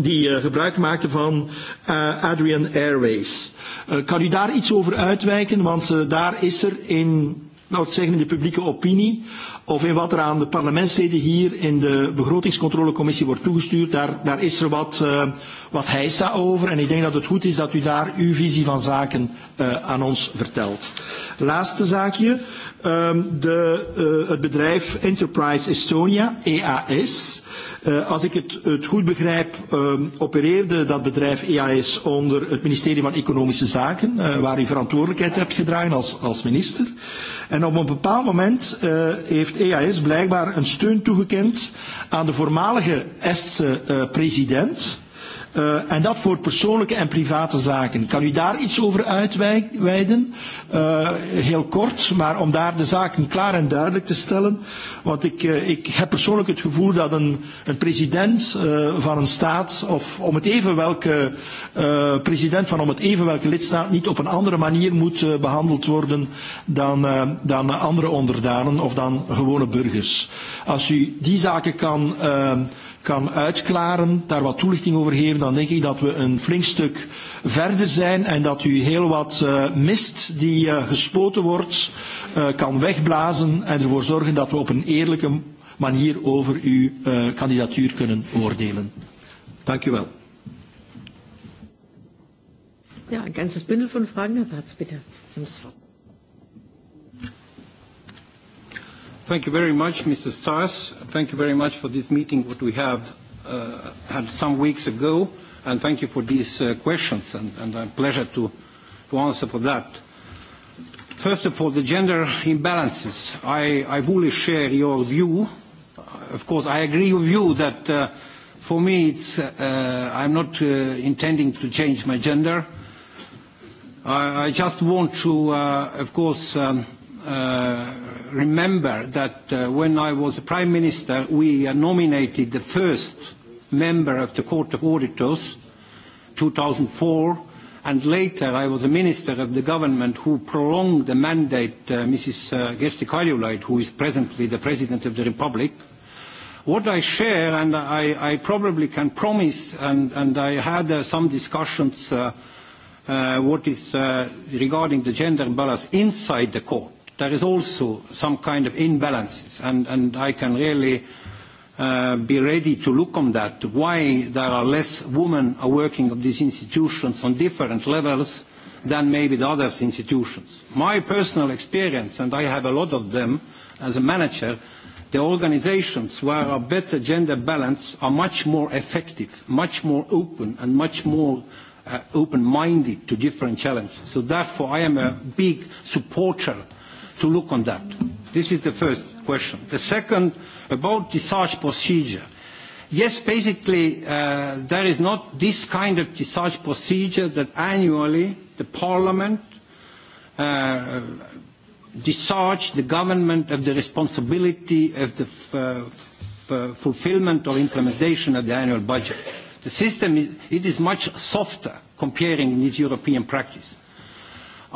die uh, gebruik maakte van uh, Adrian Airways. Uh, kan u daar iets over uitwijken? Want uh, daar is er in, nou, ik zeggen in de publieke opinie, of in wat er aan de parlementsleden hier in de begrotingscontrolecommissie wordt toegestuurd, daar, daar is er wat... Uh, wat hij staat over. En ik denk dat het goed is dat u daar uw visie van zaken uh, aan ons vertelt. Laatste zaakje. Um, de, uh, het bedrijf Enterprise Estonia, EAS. Uh, eh, als ik het, het goed begrijp, um, opereerde dat bedrijf EAS onder het ministerie van Economische Zaken, uh, waar u verantwoordelijkheid hebt gedragen als, als minister. En op een bepaald moment uh, heeft EAS blijkbaar een steun toegekend aan de voormalige Estse uh, president Uh, en dat voor persoonlijke en private zaken. Kan u daar iets over uitweiden? Uh, heel kort, maar om daar de zaken klaar en duidelijk te stellen. Want ik, uh, ik heb persoonlijk het gevoel dat een, een president uh, van een staat, of om het even welke uh, president van om het even welke lidstaat, niet op een andere manier moet uh, behandeld worden dan, uh, dan andere onderdanen of dan gewone burgers. Als u die zaken kan. Uh, kan uitklaren, daar wat toelichting over geven, dan denk ik dat we een flink stuk verder zijn en dat u heel wat uh, mist die uh, gespoten wordt uh, kan wegblazen en ervoor zorgen dat we op een eerlijke manier over uw uh, kandidatuur kunnen oordelen. Dank u wel. Ja, een ganzes bundel van vragen, Herr Bartz, bitte. Thank you very much, Mr. Stas thank you very much for this meeting, what we have uh, had some weeks ago, and thank you for these uh, questions, and, and a pleasure to, to answer for that. First of all, the gender imbalances. I, I fully share your view. Of course, I agree with you that uh, for me, it's, uh, uh I'm not uh, intending to change my gender. I, I just want to, uh, of course, um, uh, remember that uh, when I was Prime Minister, we uh, nominated the first member of the Court of Auditors, 2004, and later I was a Minister of the Government who prolonged the mandate, uh, Mrs. Uh, Gesti Kaljulaid, who is presently the President of the Republic. What I share, and I, I probably can promise, and, and I had uh, some discussions uh, uh, what is uh, regarding the gender balance inside the court there is also some kind of imbalances, and, and I can really uh, be ready to look on that, why there are less women are working of these institutions on different levels than maybe the other institutions. My personal experience, and I have a lot of them as a manager, the organizations where a better gender balance are much more effective, much more open, and much more uh, open-minded to different challenges. So therefore, I am a big supporter to look on that? This is the first question. The second, about discharge procedure. Yes, basically, uh, there is not this kind of discharge procedure that annually the parliament uh, discharge the government of the responsibility of the uh, uh, fulfillment or implementation of the annual budget. The system, is, it is much softer comparing with European practice.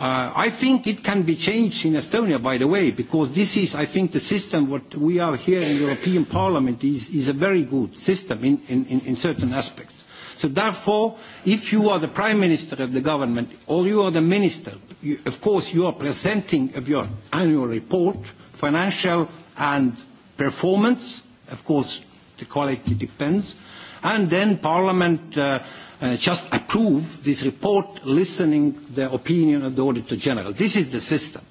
Uh, I think it can be changed in Estonia, by the way, because this is, I think, the system what we are here in European Parliament is, is a very good system in, in, in certain aspects. So therefore, if you are the prime minister of the government or you are the minister, you, of course you are presenting your annual report, financial and performance, of course the quality depends, and then Parliament uh, Uh, just approve this report listening the opinion of the Auditor General. This is the system.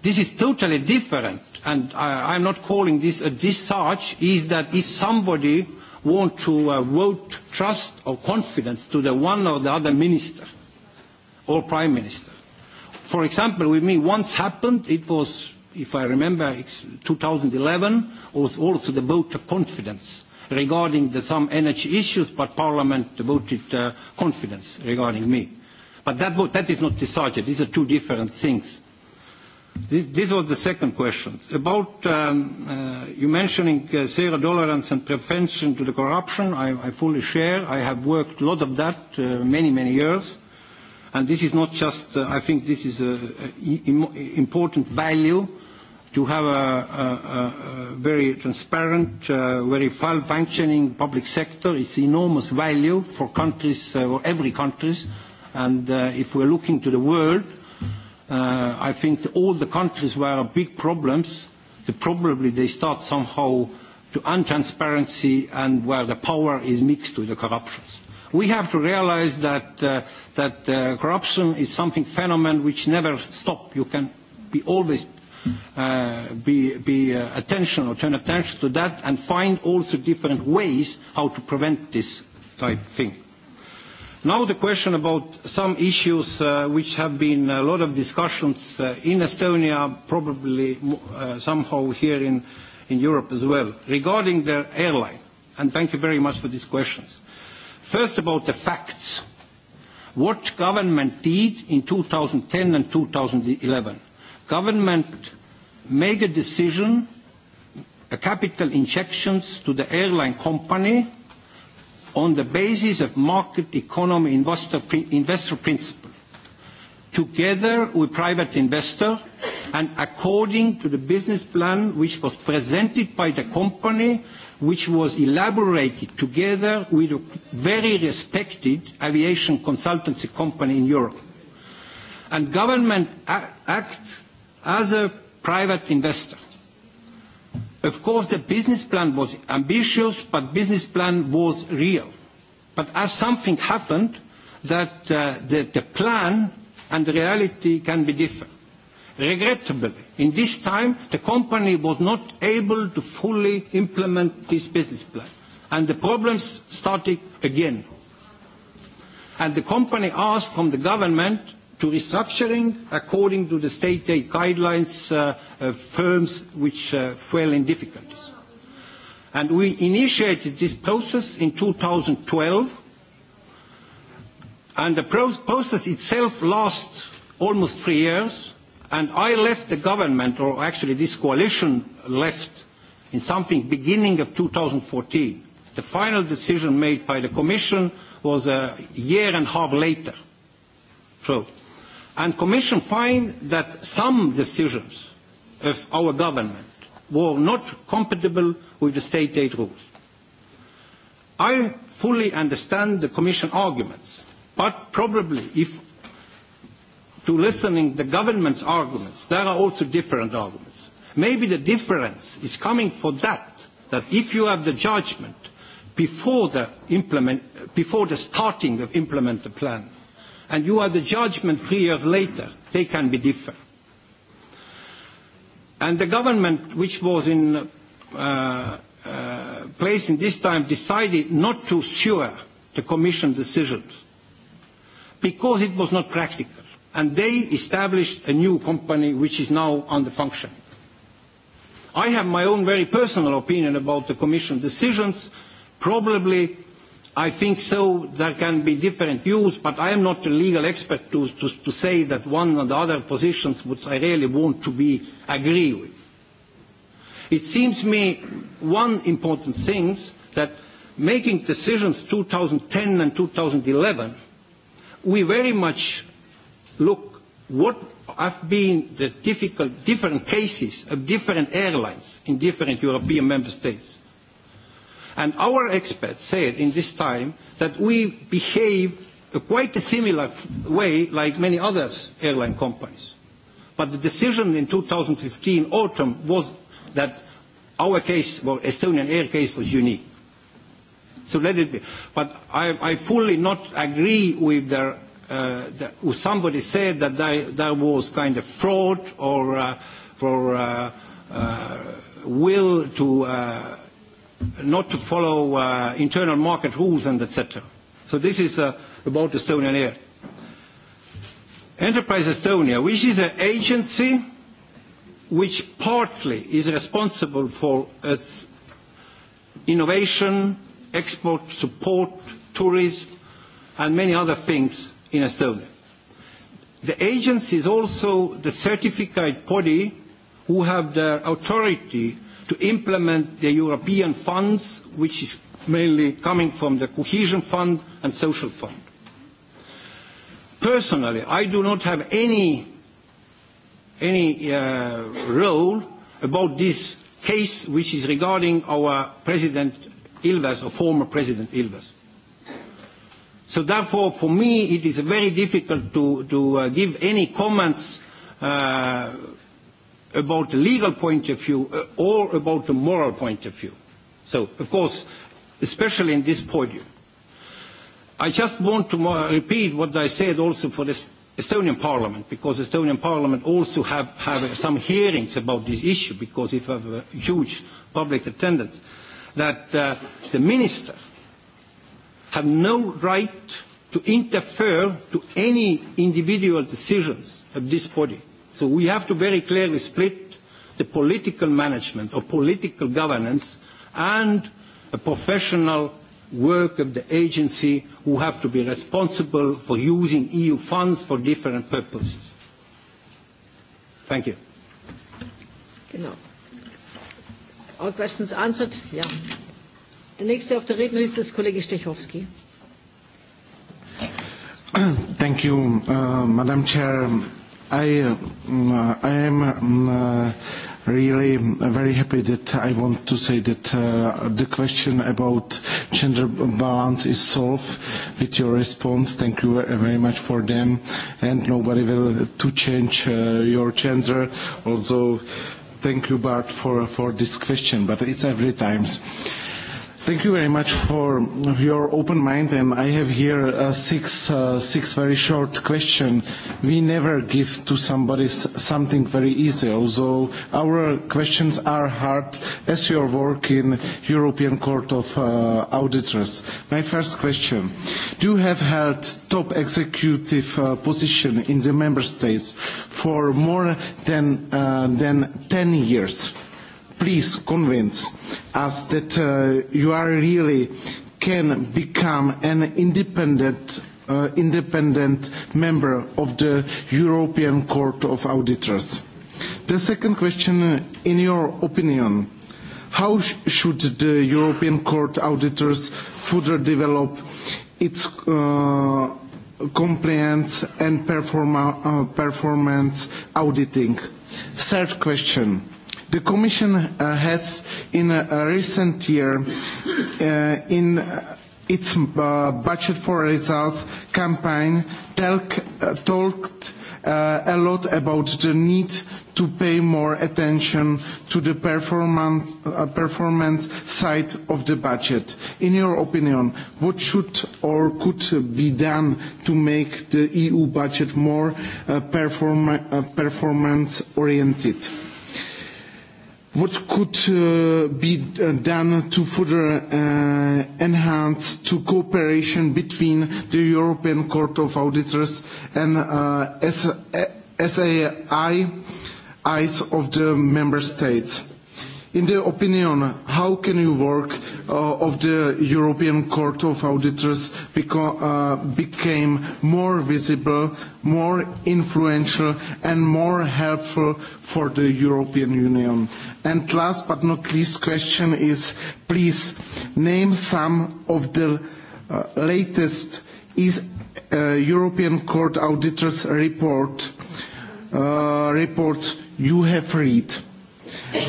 This is totally different, and I, I'm not calling this a discharge, is that if somebody want to uh, vote trust or confidence to the one or the other minister or prime minister. For example, with me once happened, it was, if I remember, 2011, was also the vote of confidence regarding the, some energy issues, but Parliament voted uh, confidence regarding me. But that, vote, that is not decided. These are two different things. This, this was the second question. About um, uh, you mentioning uh, zero tolerance and prevention to the corruption, I, I fully share. I have worked a lot of that uh, many, many years. And this is not just, uh, I think this is an important value to have a, a, a very transparent, uh, very well-functioning public sector. is enormous value for countries, uh, or every countries. And uh, if we're looking to the world, uh, I think all the countries where are big problems, the probably they start somehow to untransparency and where the power is mixed with the corruption. We have to realize that, uh, that uh, corruption is something phenomenon which never stop. You can be always Uh, be, be uh, attention or turn attention to that and find also different ways how to prevent this type of thing. Now the question about some issues uh, which have been a lot of discussions uh, in Estonia, probably uh, somehow here in, in Europe as well, regarding the airline. And thank you very much for these questions. First about the facts. What government did in 2010 and 2011? government make a decision, a capital injections to the airline company on the basis of market economy investor, investor principle, together with private investor and according to the business plan which was presented by the company, which was elaborated together with a very respected aviation consultancy company in Europe. And government act as a private investor. Of course, the business plan was ambitious, but business plan was real. But as something happened, that uh, the, the plan and the reality can be different. Regrettably, in this time, the company was not able to fully implement this business plan, and the problems started again. And the company asked from the government to restructuring according to the state aid guidelines uh, of uh, firms which uh, fell in difficulties. And we initiated this process in 2012, and the pro process itself lasts almost three years, and I left the government, or actually this coalition left in something beginning of 2014. The final decision made by the Commission was a year and a half later. So And Commission find that some decisions of our government were not compatible with the state aid rules. I fully understand the Commission arguments, but probably if to listening the government's arguments, there are also different arguments. Maybe the difference is coming for that, that if you have the judgment before the, implement, before the starting of implement the plan, and you are the judgment three years later, they can be different. And the government, which was in uh, uh, place in this time, decided not to sue the Commission decisions because it was not practical. And they established a new company which is now under function. I have my own very personal opinion about the Commission decisions. Probably I think so, there can be different views, but I am not a legal expert to, to, to say that one or the other positions which I really want to be agree with. It seems me one important thing that making decisions 2010 and 2011, we very much look what have been the difficult, different cases of different airlines in different European member states And our experts said in this time that we behave quite a similar way like many other airline companies. But the decision in 2015 autumn was that our case, well, Estonian Air case was unique. So let it be. But I, I fully not agree with their, uh, the, who somebody said that there was kind of fraud or uh, for uh, uh, will to uh, not to follow uh, internal market rules and etc. So this is uh, about Estonian Air. Enterprise Estonia, which is an agency which partly is responsible for its innovation, export, support, tourism, and many other things in Estonia. The agency is also the certificate body who have the authority to implement the European funds, which is mainly coming from the Cohesion Fund and Social Fund. Personally, I do not have any, any uh, role about this case which is regarding our President Ilves, or former President Ilves. So therefore, for me, it is very difficult to, to uh, give any comments uh, about the legal point of view or uh, about the moral point of view. So, of course, especially in this podium. I just want to repeat what I said also for the Estonian parliament, because the Estonian parliament also have, have some hearings about this issue, because it have a huge public attendance, that uh, the minister have no right to interfere to any individual decisions of this body So we have to very clearly split the political management or political governance and a professional work of the agency who have to be responsible for using EU funds for different purposes. Thank you. Genau. All questions answered? Ja. Der nächste auf der Rednerliste ist Kollege Stechowski. Thank you, uh, Madam Chair. I, I am uh, mm, uh, really very happy that I want to say that uh, the question about gender balance is solved with your response. Thank you very much for them. And nobody will uh, to change uh, your gender. Also, thank you, Bart, for, for this question. But it's every times. Uh, Thank you very much for your open mind, and I have here a uh, six, uh, six very short questions. We never give to somebody something very easy, although our questions are hard as your work in European Court of uh, Auditors. My first question, do you have held top executive uh, position in the member states for more than, uh, than 10 years? please convince us that uh, you are really can become an independent uh, independent member of the European Court of Auditors. The second question, uh, in your opinion, how sh should the European Court Auditors further develop its uh, compliance and performa uh, performance auditing? Third question, The Commission uh, has, in a, a recent year, uh, in uh, its uh, budget for results campaign, talk, uh, talked uh, a lot about the need to pay more attention to the performance, uh, performance side of the budget. In your opinion, what should or could be done to make the EU budget more uh, perform uh, performance-oriented? What could uh, be uh, done to further uh, enhance to cooperation between the European Court of Auditors and uh, SAI eyes of the member states? in their opinion, how can you work uh, of the European Court of Auditors become uh, became more visible, more influential, and more helpful for the European Union? And last but not least, question is: Please name some of the uh, latest is, uh, European Court Auditors report uh, reports you have read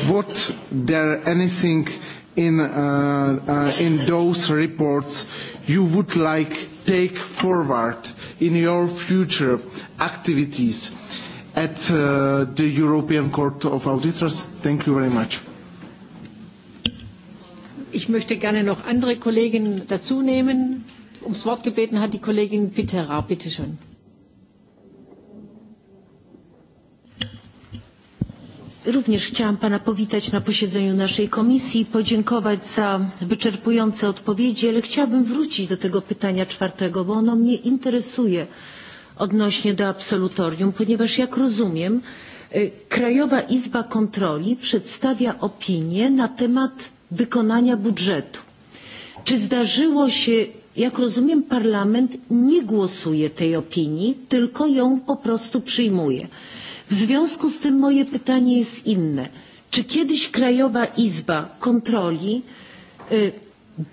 what there anything in, uh, uh, in those reports you would like take forward in your future activities at uh, the European Court of Auditors? Thank you very much. Ich möchte gerne noch andere Kollegen dazu nehmen. Ums Wort gebeten hat die Kollegin Pitera. Bitte schön. Również chciałam Pana powitać na posiedzeniu naszej komisji i podziękować za wyczerpujące odpowiedzi, ale chciałabym wrócić do tego pytania czwartego, bo ono mnie interesuje odnośnie do absolutorium, ponieważ jak rozumiem, Krajowa Izba Kontroli przedstawia opinię na temat wykonania budżetu. Czy zdarzyło się, jak rozumiem, Parlament nie głosuje tej opinii, tylko ją po prostu przyjmuje. W związku z tym moje pytanie jest inne. Czy kiedyś Krajowa Izba Kontroli y,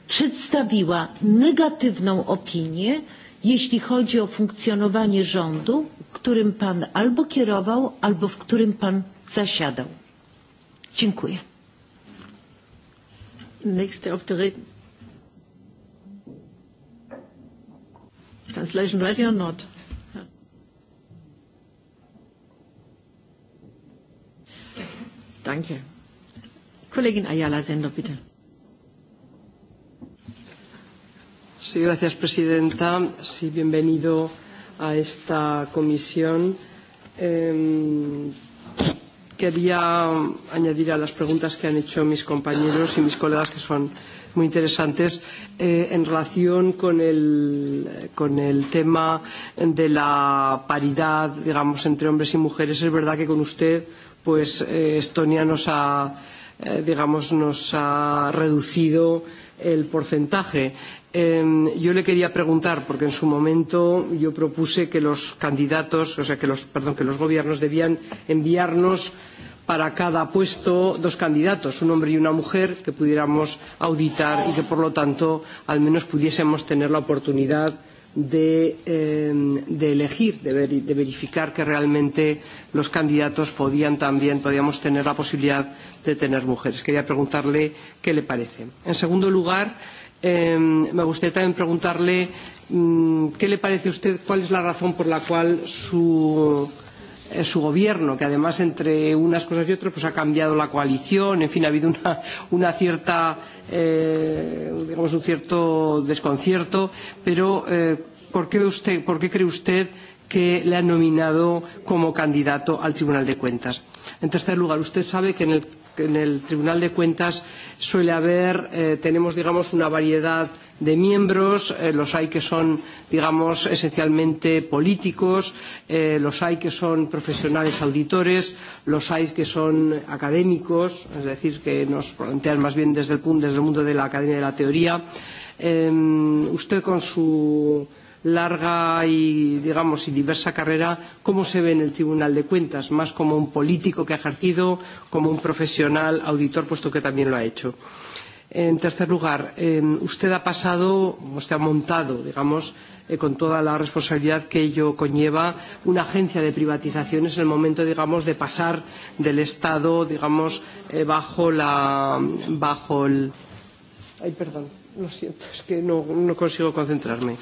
przedstawiła negatywną opinię, jeśli chodzi o funkcjonowanie rządu, którym Pan albo kierował, albo w którym Pan zasiadał? Dziękuję. Nächste auf der Translation ready or not? Danke. Kollegin Ayala Sender, bitte. Sí, gracias, Presidenta. Sí, bienvenido a esta comisión. Eh, quería añadir a las preguntas que han hecho mis compañeros y mis colegas, que son muy interesantes, eh, en relación con el, con el tema de la paridad, digamos, entre hombres y mujeres. Es verdad que con usted pues eh, Estonia nos ha, eh, digamos, nos ha reducido el porcentaje. Eh, yo le quería preguntar, porque en su momento yo propuse que los candidatos, o sea, que los, perdón, que los gobiernos debían enviarnos para cada puesto dos candidatos, un hombre y una mujer, que pudiéramos auditar y que, por lo tanto, al menos pudiésemos tener la oportunidad de, eh, de elegir, de, ver, de verificar que realmente los candidatos podían también, podíamos tener la posibilidad de tener mujeres. Quería preguntarle qué le parece. En segundo lugar, eh, me gustaría también preguntarle mmm, qué le parece a usted, cuál es la razón por la cual su Eh, su gobierno, que además entre unas cosas y otras pues ha cambiado la coalición, en fin, ha habido una, una cierta, eh, digamos, un cierto desconcierto, pero eh, ¿por, qué usted, ¿por qué cree usted que le han nominado como candidato al Tribunal de Cuentas? En tercer lugar, usted sabe que en el en el Tribunal de Cuentas suele haber, eh, tenemos digamos una variedad de miembros, eh, los hay que son digamos esencialmente políticos, eh, los hay que son profesionales auditores, los hay que son académicos, es decir, que nos plantean más bien desde el, desde el mundo de la academia de la teoría. Eh, usted con su larga y, digamos, y diversa carrera, cómo se ve en el Tribunal de Cuentas, más como un político que ha ejercido, como un profesional auditor, puesto que también lo ha hecho. En tercer lugar, eh, usted ha pasado, usted ha montado, digamos, eh, con toda la responsabilidad que ello conlleva, una agencia de privatizaciones en el momento, digamos, de pasar del Estado, digamos, eh, bajo la, bajo el, ay, perdón, Lo siento, es que no, no consigo concentrarme.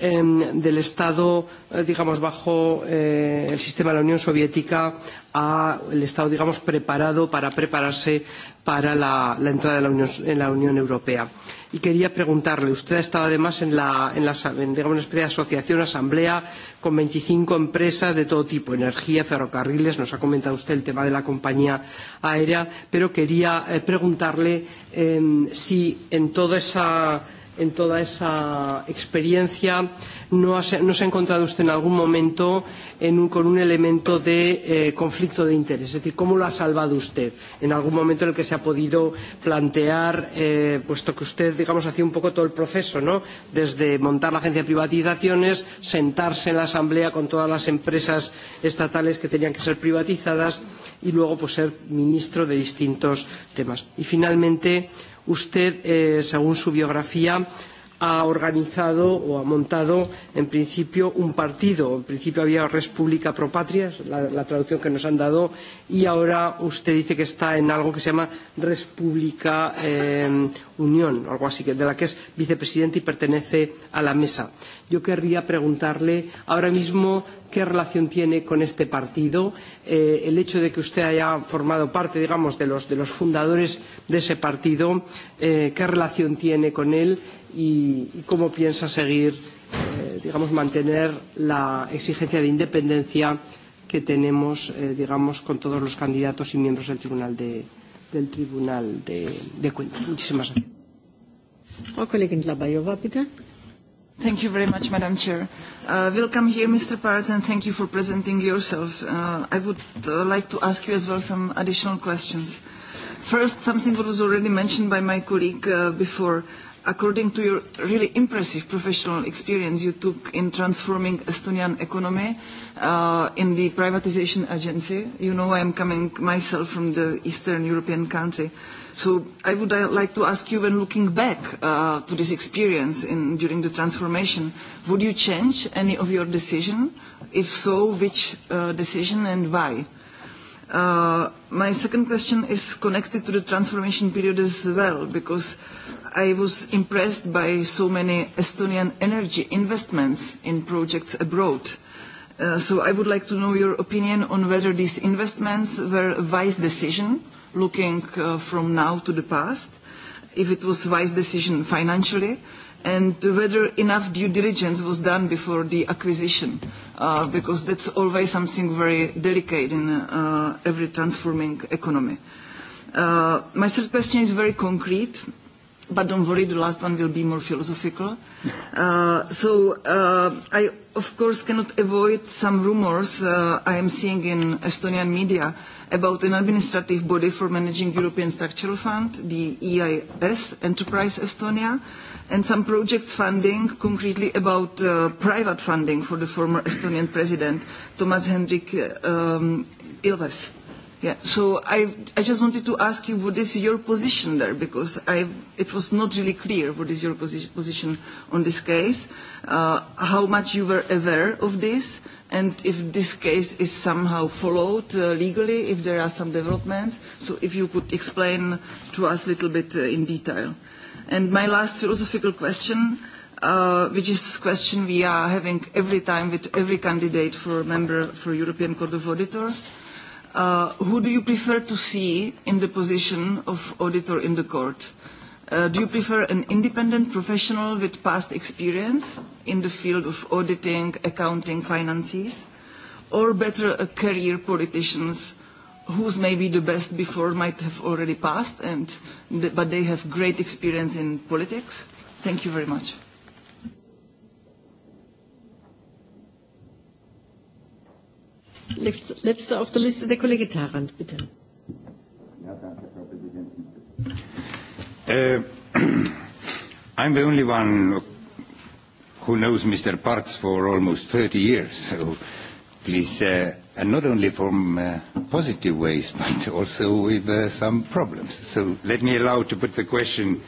Eh, del Estado, eh, digamos, bajo eh, el sistema de la Unión Soviética al Estado, digamos, preparado para prepararse para la, la entrada de la Unión, en la Unión Europea. Eh, y quería preguntarle, usted ha estado además en, la, en, la, en digamos, una especie de asociación, asamblea, con 25 empresas de todo tipo, energía, ferrocarriles, nos ha comentado usted el tema de la compañía aérea, pero quería eh, preguntarle eh, si en toda esa, en toda esa experiencia eh, ¿no, ha, no se ha encontrado usted en algún momento en un, con un elemento de eh, conflicto de interés? Es decir, ¿cómo lo ha salvado usted en algún momento en el que se ha podido plantear, eh, puesto que usted, digamos, hacía un poco todo el proceso, ¿no? Desde montar la agencia de privatizaciones, sentarse en la asamblea con todas las empresas estatales que tenían que ser privatizadas y luego pues, ser ministro de distintos temas. Y finalmente, usted, eh, según su biografía, ha organizado o ha montado en principio un partido. En principio había Respública Pro Patria, la, la traducción que nos han dado, y ahora usted dice que está en algo que se llama Respública eh, Unión, algo así, de la que es vicepresidente y pertenece a la mesa. Yo querría preguntarle ahora mismo qué relación tiene con este partido eh, el hecho de que usted haya formado parte, digamos, de los, de los fundadores de ese partido, eh, qué relación tiene con él y, y cómo piensa seguir, eh, digamos, mantener la exigencia de independencia que tenemos, eh, digamos, con todos los candidatos y miembros del Tribunal de, del Tribunal de, de Cuentas. Muchísimas gracias. Thank you very much, Madam Chair. Uh, welcome here, Mr. Parts, and thank you for presenting yourself. Uh, I would uh, like to ask you as well some additional questions. First, something that was already mentioned by my colleague uh, before. Uh, according to your really impressive professional experience you took in transforming Estonian economy uh, in the privatization agency. You know I am coming myself from the Eastern European country. So I would uh, like to ask you when looking back uh, to this experience in, during the transformation, would you change any of your decision? If so, which uh, decision and why? Uh, my second question is connected to the transformation period as well, because I was impressed by so many Estonian energy investments in projects abroad. Uh, so I would like to know your opinion on whether these investments were a wise decision, looking uh, from now to the past, if it was a wise decision financially, and whether enough due diligence was done before the acquisition, uh, because that's always something very delicate in uh, every transforming economy. Uh, my third question is very concrete but don't worry, the last one will be more philosophical. Uh, so uh, I, of course, cannot avoid some rumors uh, I am seeing in Estonian media about an administrative body for managing European Structural Fund, the EIS, Enterprise Estonia, and some projects funding, concretely about uh, private funding for the former Estonian president, Thomas Hendrik um, Ilves. Yeah, so I, I just wanted to ask you what is your position there, because I, it was not really clear what is your posi position on this case, uh, how much you were aware of this, and if this case is somehow followed uh, legally, if there are some developments. So if you could explain to us a little bit uh, in detail. And my last philosophical question, uh, which is question we are having every time with every candidate for a member for European Court of Auditors, uh, Uh, who do you prefer to see in the position of auditor in the court? Uh, do you prefer an independent professional with past experience in the field of auditing, accounting, finances, or better a career politicians whose maybe the best before might have already passed, and, but they have great experience in politics? Thank you very much. Letzter auf der Liste, der Kollege Tarand, bitte. Ja, danke, Frau Präsidentin. Äh, I'm the only one who knows Mr. Parks for almost 30 years, so please, uh, and not only from uh, positive ways, [LAUGHS] but also with uh, some problems. So let me allow to put the question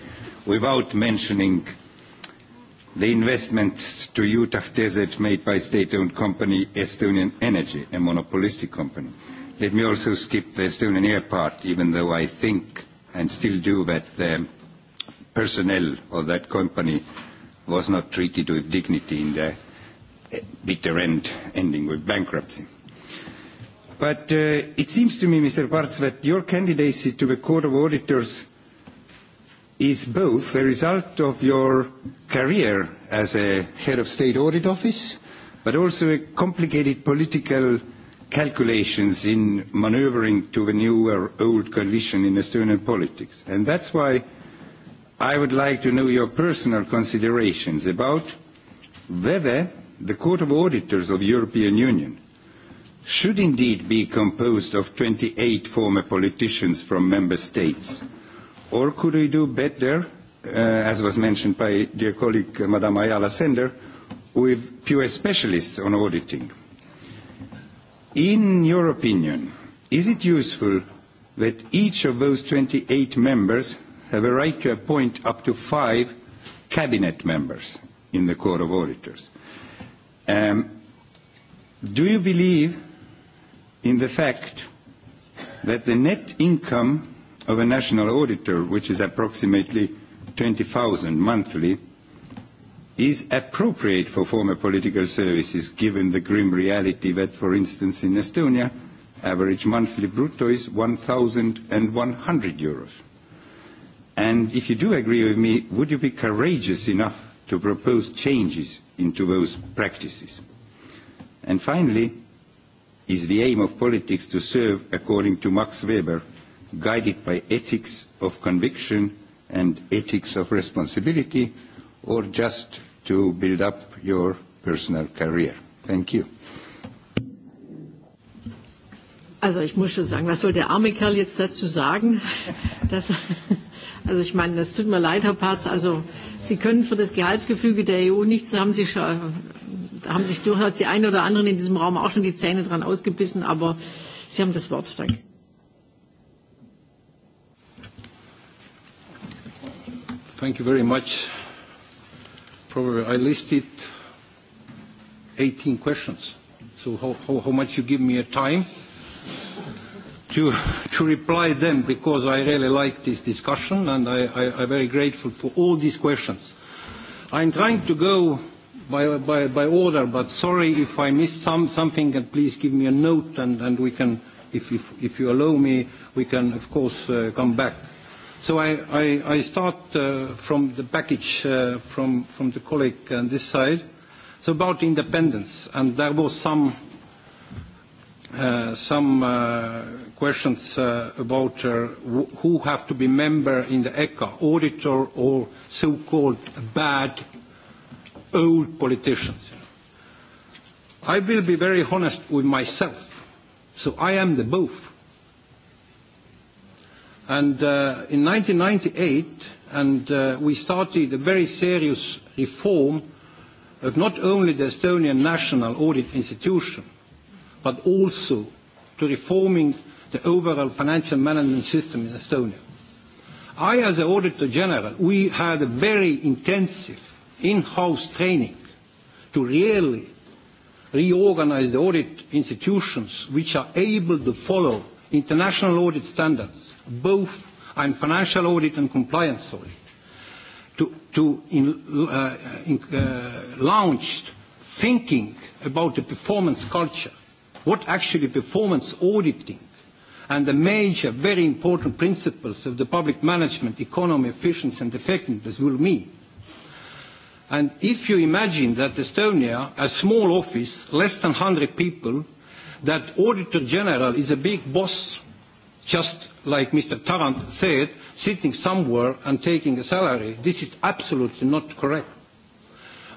without mentioning the investments to Utah-Desert made by state-owned company Estonian Energy, a monopolistic company. Let me also skip the Estonian air part, even though I think and still do that the personnel of that company was not treated with dignity in the bitter end, ending with bankruptcy. But uh, it seems to me, Mr. Parts, that your candidacy to the Court of Auditors is both a result of your career as a head of state audit office, but also a complicated political calculations in manoeuvring to the new or old coalition in Estonian politics. And that's why I would like to know your personal considerations about whether the Court of Auditors of the European Union should indeed be composed of 28 former politicians from member states Or could we do better, uh, as was mentioned by dear colleague uh, Madame Ayala Sender, with pure specialists on auditing? In your opinion, is it useful that each of those 28 members have a right to appoint up to five cabinet members in the Court of Auditors? Um, do you believe in the fact that the net income of a national auditor, which is approximately 20,000 monthly, is appropriate for former political services, given the grim reality that, for instance, in Estonia, average monthly brutto is 1,100 euros. And if you do agree with me, would you be courageous enough to propose changes into those practices? And finally, is the aim of politics to serve, according to Max Weber, guided by ethics of conviction and ethics of responsibility, or just to build up your personal career? Thank you. Also ich muss schon sagen, was soll der arme Kerl jetzt dazu sagen? Das, also ich meine, das tut mir leid, Herr Parz. Also Sie können für das Gehaltsgefüge der EU nichts. Da haben schon, da haben sich durchaus die einen oder anderen in diesem Raum auch schon die Zähne dran ausgebissen. Aber Sie haben das Wort, Danke. Thank you very much. Probably I listed 18 questions. So how, how, how much you give me a time to, to reply them because I really like this discussion and I, I, I'm very grateful for all these questions. I'm trying to go by, by, by order, but sorry if I miss some, something and please give me a note and, and we can, if, if, if you allow me, we can of course uh, come back. So I, start uh, from the package uh, from, the colleague on this side. So about independence, and there was some, uh, some questions about who have to be member in the ECA, auditor or so-called bad old politicians. I will be very honest with myself. So I am the both. And uh, in 1998, and uh, we started a very serious reform of not only the Estonian national audit institution, but also to reforming the overall financial management system in Estonia. I, as the Auditor General, we had a very intensive in-house training to really reorganize the audit institutions which are able to follow international audit standards both on financial audit and compliance audit, to, to in, uh, in, uh, launched thinking about the performance culture, what actually performance auditing and the major, very important principles of the public management, economy, efficiency and effectiveness will mean. And if you imagine that Estonia, a small office, less than 100 people, that Auditor General is a big boss just like Mr. Tarrant said, sitting somewhere and taking a salary. This is absolutely not correct.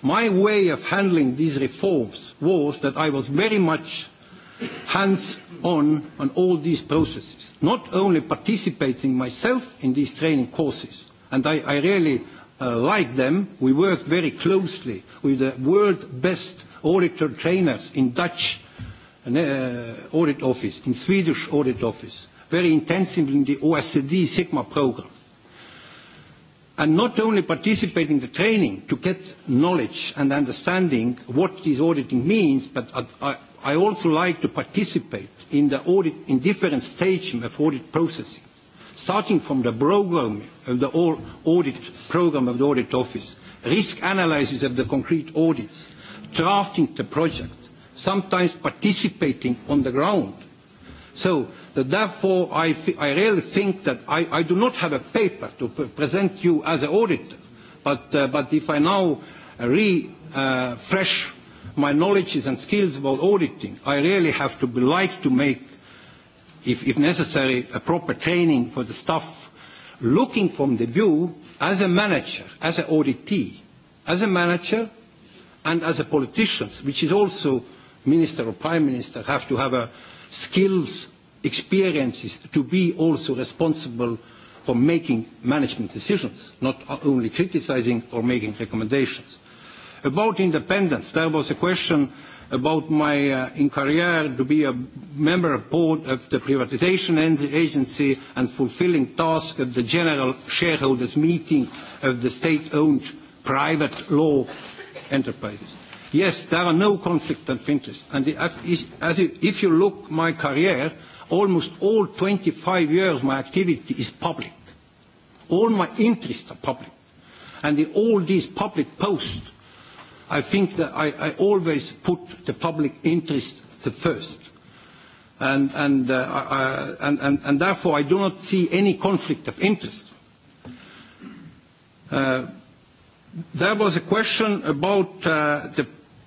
My way of handling these reforms was that I was very much hands-on on all these processes, not only participating myself in these training courses, and I, I really uh, like them. We worked very closely with the world best auditor trainers in Dutch uh, audit office, in Swedish audit office very intensively in the OSCD Sigma program. And not only participating in the training to get knowledge and understanding what this auditing means, but I, I also like to participate in the audit in different stages of audit processing, starting from the program of the audit program of the audit office, risk analysis of the concrete audits, drafting the project, sometimes participating on the ground. So That therefore, I, I really think that I, I do not have a paper to pre present you as an auditor, but, uh, but if I now refresh uh, my knowledges and skills about auditing, I really have to be like to make, if, if necessary, a proper training for the staff, looking from the view as a manager, as an auditee, as a manager and as a politician, which is also minister or prime minister, have to have a skills experiences to be also responsible for making management decisions, not only criticizing or making recommendations. About independence, there was a question about my uh, in career to be a member of board of the privatization agency and fulfilling tasks at the general shareholders meeting of the state-owned private law enterprises. Yes, there are no conflicts of interest. And if, if you look my career, Almost all 25 years my activity is public. All my interests are public. And in all these public posts, I think that I, I always put the public interest the first. And, and, uh, I, and, and, and therefore I do not see any conflict of interest. Uh, there was a question about uh, the,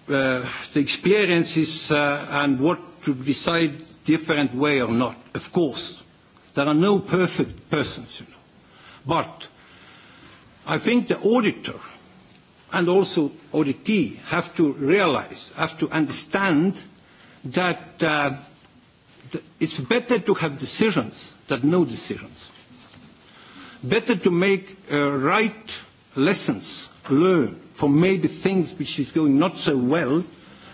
uh, the experiences uh, and what to decide different way or not, of course. There are no perfect persons, you know. But I think the auditor and also auditee have to realize, have to understand that uh, th it's better to have decisions than no decisions. Better to make uh, right lessons learned from maybe things which is going not so well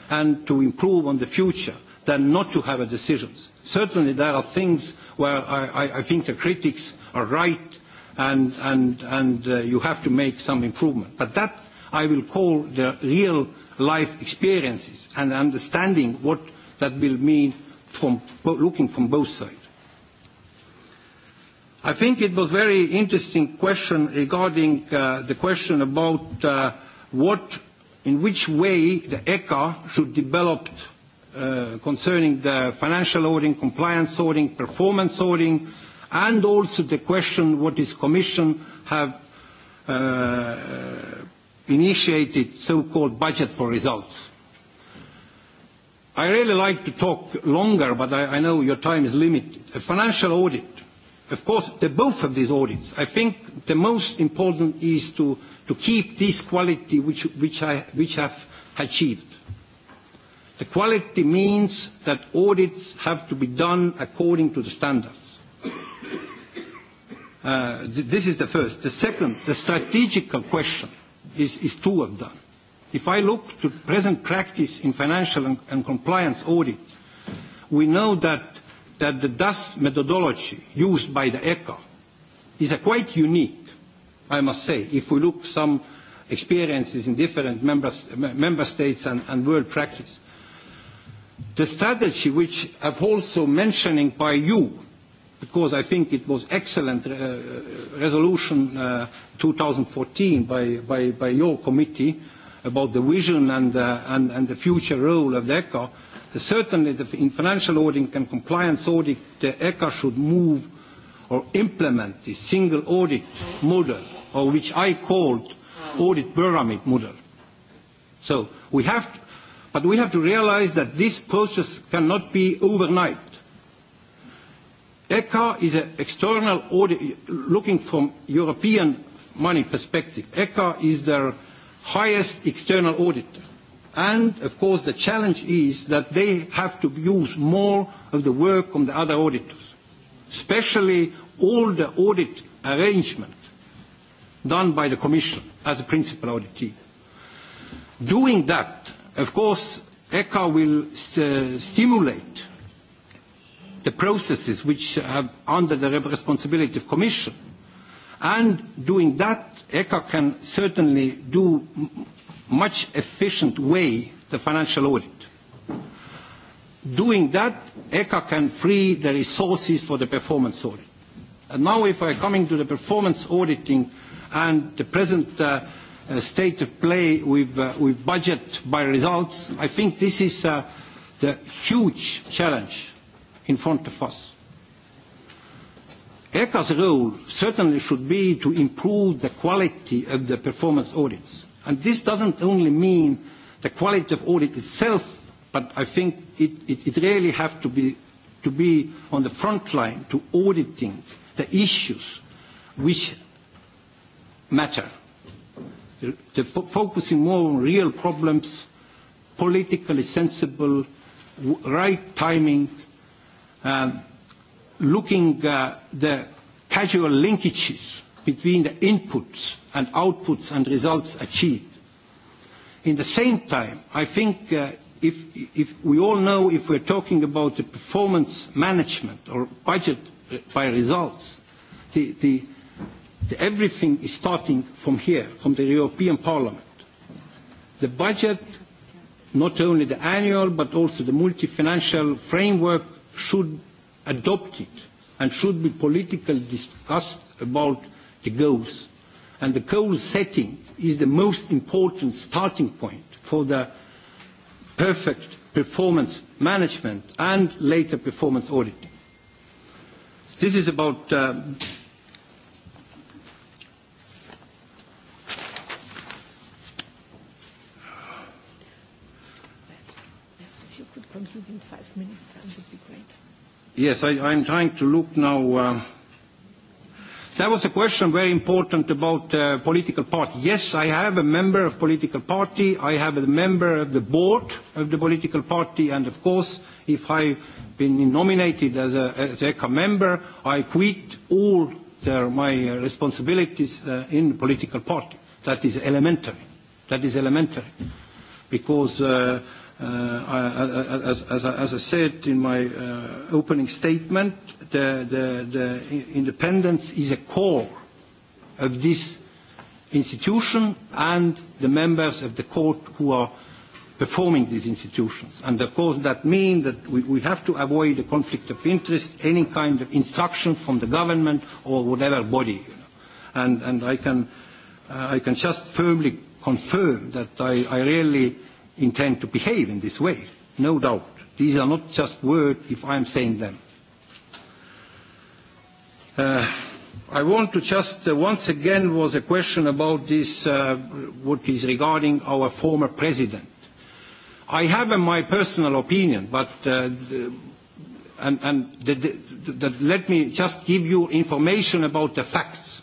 and to improve on the future than not to have a decision. Certainly there are things where I, I think the critics are right and, and, and uh, you have to make some improvement. But that I will call the real life experiences and understanding what that will mean from looking from both sides. I think it was very interesting question regarding uh, the question about uh, what, in which way the ECA should develop Uh, concerning the financial auditing, compliance auditing, performance auditing, and also the question what is Commission have uh, initiated so-called budget for results. I really like to talk longer, but I, I know your time is limited. A financial audit, of course, the both of these audits, I think the most important is to, to keep this quality which, which, I, which have achieved. The quality means that audits have to be done according to the standards. Uh, th this is the first. The second, the strategical question is, is two of them. If I look to present practice in financial and, and compliance audit, we know that, that the DAS methodology used by the ECA is a quite unique, I must say, if we look some experiences in different member, member states and, and world practice the strategy which I've also mentioning by you, because I think it was excellent uh, resolution uh, 2014 by, by, by your committee about the vision and, uh, and, and the future role of the ECA. Certainly the, in financial audit and compliance audit, the ECA should move or implement the single audit model, or which I called audit pyramid model. So we have But we have to realize that this process cannot be overnight. ECHA is an external audit looking from European money perspective. ECHA is their highest external auditor. And of course the challenge is that they have to use more of the work from the other auditors, especially all the audit arrangement done by the Commission as a principal auditee. Doing that Of course, ECHA will st uh, stimulate the processes which have under the responsibility of Commission. And doing that, ECHA can certainly do much efficient way the financial audit. Doing that, ECHA can free the resources for the performance audit. And now if I coming to the performance auditing and the present uh, Uh, state to play with, uh, with budget by results, I think this is uh, the huge challenge in front of us. ECA's role certainly should be to improve the quality of the performance audits. And this doesn't only mean the quality of audit itself, but I think it, it, it really has to be, to be on the front line to auditing the issues which matter the, focusing more on real problems, politically sensible, right timing, um, looking uh, the casual linkages between the inputs and outputs and results achieved. In the same time, I think uh, if, if we all know if we're talking about the performance management or budget uh, by results, the, the Everything is starting from here, from the European Parliament. The budget, not only the annual, but also the multi-financial framework should adopt it and should be politically discussed about the goals. And the goal setting is the most important starting point for the perfect performance management and later performance auditing. This is about uh, Yes, I, I'm trying to look now. Uh, there was a question very important about uh, political party. Yes, I have a member of political party. I have a member of the board of the political party. And of course, if I've been nominated as a, as a ECA member, I quit all my responsibilities uh, in political party. That is elementary. That is elementary. Because uh, Uh, as, I said in my uh, opening statement, the, independence is a core of this institution and the members of the court who are performing these institutions. And of course that means that we, have to avoid a conflict of interest, any kind of instruction from the government or whatever body. and, uh, I, can, just firmly confirm that I really intend to behave in this way, no doubt. These are not just words if I'm saying them. Uh, I want to just uh, once again was a question about this, uh, what is regarding our former president. I have uh, my personal opinion, but uh, the, and, and the, the, the, let me just give you information about the facts.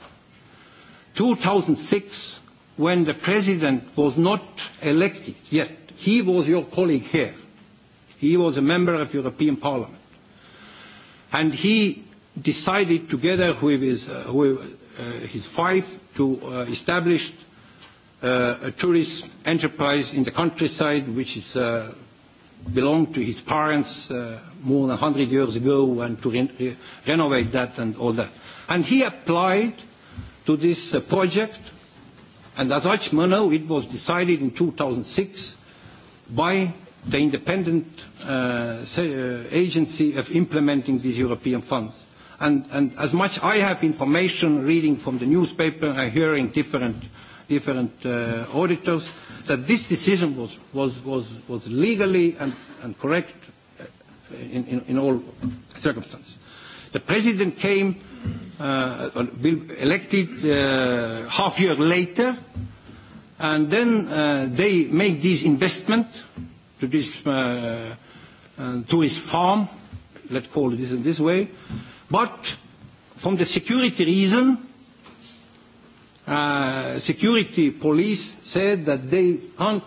2006, when the president was not elected yet, He was your colleague here. He was a member of European Parliament. And he decided together with his, uh, with, uh, his wife to uh, establish uh, a tourist enterprise in the countryside which is, uh, belonged to his parents uh, more than 100 years ago and to re re renovate that and all that. And he applied to this uh, project and as much know, it was decided in 2006 by the independent uh, uh, agency of implementing these European funds. And, and as much I have information reading from the newspaper and hearing different, different uh, auditors, that this decision was, was, was, was legally and, and correct uh, in, in, in all circumstances. The president came, uh, elected uh, half year later, and then uh, they make this investment to this uh, uh, to his farm, let's call it this in this way, but from the security reason, uh, security police said that they can't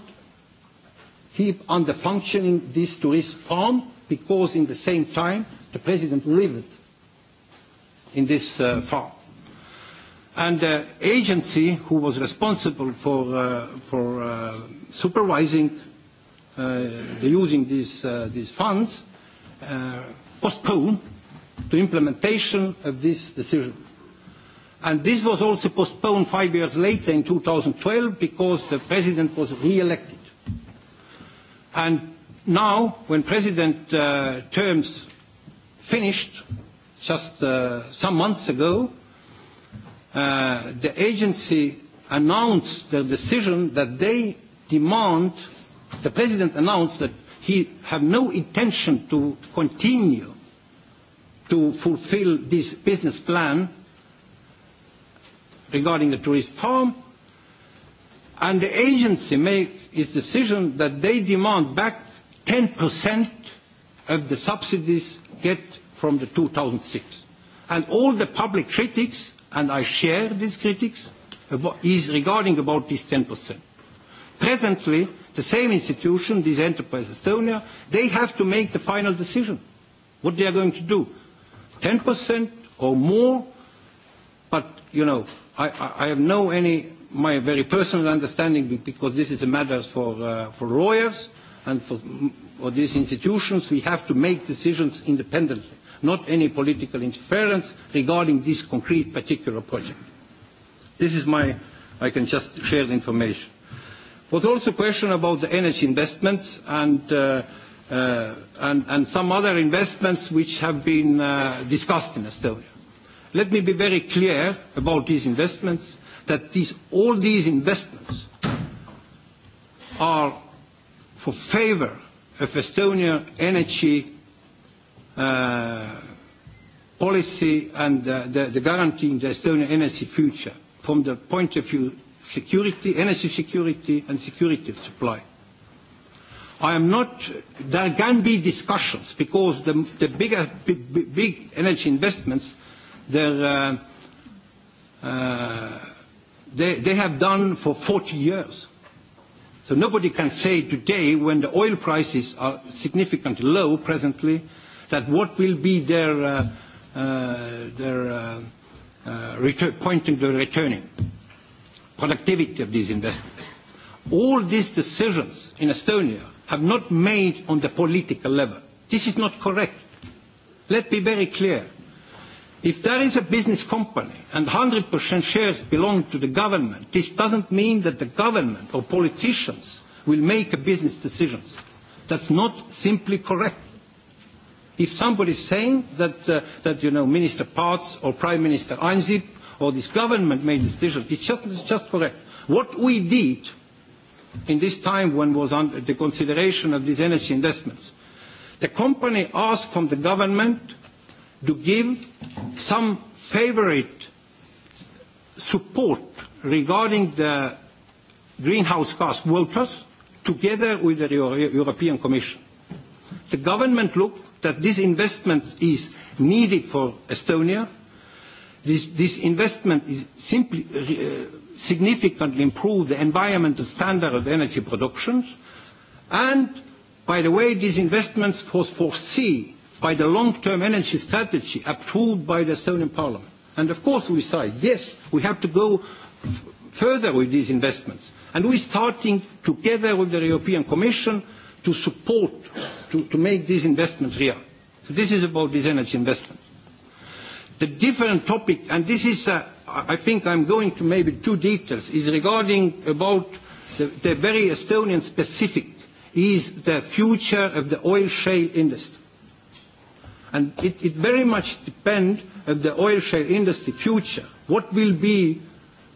keep under functioning this tourist farm because in the same time the president lived in this uh, farm. And the uh, agency who was responsible for, uh, for uh, supervising uh, the using these, uh, these funds uh, postponed the implementation of this decision. And this was also postponed five years later in 2012 because the president was re-elected. And now, when president uh, terms finished, just uh, some months ago, Uh, the agency announced their decision that they demand, the president announced that he have no intention to continue to fulfill this business plan regarding the tourist farm, and the agency make its decision that they demand back 10% of the subsidies get from the 2006. And all the public critics and I share these critics, is regarding about this 10%. Presently, the same institution, this enterprise Estonia, they have to make the final decision what they are going to do. 10% or more, but, you know, I, I, I have no any, my very personal understanding, because this is a matter for, uh, for lawyers and for, for these institutions, we have to make decisions independently not any political interference regarding this concrete particular project. This is my, I can just share the information. Was also a question about the energy investments and, uh, uh, and, and some other investments which have been uh, discussed in Estonia. Let me be very clear about these investments, that these, all these investments are for favor of Estonian energy Uh, policy and uh, the, the guaranteeing the Estonian energy future from the point of view security, energy security and security of supply. I am not, there can be discussions because the, the bigger, big, big energy investments, uh, uh, they, they have done for 40 years. So nobody can say today when the oil prices are significantly low presently that what will be their, uh, uh, their uh, uh, return, pointing to returning, productivity of these investments. All these decisions in Estonia have not made on the political level. This is not correct. Let me be very clear. If there is a business company and 100% shares belong to the government, this doesn't mean that the government or politicians will make business decisions. That's not simply correct. If somebody is saying that, uh, that you know, Minister Parts or Prime Minister Einzip or this government made this decision, it's just, it's just correct. What we did in this time when was under the consideration of these energy investments, the company asked from the government to give some favorite support regarding the greenhouse gas quotas together with the European Commission. The government looked that this investment is needed for Estonia. This, this investment is simply uh, significantly improve the environmental standard of energy production. And by the way, these investments was foreseen by the long-term energy strategy approved by the Estonian Parliament. And of course we say yes, we have to go further with these investments. And we're starting together with the European Commission to support, to, to make this investment real. So this is about this energy investment. The different topic, and this is, uh, I think I'm going to maybe two details, is regarding about the, the very Estonian specific, is the future of the oil shale industry. And it, it very much depends on the oil shale industry future. What will be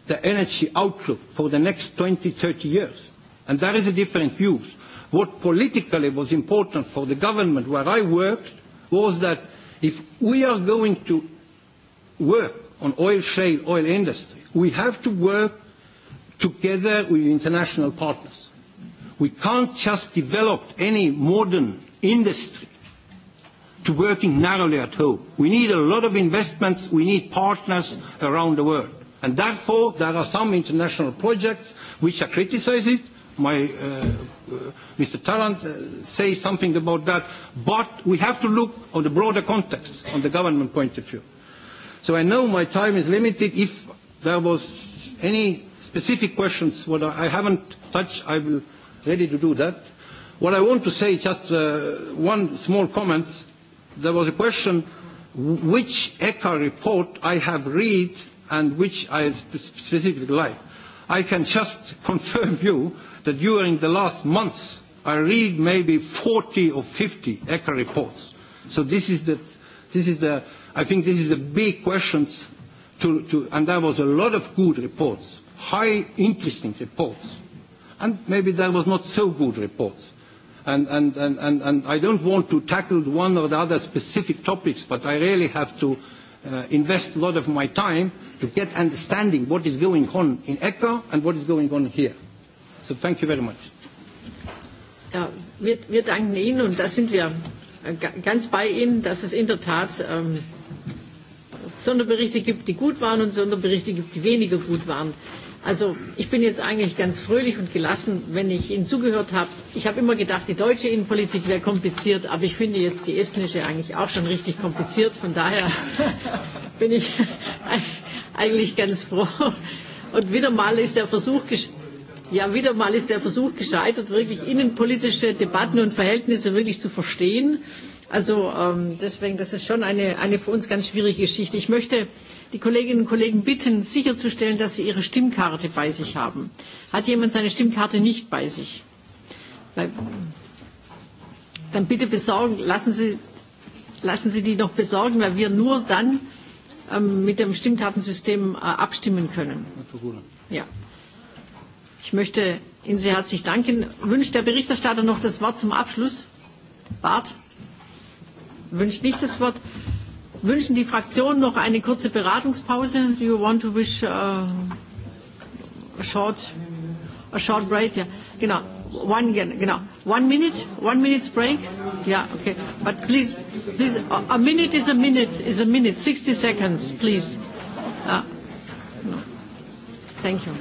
the energy outlook for the next 20, 30 years? And there is a different views. What politically was important for the government where I worked was that if we are going to work on oil shale, oil industry, we have to work together with international partners. We can't just develop any modern industry to working narrowly at home. We need a lot of investments, we need partners around the world. And therefore, there are some international projects which are criticized, my, uh, uh Mr. Tarrant uh, say something about that, but we have to look on the broader context, on the government point of view. So I know my time is limited. If there was any specific questions what I haven't touched, I will ready to do that. What I want to say, just uh, one small comment. There was a question which ECHA report I have read and which I specifically like. I can just [LAUGHS] confirm you that during the last months, I read maybe 40 or 50 ECHA reports. So this is the, this is the I think this is the big questions, to, to, and there was a lot of good reports, high interesting reports, and maybe there was not so good reports. And, and, and, and, and I don't want to tackle one or the other specific topics, but I really have to uh, invest a lot of my time to get understanding what is going on in ECHA and what is going on here. So thank you very much. Ja, wir, wir danken Ihnen und da sind wir äh, ganz bei Ihnen, dass es in der Tat ähm, Sonderberichte gibt, die gut waren und Sonderberichte gibt, die weniger gut waren. Also ich bin jetzt eigentlich ganz fröhlich und gelassen, wenn ich Ihnen zugehört habe. Ich habe immer gedacht, die deutsche Innenpolitik wäre kompliziert, aber ich finde jetzt die estnische eigentlich auch schon richtig kompliziert. Von daher bin ich [LAUGHS] eigentlich ganz froh. Und wieder mal ist der Versuch gescheitert Ja, wieder mal ist der Versuch gescheitert, wirklich innenpolitische Debatten und Verhältnisse wirklich zu verstehen. Also ähm, deswegen, das ist schon eine, eine für uns ganz schwierige Geschichte. Ich möchte die Kolleginnen und Kollegen bitten, sicherzustellen, dass sie ihre Stimmkarte bei sich haben. Hat jemand seine Stimmkarte nicht bei sich? Dann bitte besorgen, lassen Sie, lassen sie die noch besorgen, weil wir nur dann ähm, mit dem Stimmkartensystem äh, abstimmen können. Ja. Ich möchte Ihnen sehr herzlich danken. Wünscht der Berichterstatter noch das Wort zum Abschluss? Bart? Wünscht nicht das Wort. Wünschen die Fraktionen noch eine kurze Beratungspause? Do you want to wish uh, a short, a short break? Yeah. Genau. One, yeah, genau. One minute? One minute's break? Yeah, okay. But please, please, a minute is a minute, is a minute. 60 seconds, please. Uh, no. Thank you.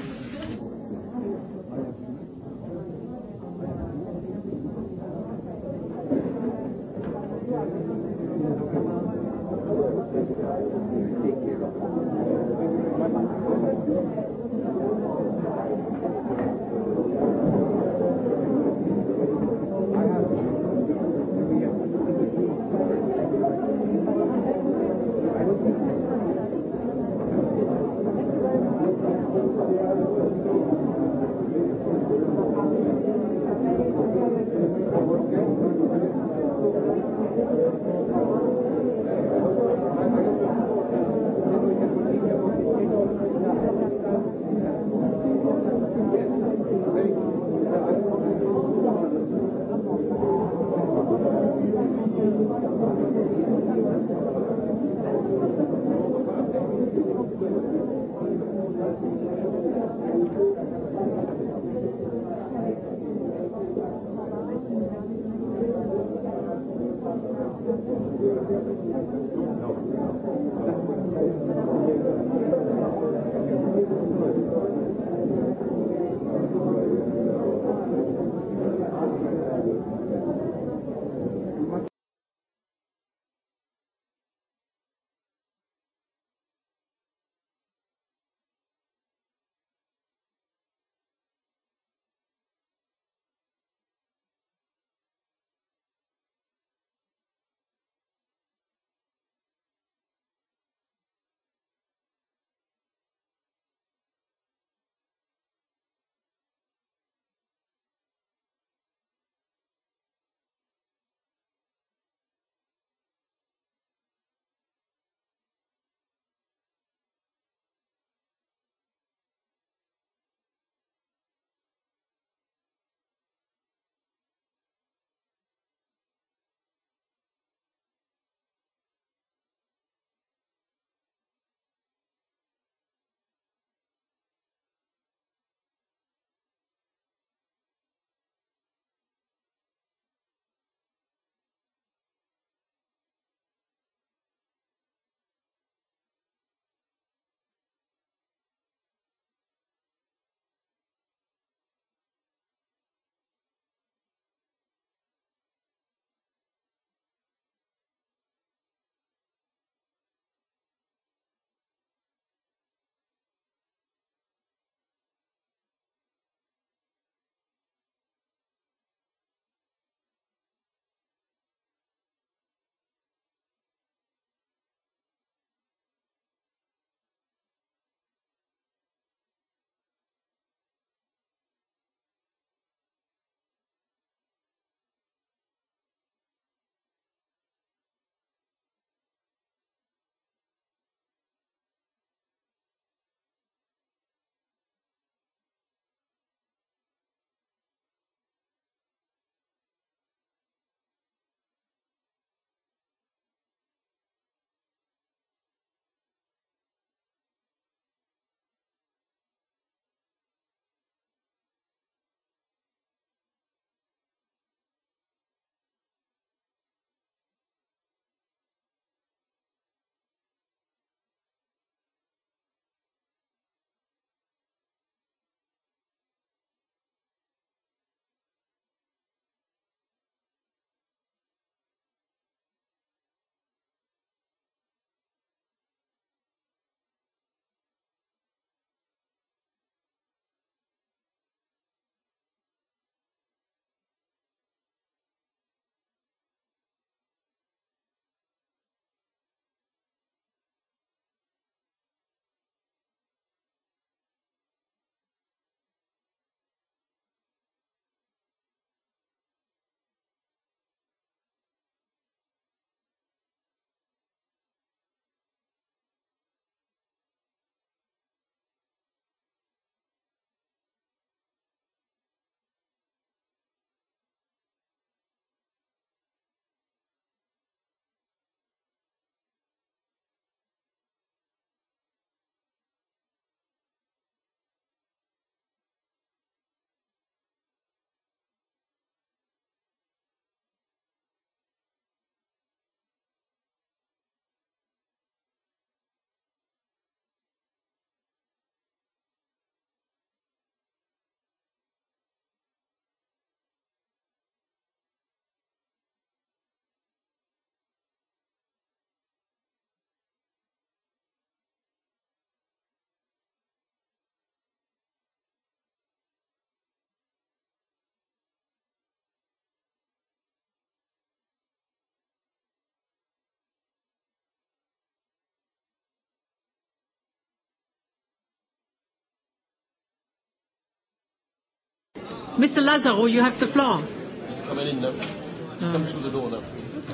Mr. Lazaro, you have the floor. He's coming in now. He comes through the door now.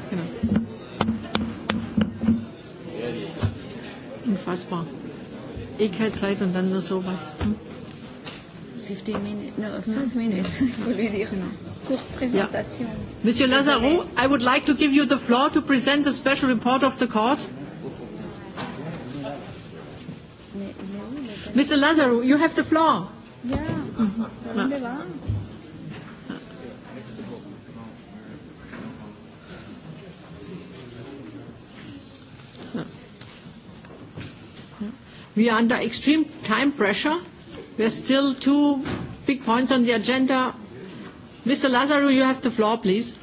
Genau. Unfassbar. Eh keine Zeit und dann nur sowas. Hm? 15 minutes, no, 5 minutes, il faut lui dire. Yeah. Monsieur Lazaro, I would like to give you the floor to present the special report of the court. Mr. Lazaro, you have the floor. Yeah. Mm -hmm. We are under extreme time pressure. There are still two big points on the agenda. Mr. Lazarou, you have the floor, please.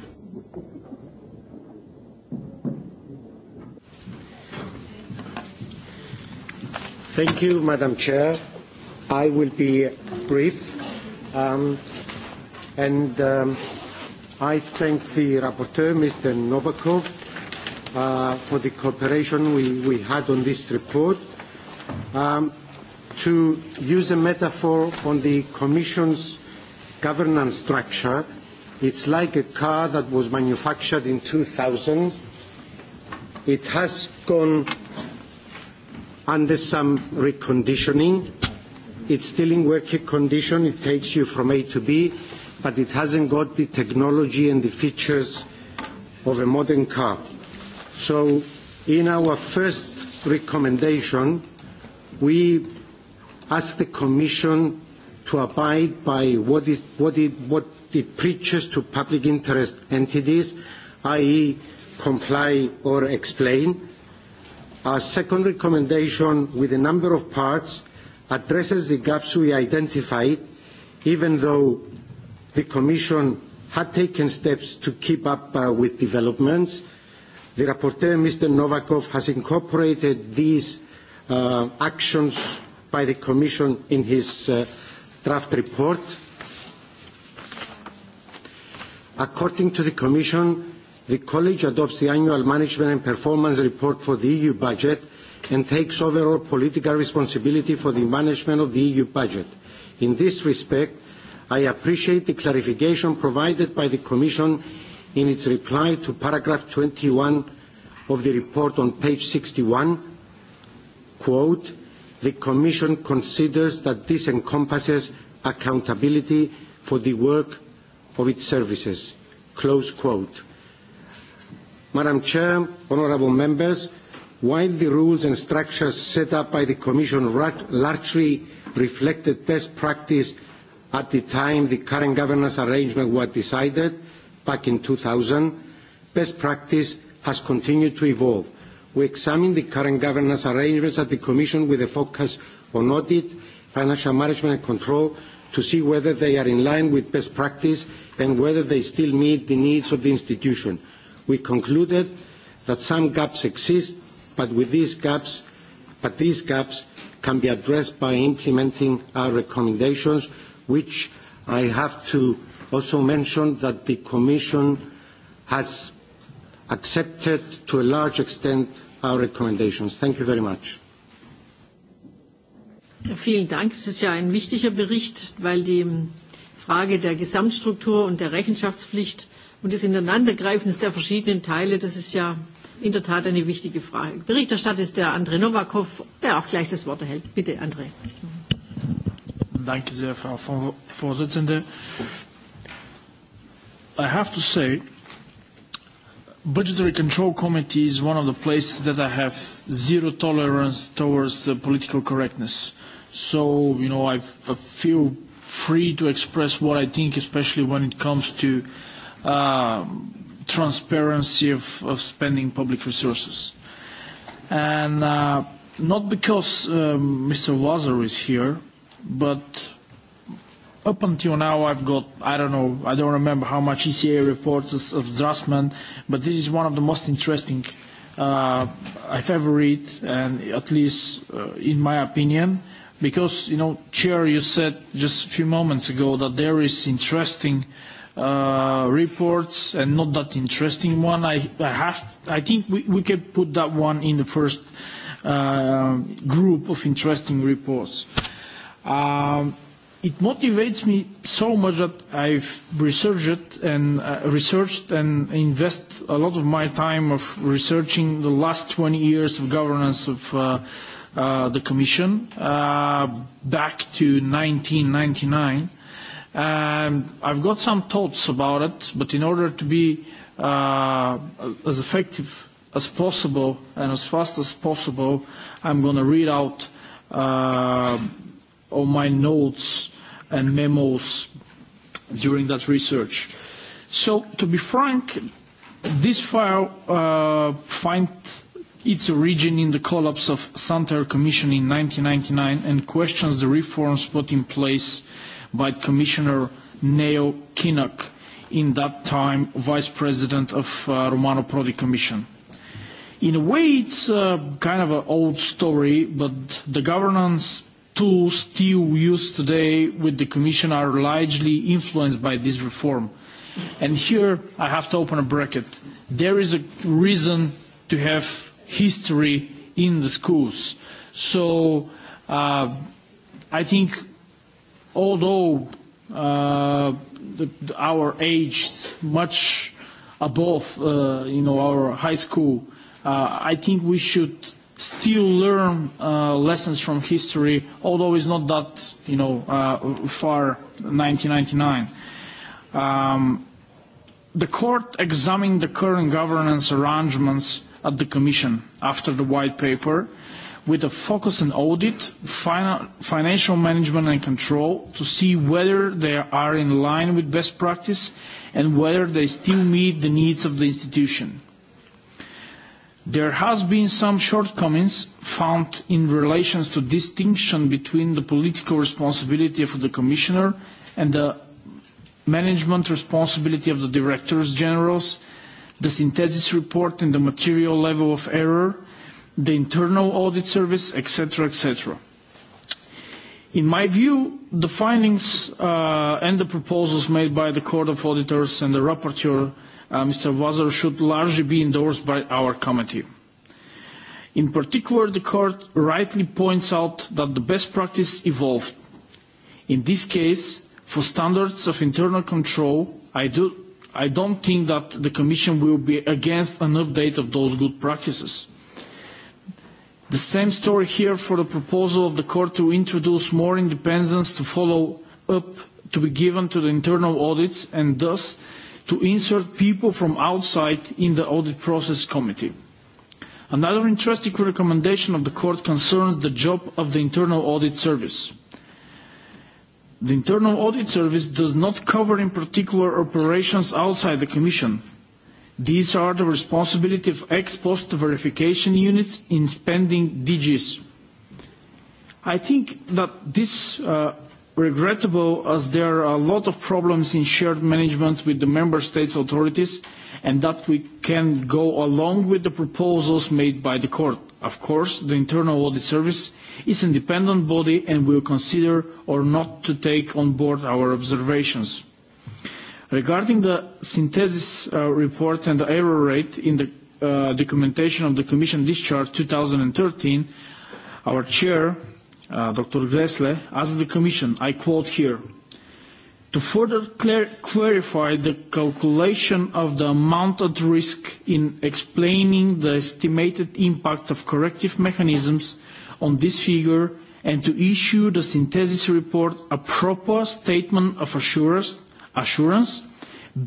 Thank you, Madam Chair. I will be brief. Um, and um, I thank the rapporteur, Mr. Novakov, uh, for the cooperation we, we had on this report um, to use a metaphor on the Commission's governance structure, it's like a car that was manufactured in 2000. It has gone under some reconditioning. It's still in working condition. It takes you from A to B, but it hasn't got the technology and the features of a modern car. So in our first recommendation, we ask the Commission to abide by what it, what it, what it preaches to public interest entities, i.e. comply or explain. Our second recommendation, with a number of parts, addresses the gaps we identified, even though the Commission had taken steps to keep up uh, with developments. The rapporteur, Mr. Novakov, has incorporated these uh, actions by the Commission in his uh, draft report. According to the Commission, the College adopts the annual management and performance report for the EU budget and takes overall political responsibility for the management of the EU budget. In this respect, I appreciate the clarification provided by the Commission in its reply to paragraph 21 of the report on page 61 quote, the Commission considers that this encompasses accountability for the work of its services, close quote. Madam Chair, honourable members, while the rules and structures set up by the Commission largely reflected best practice at the time the current governance arrangement was decided, back in 2000, best practice has continued to evolve we examine the current governance arrangements at the Commission with a focus on audit, financial management and control to see whether they are in line with best practice and whether they still meet the needs of the institution. We concluded that some gaps exist, but with these gaps, but these gaps can be addressed by implementing our recommendations, which I have to also mention that the Commission has accepted to a large extent our recommendations. Thank you very much. Vielen Dank. Es ist ja ein wichtiger Bericht, weil die Frage der Gesamtstruktur und der Rechenschaftspflicht und des Ineinandergreifens der verschiedenen Teile, das ist ja in der Tat eine wichtige Frage. Berichterstatter ist der André Novakov, der auch gleich das Wort erhält. Bitte, André. Danke sehr, Frau Vorsitzende. I have to say Budgetary Control Committee is one of the places that I have zero tolerance towards the political correctness. So, you know, I, feel free to express what I think, especially when it comes to uh, transparency of, of spending public resources. And uh, not because um, Mr. Lazar is here, but up until now I've got, I don't know, I don't remember how much ECA reports of Draftsman, but this is one of the most interesting uh, I've ever read, and at least uh, in my opinion, because, you know, Chair, you said just a few moments ago that there is interesting uh, reports and not that interesting one. I, I have, I think we, we can put that one in the first uh, group of interesting reports. Um, it motivates me so much that I've researched and uh, researched and invest a lot of my time of researching the last 20 years of governance of uh, uh, the Commission uh, back to 1999. and um, I've got some thoughts about it, but in order to be uh, as effective as possible and as fast as possible, I'm going to read out uh, on my notes and memos during that research. So, to be frank, this file uh, finds its origin in the collapse of Santer Commission in 1999 and questions the reforms put in place by Commissioner Neo Kinnock, in that time Vice President of uh, Romano Prodi Commission. In a way, it's uh, kind of an old story, but the governance tools still used today with the Commission are largely influenced by this reform. And here I have to open a bracket. There is a reason to have history in the schools. So uh, I think although uh, the, our age is much above uh, you know, our high school, uh, I think we should still learn uh, lessons from history, although it's not that you know uh, far 1999. Um, the court examined the current governance arrangements at the Commission after the white paper with a focus on audit, final, financial management and control to see whether they are in line with best practice and whether they still meet the needs of the institution. There has been some shortcomings found in relation to distinction between the political responsibility of the Commissioner and the management responsibility of the Directors Generals, the synthesis report and the material level of error, the internal audit service, etc., etc. In my view, the findings uh, and the proposals made by the Court of Auditors and the Rapporteur Uh, Mr. Wasser should largely be endorsed by our committee. In particular, the court rightly points out that the best practice evolved. In this case, for standards of internal control, I, do, I don't think that the Commission will be against an update of those good practices. The same story here for the proposal of the court to introduce more independence to follow up to be given to the internal audits and thus to insert people from outside in the audit process committee. Another interesting recommendation of the court concerns the job of the internal audit service. The internal audit service does not cover in particular operations outside the commission. These are the responsibility of ex post verification units in spending DGs. I think that this uh, regrettable as there are a lot of problems in shared management with the member states' authorities and that we can go along with the proposals made by the court. Of course, the Internal Audit Service is an independent body and will consider or not to take on board our observations. Regarding the synthesis uh, report and the error rate in the uh, documentation of the Commission Discharge 2013, our chair, Uh, Dr. Gressle, asked the Commission, I quote here, to further clar clarify the calculation of the amount at risk in explaining the estimated impact of corrective mechanisms on this figure and to issue the synthesis report a proper statement of assurance, assurance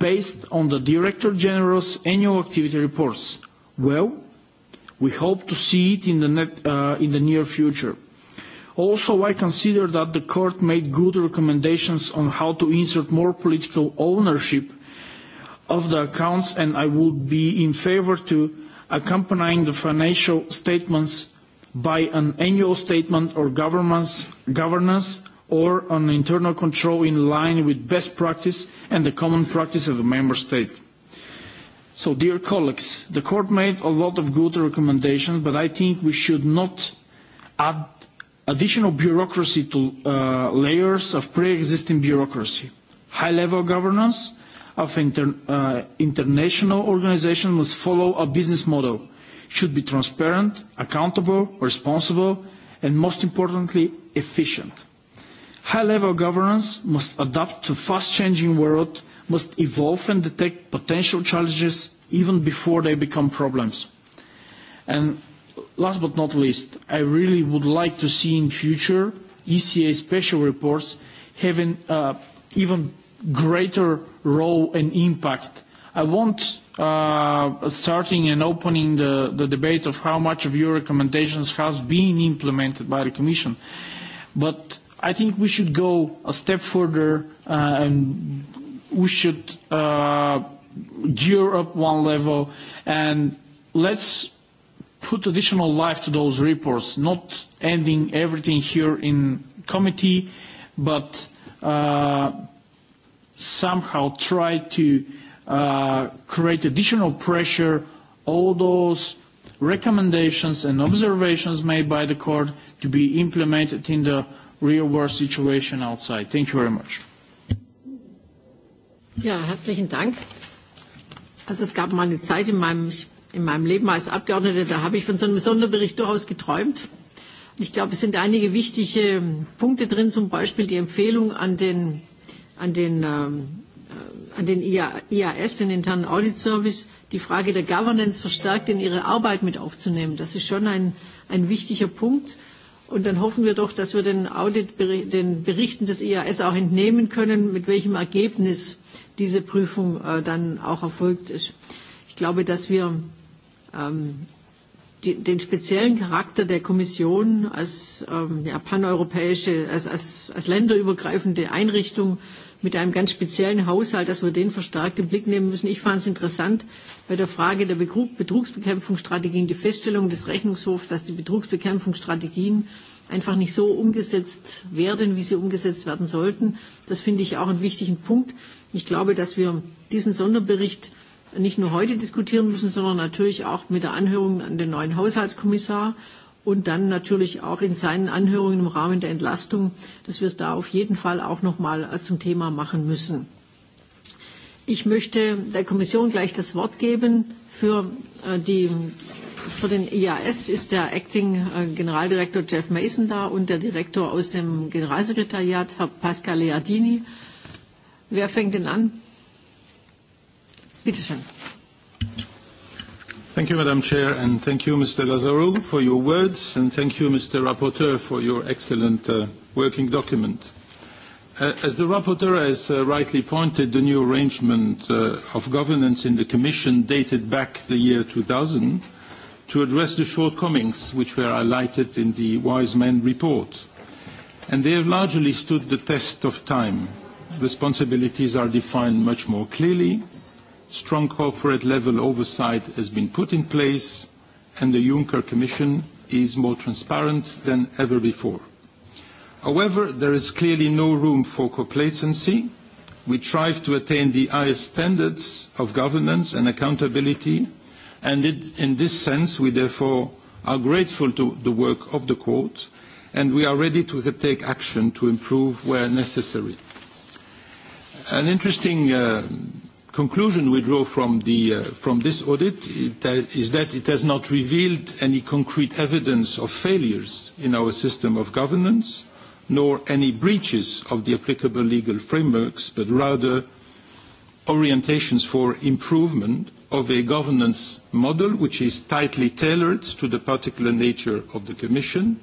based on the Director General's annual activity reports. Well, we hope to see it in the, net, uh, in the near future. Also, I consider that the court made good recommendations on how to insert more political ownership of the accounts, and I would be in favor to accompanying the financial statements by an annual statement or governance or on internal control in line with best practice and the common practice of the member state. So, dear colleagues, the court made a lot of good recommendations, but I think we should not add additional bureaucracy to uh, layers of pre-existing bureaucracy, high-level governance of inter uh, international organizations must follow a business model, should be transparent, accountable, responsible, and most importantly, efficient. High-level governance must adapt to fast-changing world, must evolve and detect potential challenges even before they become problems. And last but not least, I really would like to see in future ECA special reports having uh, even greater role and impact. I want uh, starting and opening the, the debate of how much of your recommendations has been implemented by the Commission. But I think we should go a step further uh, and we should uh, gear up one level and let's put additional life to those reports, not ending everything here in committee, but uh, somehow try to uh, create additional pressure all those recommendations and observations made by the court to be implemented in the real world situation outside. Thank you very much. Ja, herzlichen Dank. Also es gab mal eine Zeit in meinem, ich in meinem Leben als Abgeordnete, da habe ich von so einem Sonderbericht durchaus geträumt. Und ich glaube, es sind einige wichtige ähm, Punkte drin, zum Beispiel die Empfehlung an den, an den, ähm, äh, an den IAS, den internen Audit Service, die Frage der Governance verstärkt in ihre Arbeit mit aufzunehmen. Das ist schon ein, ein wichtiger Punkt. Und dann hoffen wir doch, dass wir den, Audit, den Berichten des IAS auch entnehmen können, mit welchem Ergebnis diese Prüfung äh, dann auch erfolgt ist. Ich glaube, dass wir ähm, die, den speziellen Charakter der Kommission als ähm, ja, paneuropäische, als, als, als länderübergreifende Einrichtung mit einem ganz speziellen Haushalt, dass wir den verstärkt im Blick nehmen müssen. Ich fand es interessant bei der Frage der Betrug, Betrugsbekämpfungsstrategien, die Feststellung des Rechnungshofs, dass die Betrugsbekämpfungsstrategien einfach nicht so umgesetzt werden, wie sie umgesetzt werden sollten. Das finde ich auch einen wichtigen Punkt. Ich glaube, dass wir diesen Sonderbericht nicht nur heute diskutieren müssen, sondern natürlich auch mit der Anhörung an den neuen Haushaltskommissar und dann natürlich auch in seinen Anhörungen im Rahmen der Entlastung, dass wir es da auf jeden Fall auch noch mal äh, zum Thema machen müssen. Ich möchte der Kommission gleich das Wort geben. Für, äh, die, für den IAS ist der Acting äh, Generaldirektor Jeff Mason da und der Direktor aus dem Generalsekretariat, Herr Pascal Leardini. Wer fängt denn an? Bitte schön. Thank you, Madam Chair, and thank you, Mr. Lazarou, for your words, and thank you, Mr. Rapporteur, for your excellent uh, working document. Uh, as the Rapporteur has uh, rightly pointed, the new arrangement uh, of governance in the Commission dated back the year 2000 to address the shortcomings which were highlighted in the Wise Men report. And they have largely stood the test of time. Responsibilities are defined much more clearly, strong corporate level oversight has been put in place and the Juncker Commission is more transparent than ever before. However, there is clearly no room for complacency. We strive to attain the highest standards of governance and accountability, and in this sense, we therefore are grateful to the work of the court, and we are ready to take action to improve where necessary. An interesting uh, conclusion we draw from, the, uh, from this audit uh, is that it has not revealed any concrete evidence of failures in our system of governance, nor any breaches of the applicable legal frameworks, but rather orientations for improvement of a governance model which is tightly tailored to the particular nature of the Commission,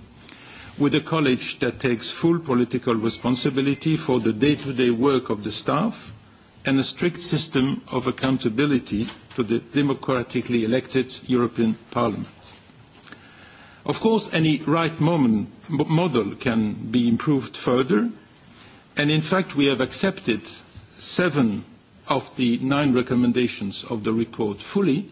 with a college that takes full political responsibility for the day-to-day -day work of the staff, and a strict system of accountability to the democratically elected European Parliament. Of course, any right moment, model can be improved further, and in fact we have accepted seven of the nine recommendations of the report fully,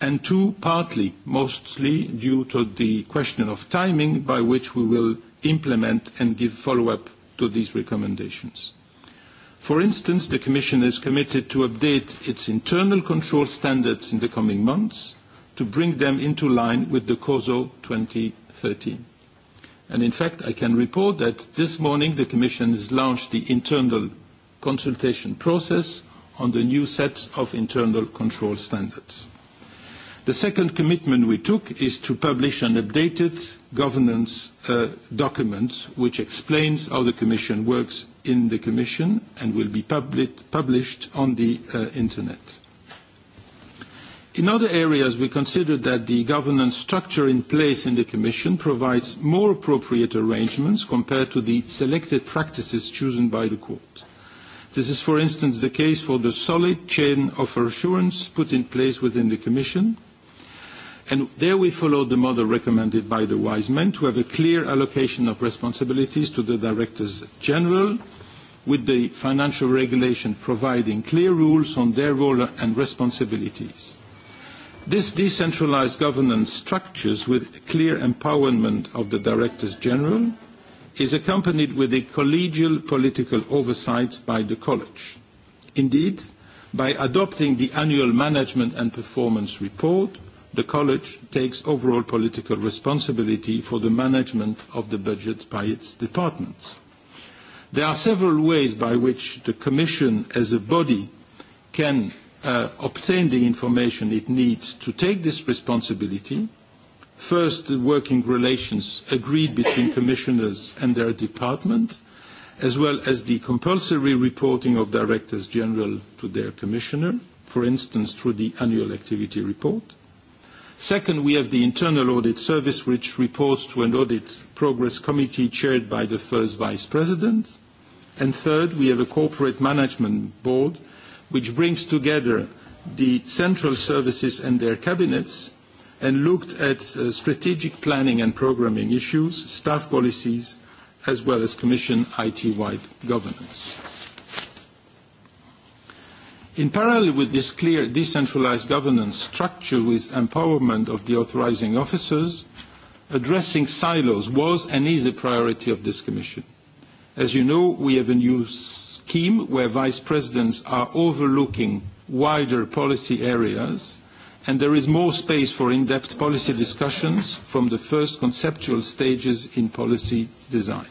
and two partly, mostly due to the question of timing by which we will implement and give follow-up to these recommendations. For instance, the Commission is committed to update its internal control standards in the coming months to bring them into line with the COSO 2013. And in fact, I can report that this morning the Commission has launched the internal consultation process on the new set of internal control standards. The second commitment we took is to publish an updated governance uh, document which explains how the Commission works in the Commission and will be published on the uh, Internet. In other areas, we consider that the governance structure in place in the Commission provides more appropriate arrangements compared to the selected practices chosen by the Court. This is, for instance, the case for the solid chain of assurance put in place within the Commission, And there we follow the model recommended by the wise men to have a clear allocation of responsibilities to the directors general, with the financial regulation providing clear rules on their role and responsibilities. This decentralized governance structures with clear empowerment of the directors general is accompanied with a collegial political oversight by the college. Indeed, by adopting the annual management and performance report, the College takes overall political responsibility for the management of the budget by its departments. There are several ways by which the Commission as a body can uh, obtain the information it needs to take this responsibility. First, the working relations agreed between commissioners and their department, as well as the compulsory reporting of directors general to their commissioner, for instance, through the annual activity report. Second, we have the internal audit service, which reports to an audit progress committee chaired by the first vice president. And third, we have a corporate management board, which brings together the central services and their cabinets and looked at uh, strategic planning and programming issues, staff policies, as well as Commission IT-wide governance. In parallel with this clear decentralized governance structure with empowerment of the authorizing officers, addressing silos was and is a priority of this Commission. As you know, we have a new scheme where vice presidents are overlooking wider policy areas, and there is more space for in-depth policy discussions from the first conceptual stages in policy design.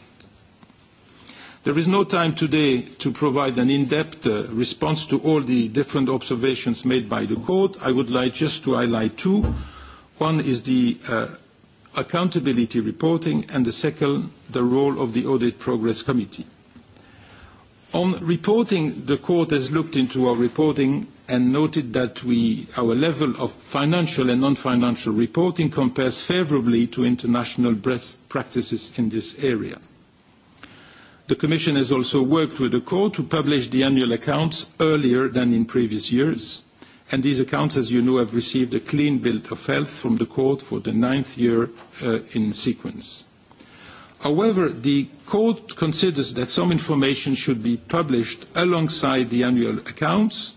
There is no time today to provide an in-depth uh, response to all the different observations made by the court. I would like just to highlight two. One is the uh, accountability reporting, and the second, the role of the Audit Progress Committee. On reporting, the court has looked into our reporting and noted that we, our level of financial and non-financial reporting compares favorably to international best practices in this area. The Commission has also worked with the court to publish the annual accounts earlier than in previous years, and these accounts, as you know, have received a clean bill of health from the court for the ninth year uh, in sequence. However, the court considers that some information should be published alongside the annual accounts,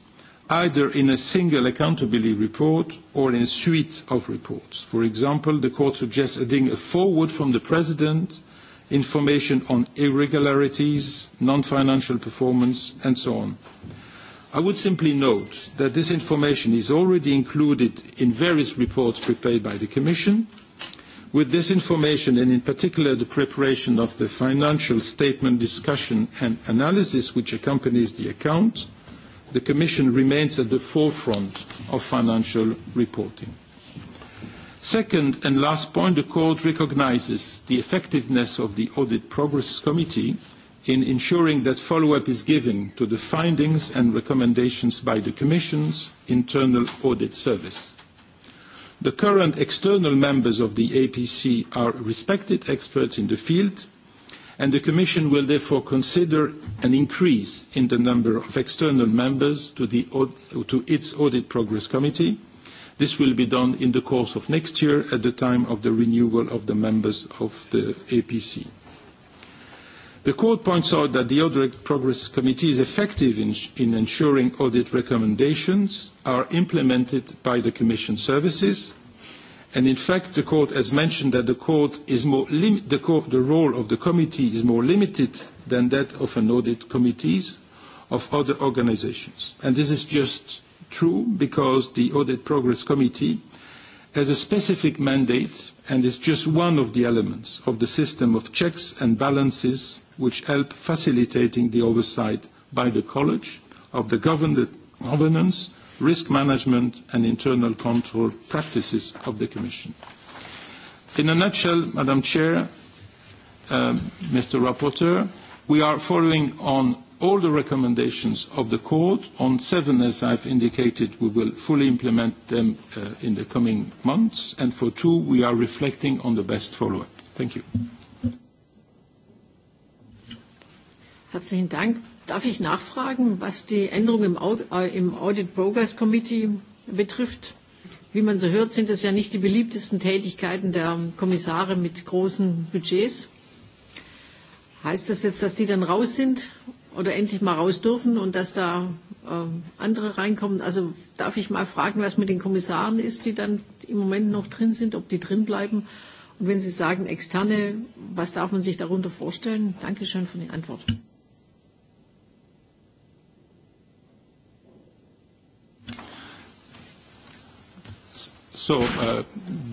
either in a single accountability report or in a suite of reports. For example, the court suggests adding a forward from the President information on irregularities, non-financial performance, and so on. I would simply note that this information is already included in various reports prepared by the Commission. With this information, and in particular the preparation of the financial statement discussion and analysis which accompanies the account, the Commission remains at the forefront of financial reporting. Second and last point, the court recognises the effectiveness of the Audit Progress Committee in ensuring that follow-up is given to the findings and recommendations by the Commission's internal audit service. The current external members of the APC are respected experts in the field, and the Commission will therefore consider an increase in the number of external members to, the, to its Audit Progress Committee This will be done in the course of next year at the time of the renewal of the members of the APC. The Court points out that the Audit Progress Committee is effective in, ensuring audit recommendations are implemented by the Commission services, And in fact, the court has mentioned that the, role of the committee is more limited than that of an audit committees of other organizations. And this is just true because the Audit Progress Committee has a specific mandate and is just one of the elements of the system of checks and balances which help facilitating the oversight by the College of the governance, risk management and internal control practices of the Commission. In a nutshell, Madam Chair, um, uh, Mr. Rapporteur, we are following on all the recommendations of the court. On seven, as I've indicated, we will fully implement them uh, in the coming months. And for two, we are reflecting on the best follow-up. Thank you. Herzlichen Dank. Darf ich nachfragen, was die Änderung im, Aud äh, im Audit Progress Committee betrifft? Wie man so hört, sind das ja nicht die beliebtesten Tätigkeiten der Kommissare mit großen Budgets. Heißt das jetzt, dass die dann raus sind oder endlich mal raus dürfen und dass da ähm, andere reinkommen. Also darf ich mal fragen, was mit den Kommissaren ist, die dann im Moment noch drin sind, ob die drin bleiben. Und wenn Sie sagen externe, was darf man sich darunter vorstellen? Dankeschön für die Antwort. So, uh,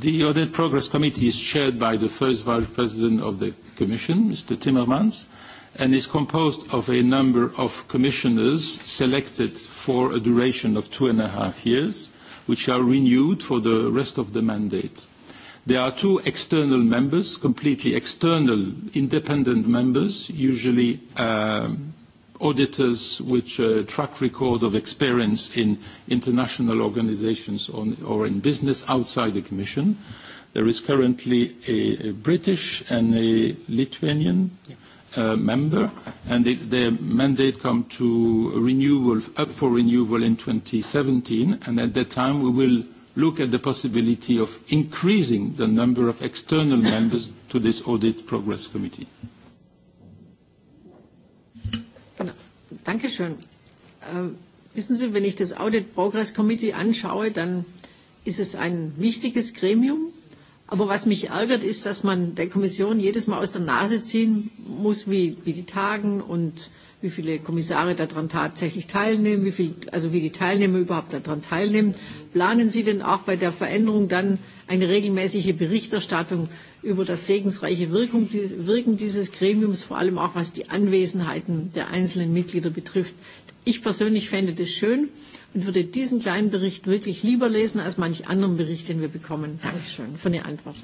the Audit Progress Committee is chaired by the first Vice President of the Commission, Mr. Timmermans Uh, and is composed of a number of commissioners selected for a duration of two and a half years, which are renewed for the rest of the mandate. There are two external members, completely external, independent members, usually um, auditors with a track record of experience in international organizations on, or in business outside the Commission. There is currently a, a British and a Lithuanian. Yeah uh, member, and it, their mandate come to renewal, up for renewal in 2017, and at that time we will look at the possibility of increasing the number of external members to this Audit Progress Committee. Genau. Dankeschön. Ähm, wissen Sie, wenn ich das Audit Progress Committee anschaue, dann ist es ein wichtiges Gremium Aber was mich ärgert, ist, dass man der Kommission jedes Mal aus der Nase ziehen muss, wie, wie die tagen und wie viele Kommissare daran tatsächlich teilnehmen, wie viel, also wie die Teilnehmer überhaupt daran teilnehmen. Planen Sie denn auch bei der Veränderung dann eine regelmäßige Berichterstattung über das segensreiche Wirkung, Wirken dieses Gremiums, vor allem auch was die Anwesenheiten der einzelnen Mitglieder betrifft? Ich persönlich fände das schön würde diesen kleinen Bericht wirklich lieber lesen als manch anderen Bericht, den wir bekommen. Dankeschön für die Antwort.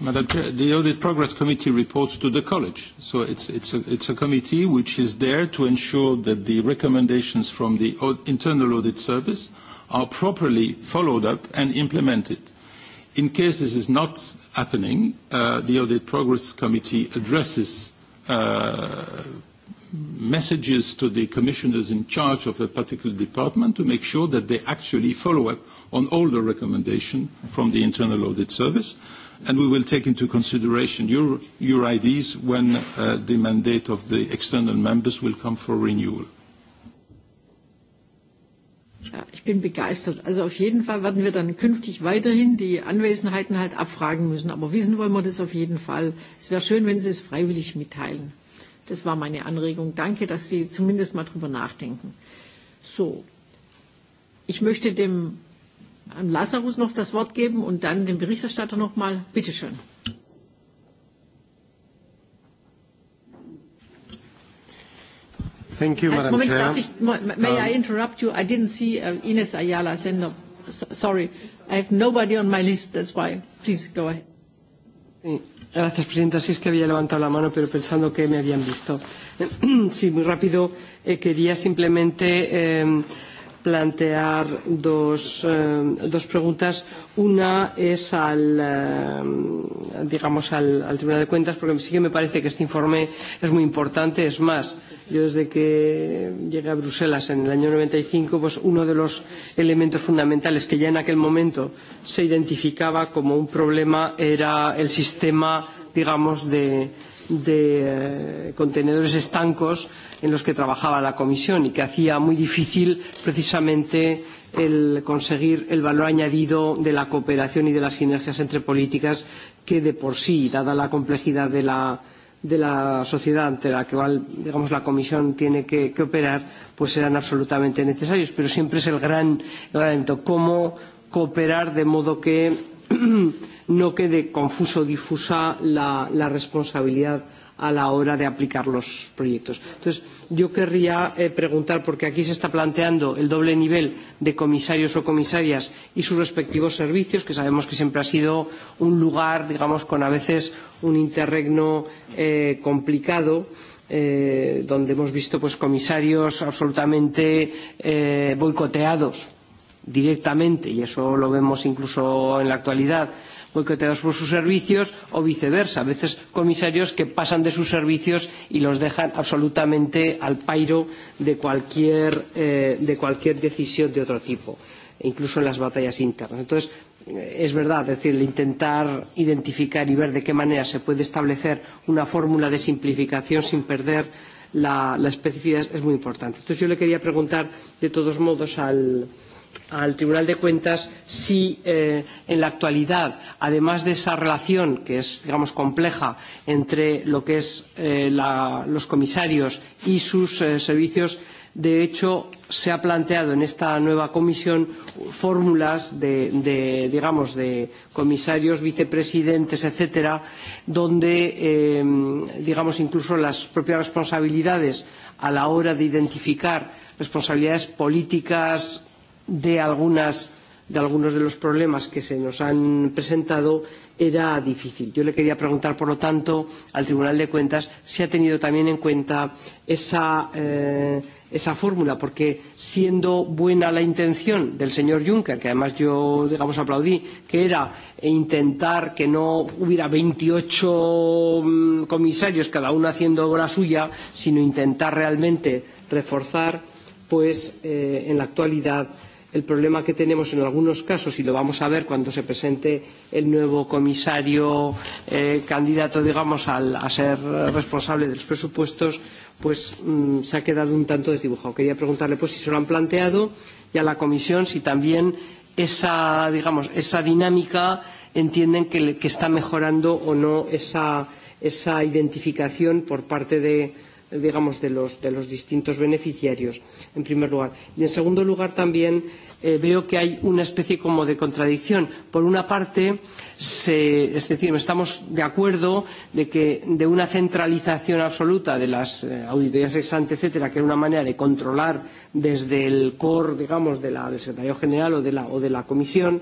Madam Chair, the Audit Progress Committee reports to the College. So it's, it's, a, it's a committee which is there to ensure that the recommendations from the Internal Audit Service are properly followed up and implemented. In case this is not happening. Uh, the Audit Progress Committee addresses uh, messages to the commissioners in charge of a particular department to make sure that they actually follow up on all the recommendations from the internal audit service. And we will take into consideration your, your IDs when uh, the mandate of the external members will come for renewal. Ja, ich bin begeistert. Also auf jeden Fall werden wir dann künftig weiterhin die Anwesenheiten halt abfragen müssen. Aber wissen wollen wir das auf jeden Fall. Es wäre schön, wenn Sie es freiwillig mitteilen. Das war meine Anregung. Danke, dass Sie zumindest mal drüber nachdenken. So, ich möchte dem Lazarus noch das Wort geben und dann dem Berichterstatter noch mal. Bitte schön. Thank you, uh, Madam Moment, Chair. Ich, may um, I interrupt you? I didn't see uh, Ines Ayala Sender. So, sorry, I have nobody on my list, that's why. Please, go ahead. Gracias, Presidenta. Sí, es que había levantado la mano, pero pensando que me habían visto. [CLEARS THROAT] Sí, muy rápido. Eh, quería simplemente... Eh, plantear dos, eh, dos preguntas. Una es al, eh, digamos al, al Tribunal de Cuentas, porque sí que me parece que este informe es muy importante. Es más, yo desde que llegué a Bruselas en el año 95, pues uno de los elementos fundamentales que ya en aquel momento se identificaba como un problema era el sistema, digamos, de de eh, contenedores estancos en los que trabajaba la Comisión y que hacía muy difícil precisamente el conseguir el valor añadido de la cooperación y de las sinergias entre políticas que de por sí, dada la complejidad de la, de la sociedad ante la que digamos, la Comisión tiene que, que operar, pues eran absolutamente necesarios. Pero siempre es el gran elemento, cómo cooperar de modo que [CLEARS THROAT] no quede confuso o difusa la, la responsabilidad a la hora de aplicar los proyectos. Entonces, yo querría eh, preguntar, porque aquí se está planteando el doble nivel de comisarios o comisarias y sus respectivos servicios, que sabemos que siempre ha sido un lugar, digamos, con a veces un interregno eh, complicado. Eh, donde hemos visto pues, comisarios absolutamente eh, boicoteados directamente, y eso lo vemos incluso en la actualidad, eh, boicoteados por sus servicios o viceversa. A veces comisarios que pasan de sus servicios y los dejan absolutamente al pairo de cualquier, eh, de cualquier decisión de otro tipo, incluso en las batallas internas. Entonces, eh, es verdad, es decir, intentar identificar y ver de qué manera se puede establecer una fórmula de simplificación sin perder la, la especificidad es muy importante. Entonces yo le quería preguntar, de todos modos, al, al Tribunal de Cuentas si eh, en la actualidad, además de esa relación que es, digamos, compleja entre lo que es eh, la, los comisarios y sus eh, servicios, de hecho, se ha planteado en esta nueva comisión fórmulas de, de, digamos, de comisarios, vicepresidentes, etcétera, donde, eh, digamos, incluso las propias responsabilidades a la hora de identificar responsabilidades políticas, de, algunas, de algunos de los problemas que se nos han presentado era difícil. Yo le quería preguntar, por lo tanto, al Tribunal de Cuentas si ha tenido también en cuenta esa, eh, esa fórmula, porque siendo buena la intención del señor Juncker, que además yo, digamos, aplaudí, que era intentar que no hubiera 28 mm, comisarios, cada uno haciendo la suya, sino intentar realmente reforzar, pues eh, en la actualidad el problema que tenemos en algunos casos, y lo vamos a ver cuando se presente el nuevo comisario eh, candidato, digamos, al, a ser responsable de los presupuestos, pues mmm, se ha quedado un tanto desdibujado. Quería preguntarle pues, si se lo han planteado y a la comisión si también esa, digamos, esa dinámica entienden que, que está mejorando o no esa, esa identificación por parte de digamos, de los, de los distintos beneficiarios, en primer lugar. Y, en segundo lugar, también eh, veo que hay una especie como de contradicción. Por una parte, se, es decir, estamos de acuerdo de que de una centralización absoluta de las eh, auditorías ex ante, etcétera, que era una manera de controlar desde el core, digamos, de la, secretario general o de la, o de la comisión,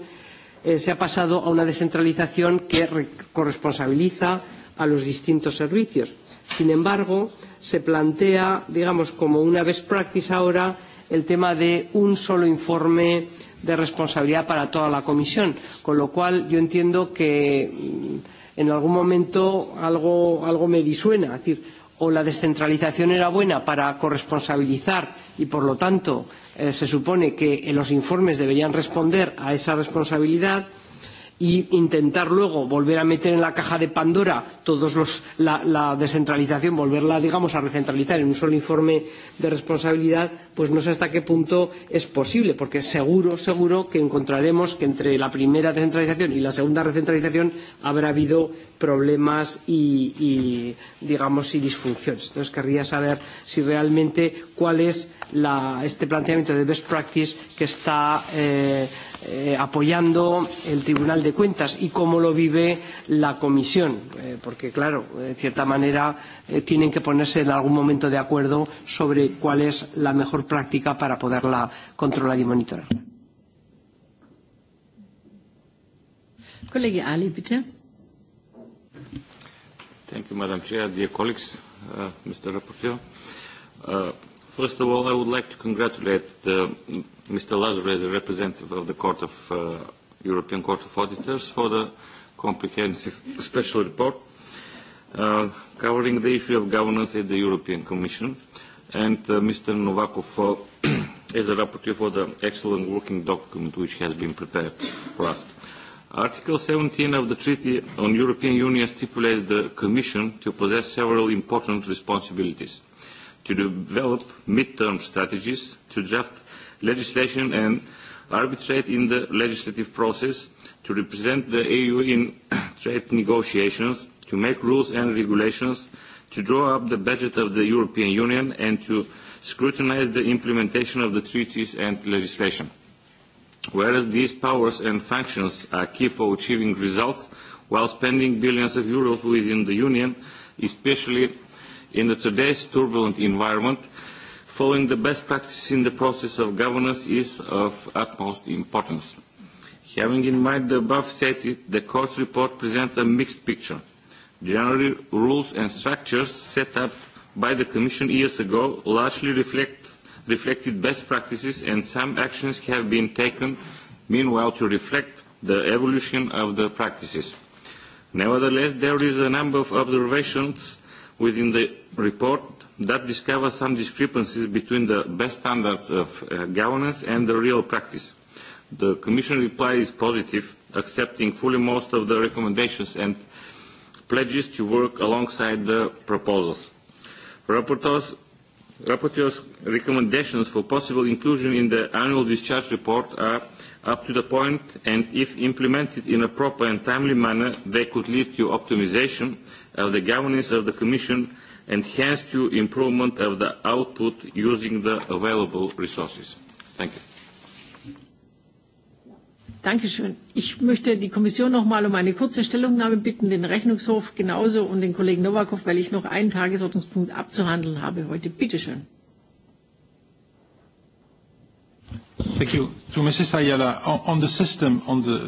eh, se ha pasado a una descentralización que corresponsabiliza a los distintos servicios. Sin embargo, se plantea, digamos, como una best practice ahora, el tema de un solo informe de responsabilidad para toda la comisión, con lo cual yo entiendo que mm, en algún momento algo, algo me disuena. Es decir, o la descentralización era buena para corresponsabilizar y, por lo tanto, eh, se supone que los informes deberían responder a esa responsabilidad, y intentar luego volver a meter en la caja de Pandora todos los, la, la descentralización, volverla, digamos, a recentralizar en un solo informe de responsabilidad, pues no sé hasta qué punto es posible, porque seguro, seguro que encontraremos que entre la primera descentralización y la segunda recentralización habrá habido problemas y, y digamos, y disfunciones. Entonces, querría saber si realmente cuál es la, este planteamiento de best practice que está eh, eh, apoyando el Tribunal de Cuentas y cómo lo vive la Comisión, eh, porque, claro, de cierta manera eh, tienen que ponerse en algún momento de acuerdo sobre cuál es la mejor práctica para poderla controlar y monitorar. Kollege Ali, bitte. Thank you, Madam Chair, dear colleagues, uh, Mr. Rapporteur. Uh, first of all, I would like to congratulate uh, Mr. Lazare as a representative of the Court of uh, European Court of Auditors for the comprehensive special report uh, covering the issue of governance at the European Commission, and uh, Mr. Novakov for [CLEARS THROAT] as a rapporteur for the excellent working document which has been prepared for us. Article 17 of the Treaty on European Union stipulates the Commission to possess several important responsibilities to develop mid-term strategies, to draft legislation and arbitrate in the legislative process, to represent the EU in [COUGHS] trade negotiations, to make rules and regulations, to draw up the budget of the European Union and to scrutinize the implementation of the treaties and legislation whereas these powers and functions are key for achieving results while spending billions of euros within the Union, especially in today's turbulent environment, following the best practice in the process of governance is of utmost importance. Having in mind the above stated, the Court's report presents a mixed picture. Generally, rules and structures set up by the Commission years ago largely reflect reflected best practices and some actions have been taken meanwhile to reflect the evolution of the practices. Nevertheless, there is a number of observations within the report that discover some discrepancies between the best standards of uh, governance and the real practice. The Commission reply is positive, accepting fully most of the recommendations and pledges to work alongside the proposals. Rapporteurs rapporteur's recommendations for possible inclusion in the annual discharge report are up to the point and if implemented in a proper and timely manner they could lead to optimization of the governance of the Commission and hence to improvement of the output using the available resources. Thank you. Dankeschön. Ich möchte die Kommission noch mal um eine kurze Stellungnahme bitten, den Rechnungshof genauso und den Kollegen Nowakow, weil ich noch einen Tagesordnungspunkt abzuhandeln habe heute. Bitte schön. Thank you. To Mrs. Ayala, on the system, on the,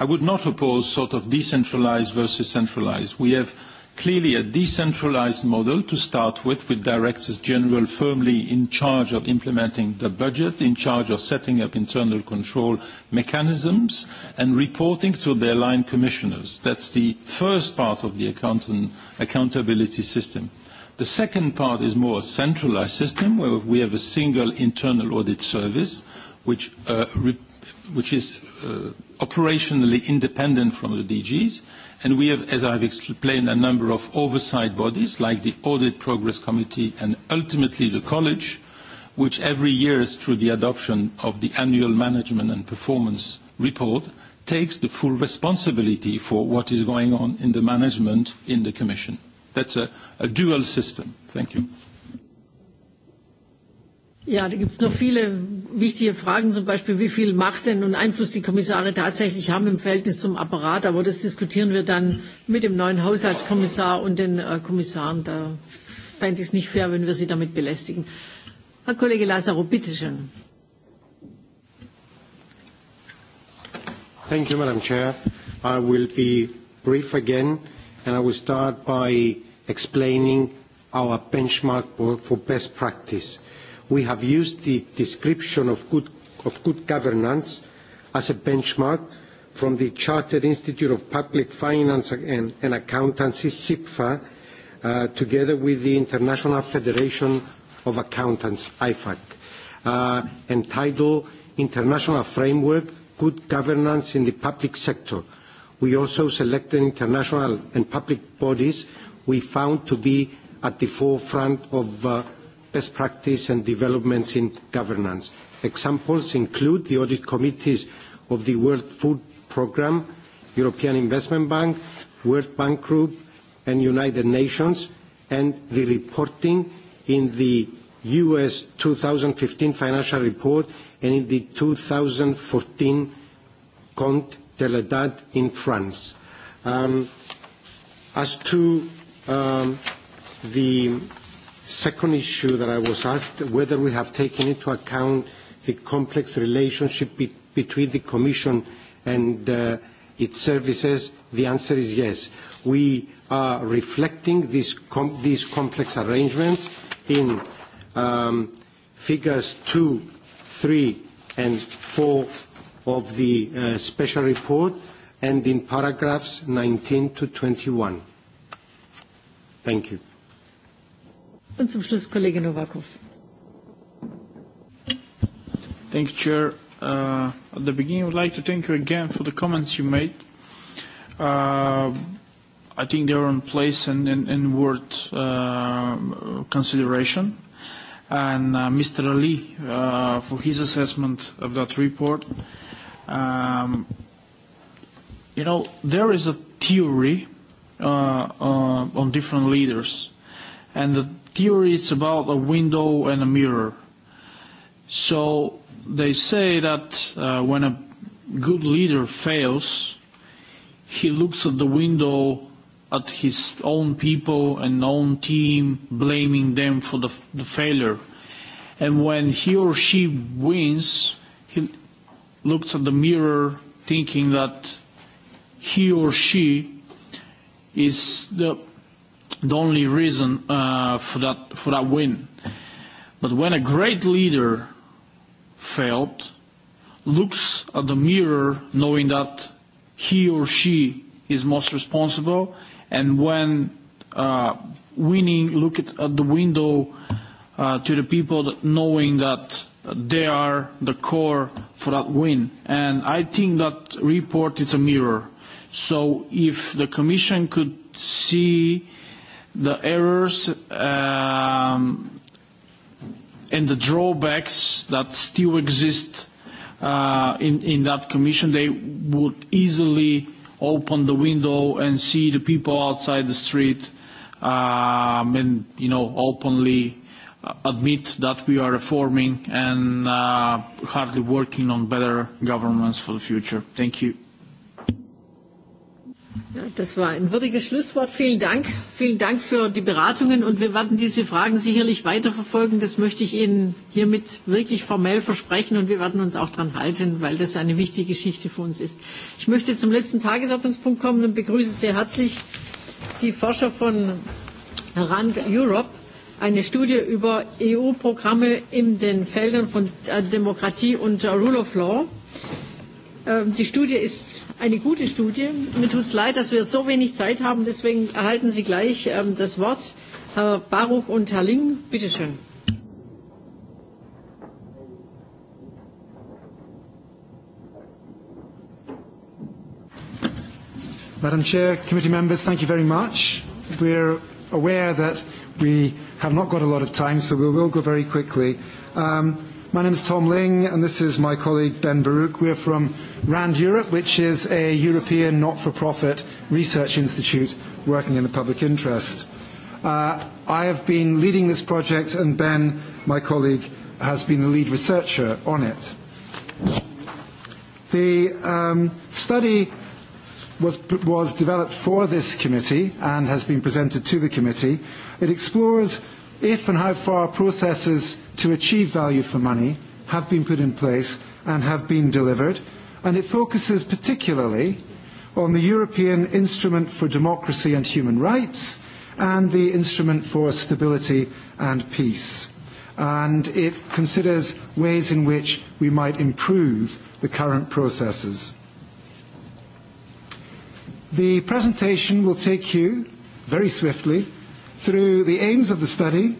I would not oppose sort of decentralized versus centralized. We have clearly a decentralized model to start with, with directors general firmly in charge of implementing the budget, in charge of setting up internal control mechanisms, and reporting to their line commissioners. That's the first part of the accountability system. The second part is more a centralized system where we have a single internal audit service, which, uh, which is uh, operationally independent from the DGs, And we have, as I've explained, a number of oversight bodies like the Audit Progress Committee and ultimately the College, which every year through the adoption of the annual management and performance report takes the full responsibility for what is going on in the management in the Commission. That's a, a dual system. Thank you. Ja, da gibt es noch viele wichtige Fragen, zum Beispiel, wie viel Macht denn und Einfluss die Kommissare tatsächlich haben im Verhältnis zum Apparat. Aber das diskutieren wir dann mit dem neuen Haushaltskommissar und den äh, Kommissaren. Da fände ich es nicht fair, wenn wir sie damit belästigen. Herr Kollege Lazaro, bitte schön. Thank you, Madam Chair. I will be brief again, and I will start by explaining our benchmark for best practice we have used the description of good, of good governance as a benchmark from the Chartered Institute of Public Finance and, and Accountancy, SIPFA, uh, together with the International Federation of Accountants, IFAC, uh, entitled International Framework Good Governance in the Public Sector. We also selected international and public bodies we found to be at the forefront of uh, best practice and developments in governance. Examples include the audit committees of the World Food Programme, European Investment Bank, World Bank Group and United Nations, and the reporting in the US 2015 financial report and in the 2014 Compte de l'État in France. Um, as to um, the Second issue that I was asked, whether we have taken into account the complex relationship be between the Commission and uh, its services, the answer is yes. We are reflecting these, com these complex arrangements in um, figures 2, 3 and 4 of the uh, special report and in paragraphs 19 to 21. Thank you. Und zum Schluss Kollege Novakov. Thank you, Chair. Uh, at the beginning, I would like to thank you again for the comments you made. Uh, I think they are in place and, and, and worth uh, consideration. And uh, Mr. Ali, uh, for his assessment of that report. Um, you know, there is a theory uh, uh, on different leaders. And the theory it's about a window and a mirror. So they say that uh, when a good leader fails, he looks at the window at his own people and own team, blaming them for the, the failure. And when he or she wins, he looks at the mirror thinking that he or she is the the only reason uh, for, that, for that win. But when a great leader failed, looks at the mirror knowing that he or she is most responsible, and when uh, winning, look at, at the window uh, to the people that knowing that they are the core for that win. And I think that report is a mirror. So if the Commission could see the errors um, and the drawbacks that still exist uh, in, in that commission, they would easily open the window and see the people outside the street um, and, you know, openly uh, admit that we are reforming and uh, hardly working on better governments for the future. Thank you. Ja, das war ein würdiges Schlusswort. Vielen Dank. Vielen Dank für die Beratungen. Und wir werden diese Fragen sicherlich weiterverfolgen. Das möchte ich Ihnen hiermit wirklich formell versprechen. Und wir werden uns auch daran halten, weil das eine wichtige Geschichte für uns ist. Ich möchte zum letzten Tagesordnungspunkt kommen und begrüße sehr herzlich die Forscher von Rand Europe, eine Studie über EU-Programme in den Feldern von äh, Demokratie und Rule of Law. Ähm, die Studie ist eine gute Studie. Mir tut es leid, dass wir so wenig Zeit haben. Deswegen erhalten Sie gleich ähm, das Wort. Herr Baruch und Herr Ling, bitteschön. Madam Chair, committee members, thank you very much. We're aware that we have not got a lot of time, so we will go very quickly. Um, My name is Tom Ling, and this is my colleague Ben Baruch. We're from RAND Europe, which is a European not-for-profit research institute working in the public interest. Uh, I have been leading this project, and Ben, my colleague, has been the lead researcher on it. The um, study was, was developed for this committee and has been presented to the committee. It explores if and how far processes to achieve value for money have been put in place and have been delivered, and it focuses particularly on the European Instrument for Democracy and Human Rights and the Instrument for Stability and Peace. And it considers ways in which we might improve the current processes. The presentation will take you very swiftly through the aims of the study,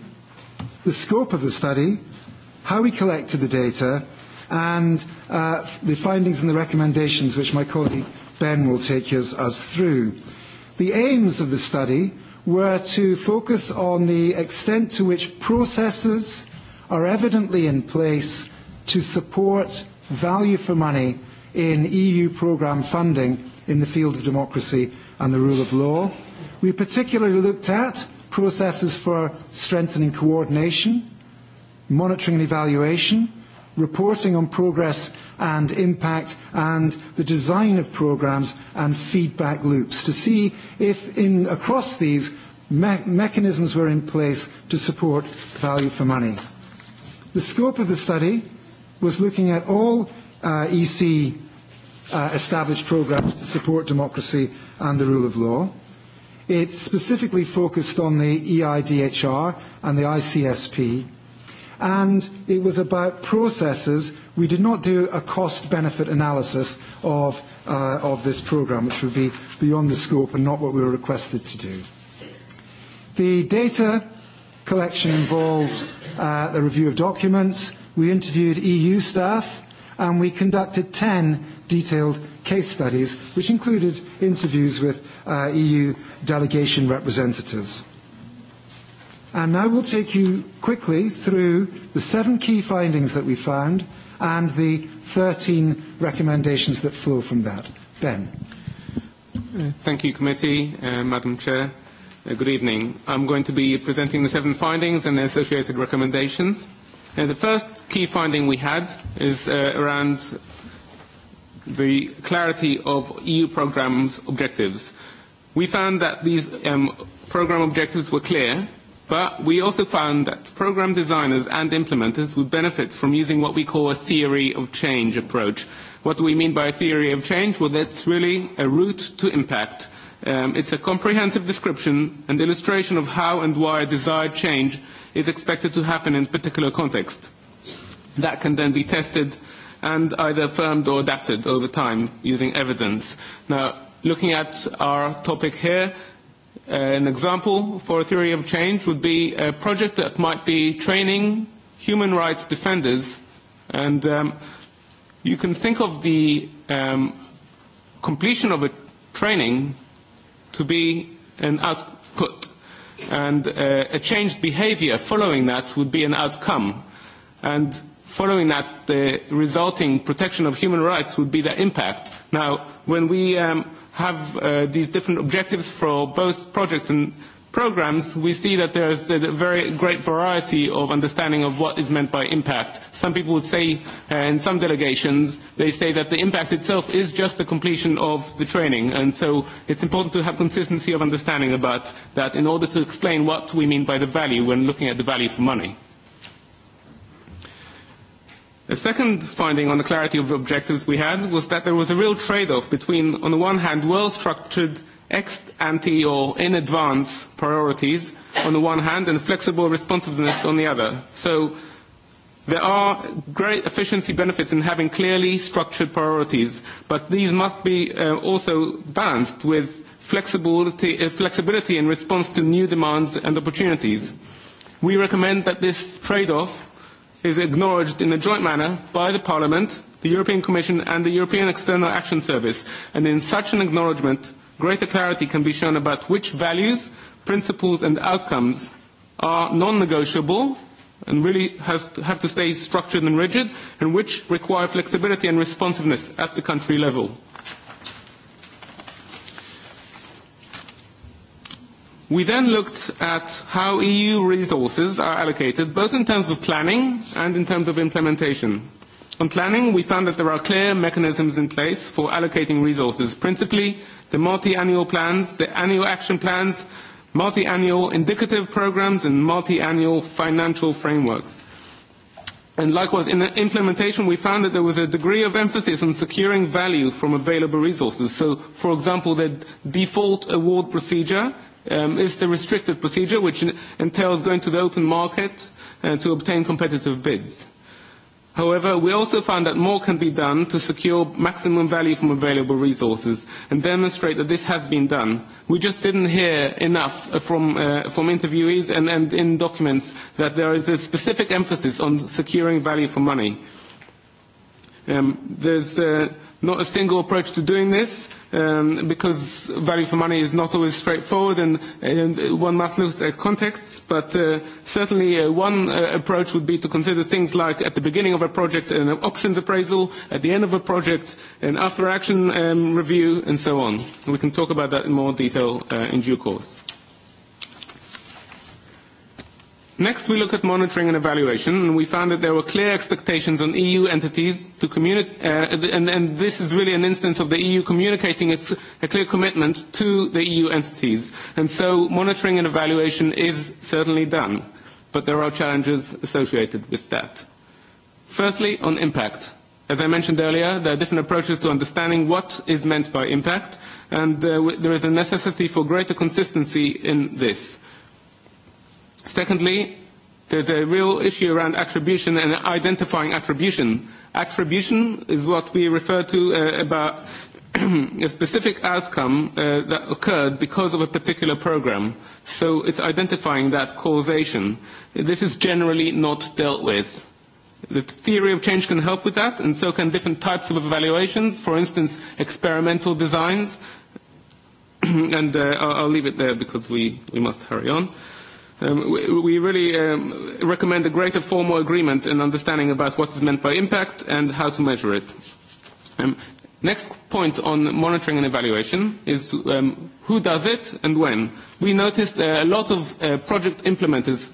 the scope of the study, how we collected the data, and uh, the findings and the recommendations which my colleague Ben will take us, us through. The aims of the study were to focus on the extent to which processes are evidently in place to support value for money in EU programme funding in the field of democracy and the rule of law. We particularly looked at processes for strengthening coordination, monitoring and evaluation, reporting on progress and impact, and the design of programmes and feedback loops to see if in, across these me mechanisms were in place to support value for money. The scope of the study was looking at all uh, EC uh, established programmes to support democracy and the rule of law. It specifically focused on the EIDHR and the ICSP, and it was about processes. We did not do a cost-benefit analysis of, uh, of this program, which would be beyond the scope and not what we were requested to do. The data collection involved uh, the review of documents. We interviewed EU staff, and we conducted 10 detailed case studies, which included interviews with uh, EU delegation representatives. And now we'll take you quickly through the seven key findings that we found and the 13 recommendations that flow from that. Ben. thank you, Committee, uh, Madam Chair. Uh, good evening. I'm going to be presenting the seven findings and the associated recommendations. Uh, the first key finding we had is uh, around the clarity of EU programmes objectives. We found that these um, program objectives were clear, but we also found that program designers and implementers would benefit from using what we call a theory of change approach. What do we mean by a theory of change? Well, that's really a route to impact. Um, it's a comprehensive description and illustration of how and why a desired change is expected to happen in a particular context. That can then be tested and either affirmed or adapted over time using evidence. Now, looking at our topic here, uh, an example for a theory of change would be a project that might be training human rights defenders. And um, you can think of the um, completion of a training to be an output. And uh, a changed behavior following that would be an outcome. And following that, the resulting protection of human rights would be the impact. Now, when we um, have uh, these different objectives for both projects and programs, we see that there is a very great variety of understanding of what is meant by impact. Some people would say, uh, in some delegations, they say that the impact itself is just the completion of the training, and so it's important to have consistency of understanding about that in order to explain what we mean by the value when looking at the value for money. The second finding on the clarity of objectives we had was that there was a real trade-off between, on the one hand, well-structured ex ante or in advance priorities on the one hand and flexible responsiveness on the other. So there are great efficiency benefits in having clearly structured priorities, but these must be uh, also balanced with flexibility, uh, flexibility in response to new demands and opportunities. We recommend that this trade-off is acknowledged in a joint manner by the Parliament, the European Commission and the European External Action Service, and in such an acknowledgement, greater clarity can be shown about which values, principles and outcomes are non-negotiable and really has to, have to stay structured and rigid, and which require flexibility and responsiveness at the country level. We then looked at how EU resources are allocated, both in terms of planning and in terms of implementation. On planning, we found that there are clear mechanisms in place for allocating resources, principally the multi-annual plans, the annual action plans, multi-annual indicative programs, and multi-annual financial frameworks. And likewise, in the implementation, we found that there was a degree of emphasis on securing value from available resources. So, for example, the default award procedure Um, is the restricted procedure, which entails going to the open market uh, to obtain competitive bids. However, we also find that more can be done to secure maximum value from available resources and demonstrate that this has been done. We just didn't hear enough uh, from, uh, from interviewees and, and in documents that there is a specific emphasis on securing value for money. Um, there's... Uh, not a single approach to doing this um, because value for money is not always straightforward and, and one must look at contexts. But uh, certainly uh, one uh, approach would be to consider things like at the beginning of a project an options appraisal, at the end of a project an after action um, review and so on. We can talk about that in more detail uh, in due course. Next, we look at monitoring and evaluation, and we found that there were clear expectations on EU entities to communicate, uh, and, and this is really an instance of the EU communicating its a clear commitment to the EU entities. And so monitoring and evaluation is certainly done, but there are challenges associated with that. Firstly, on impact. As I mentioned earlier, there are different approaches to understanding what is meant by impact, and uh, there is a necessity for greater consistency in this. Secondly, there's a real issue around attribution and identifying attribution. Attribution is what we refer to uh, about [CLEARS THROAT] a specific outcome uh, that occurred because of a particular program. So it's identifying that causation. This is generally not dealt with. The theory of change can help with that, and so can different types of evaluations, for instance, experimental designs. [CLEARS THROAT] and uh, I'll, leave it there because we, we must hurry on. Um, we really um, recommend a greater formal agreement and understanding about what is meant by impact and how to measure it. Um, next point on monitoring and evaluation is um, who does it and when. We noticed uh, a lot of uh, project implementers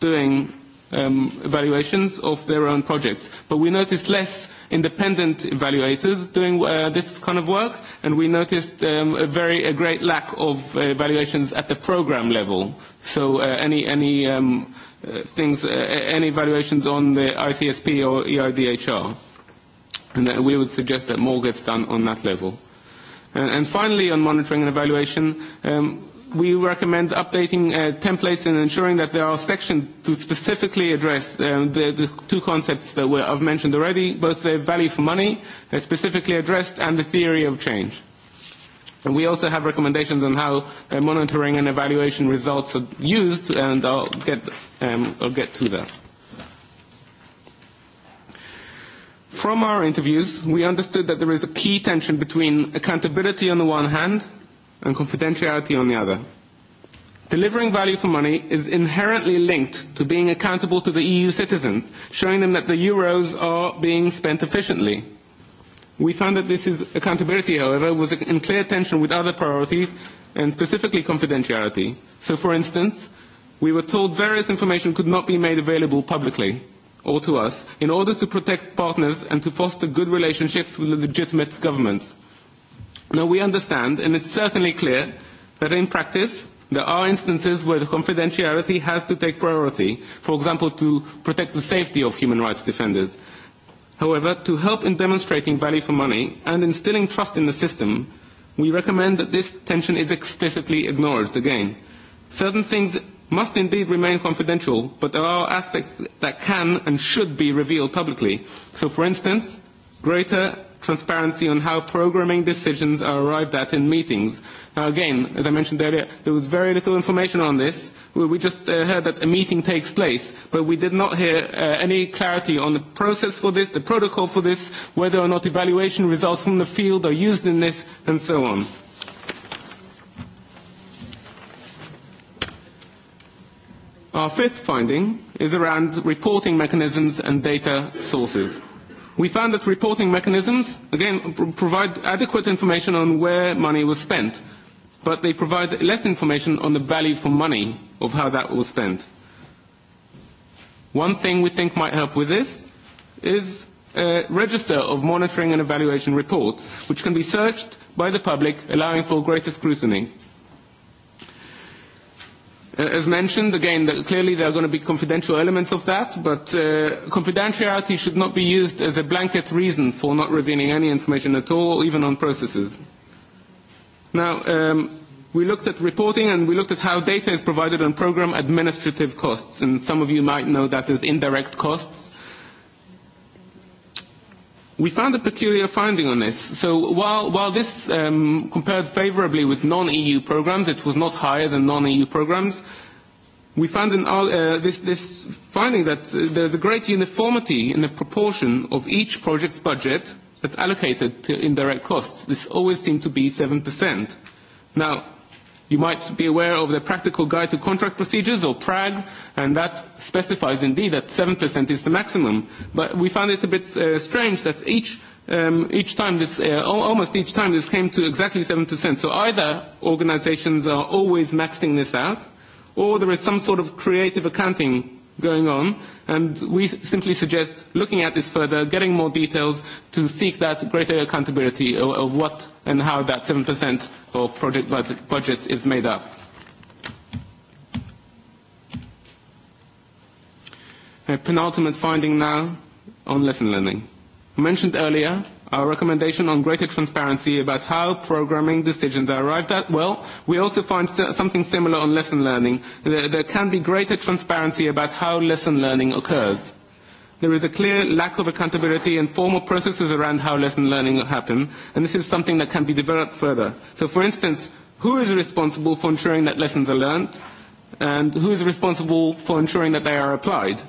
doing um, evaluations of their own projects, but we noticed less independent evaluators doing uh, this kind of work, and we noticed um, a very a great lack of uh, evaluations at the program level. So uh, any any um, uh, things, uh, any evaluations on the ICSP or EIDHR, and that uh, we would suggest that more gets done on that level. And, and finally, on monitoring and evaluation. Um, we recommend updating uh, templates and ensuring that there are sections to specifically address um, the, the two concepts that were, I've mentioned already, both the value for money, they're uh, specifically addressed, and the theory of change. And we also have recommendations on how uh, monitoring and evaluation results are used, and I'll get, um, I'll get to that. From our interviews, we understood that there is a key tension between accountability on the one hand and confidentiality on the other. Delivering value for money is inherently linked to being accountable to the EU citizens, showing them that the euros are being spent efficiently. We found that this is accountability, however, was in clear tension with other priorities and specifically confidentiality. So, for instance, we were told various information could not be made available publicly or to us in order to protect partners and to foster good relationships with legitimate governments. Now, we understand, and it's certainly clear, that in practice, there are instances where the confidentiality has to take priority, for example, to protect the safety of human rights defenders. However, to help in demonstrating value for money and instilling trust in the system, we recommend that this tension is explicitly acknowledged again. Certain things must indeed remain confidential, but there are aspects that can and should be revealed publicly. So, for instance, greater transparency on how programming decisions are arrived at in meetings. Now again, as I mentioned earlier, there was very little information on this. We, just uh, heard that a meeting takes place, but we did not hear uh, any clarity on the process for this, the protocol for this, whether or not evaluation results from the field are used in this, and so on. Our fifth finding is around reporting mechanisms and data sources. We found that reporting mechanisms, again, provide adequate information on where money was spent, but they provide less information on the value for money of how that was spent. One thing we think might help with this is a register of monitoring and evaluation reports, which can be searched by the public, allowing for greater scrutiny. Uh, as mentioned, again, that clearly there are going to be confidential elements of that, but uh, confidentiality should not be used as a blanket reason for not revealing any information at all, even on processes. Now, um, we looked at reporting and we looked at how data is provided on program administrative costs, and some of you might know that as indirect costs We found a peculiar finding on this. So while, while this um, compared favorably with non-EU programs, it was not higher than non-EU programs, we found in our, uh, this, this finding that uh, there's a great uniformity in the proportion of each project's budget that's allocated to indirect costs. This always seemed to be 7%. Now, You might be aware of the Practical Guide to Contract Procedures, or PRAG, and that specifies indeed that 7% is the maximum. But we found it a bit uh, strange that each um, each time this, uh, almost each time this came to exactly 7%. So either organizations are always maxing this out, or there is some sort of creative accounting going on And we simply suggest looking at this further, getting more details to seek that greater accountability of, of what and how that 7% of project budget, budgets is made up. A penultimate finding now on lesson learning. I mentioned earlier our recommendation on greater transparency about how programming decisions are arrived at. Well, we also find something similar on lesson learning. There, can be greater transparency about how lesson learning occurs. There is a clear lack of accountability and formal processes around how lesson learning happen, and this is something that can be developed further. So, for instance, who is responsible for ensuring that lessons are learned, and who is responsible for ensuring that they are applied?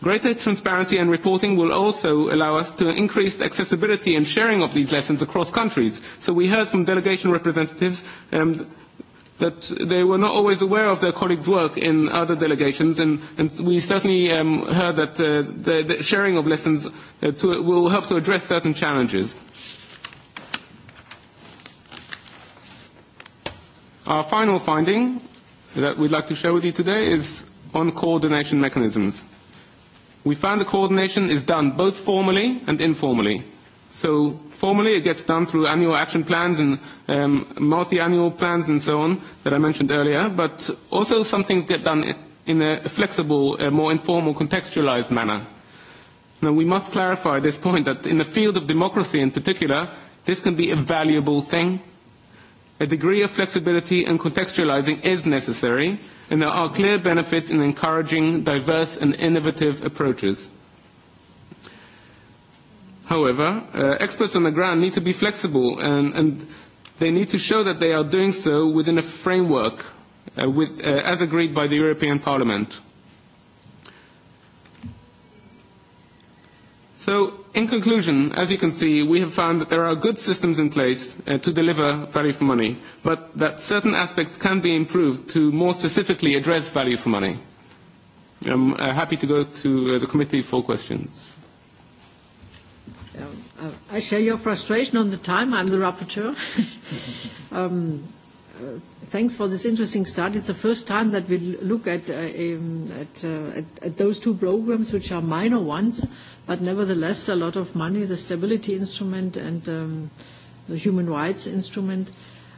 Greater transparency and reporting will also allow us to increase accessibility and sharing of these lessons across countries. So we heard from delegation representatives um, that they were not always aware of their colleagues' work in other delegations, and, and we certainly um, heard that uh, the, the sharing of lessons uh, to, will help to address certain challenges. Our final finding that we'd like to share with you today is on coordination mechanisms. We find the coordination is done both formally and informally. So formally it gets done through annual action plans and um, multi-annual plans and so on that I mentioned earlier, but also some things get done in a flexible, a more informal, contextualized manner. Now we must clarify this point that in the field of democracy in particular, this can be a valuable thing. A degree of flexibility and contextualizing is necessary, and there are clear benefits in encouraging diverse and innovative approaches. However, uh, experts on the ground need to be flexible and, and they need to show that they are doing so within a framework uh, with, uh, as agreed by the European Parliament. So, in conclusion, as you can see, we have found that there are good systems in place uh, to deliver value for money, but that certain aspects can be improved to more specifically address value for money. I'm uh, happy to go to uh, the committee for questions. Um, uh, I share your frustration on the time. I'm the rapporteur. [LAUGHS] um, uh, thanks for this interesting start. It's the first time that we look at, uh, um, at, uh, at, at those two programs, which are minor ones, But nevertheless, a lot of money, the stability instrument and um, the human rights instrument.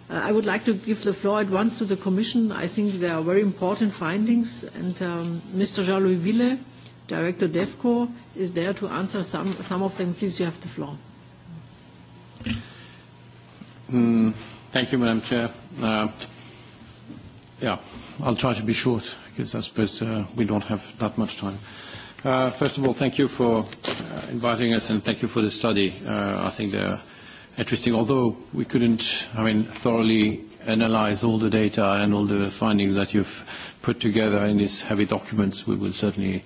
Uh, I would like to give the floor at once to the Commission. I think there are very important findings, and um, Mr. Jean-Louis Ville, Director DEFCO, is there to answer some, some of them. Please, you have the floor. Mm, thank you, Madam Chair. Uh, yeah, I'll try to be short because I suppose uh, we don't have that much time. Uh, Uh, first of all, thank you for uh, inviting us and thank you for the study. Uh, I think they're interesting, although we couldn't, I mean, thoroughly analyze all the data and all the findings that you've put together in these heavy documents. We will certainly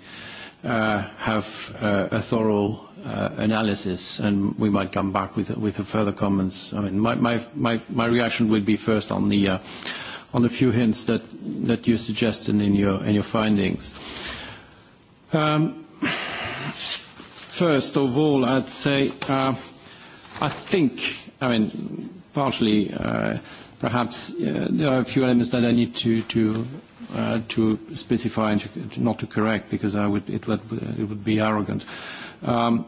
uh, have uh, a thorough uh, analysis and we might come back with, with further comments. I mean, my, my, my, my reaction would be first on the, uh, on the few hints that, that you suggested in your, in your findings. Uh, Um, first of all, I'd say uh, I think, I mean, partially uh, perhaps uh, there are a few elements that I need to, to Uh, to specify and to, not to correct because I would, it, would, it would be arrogant. Um,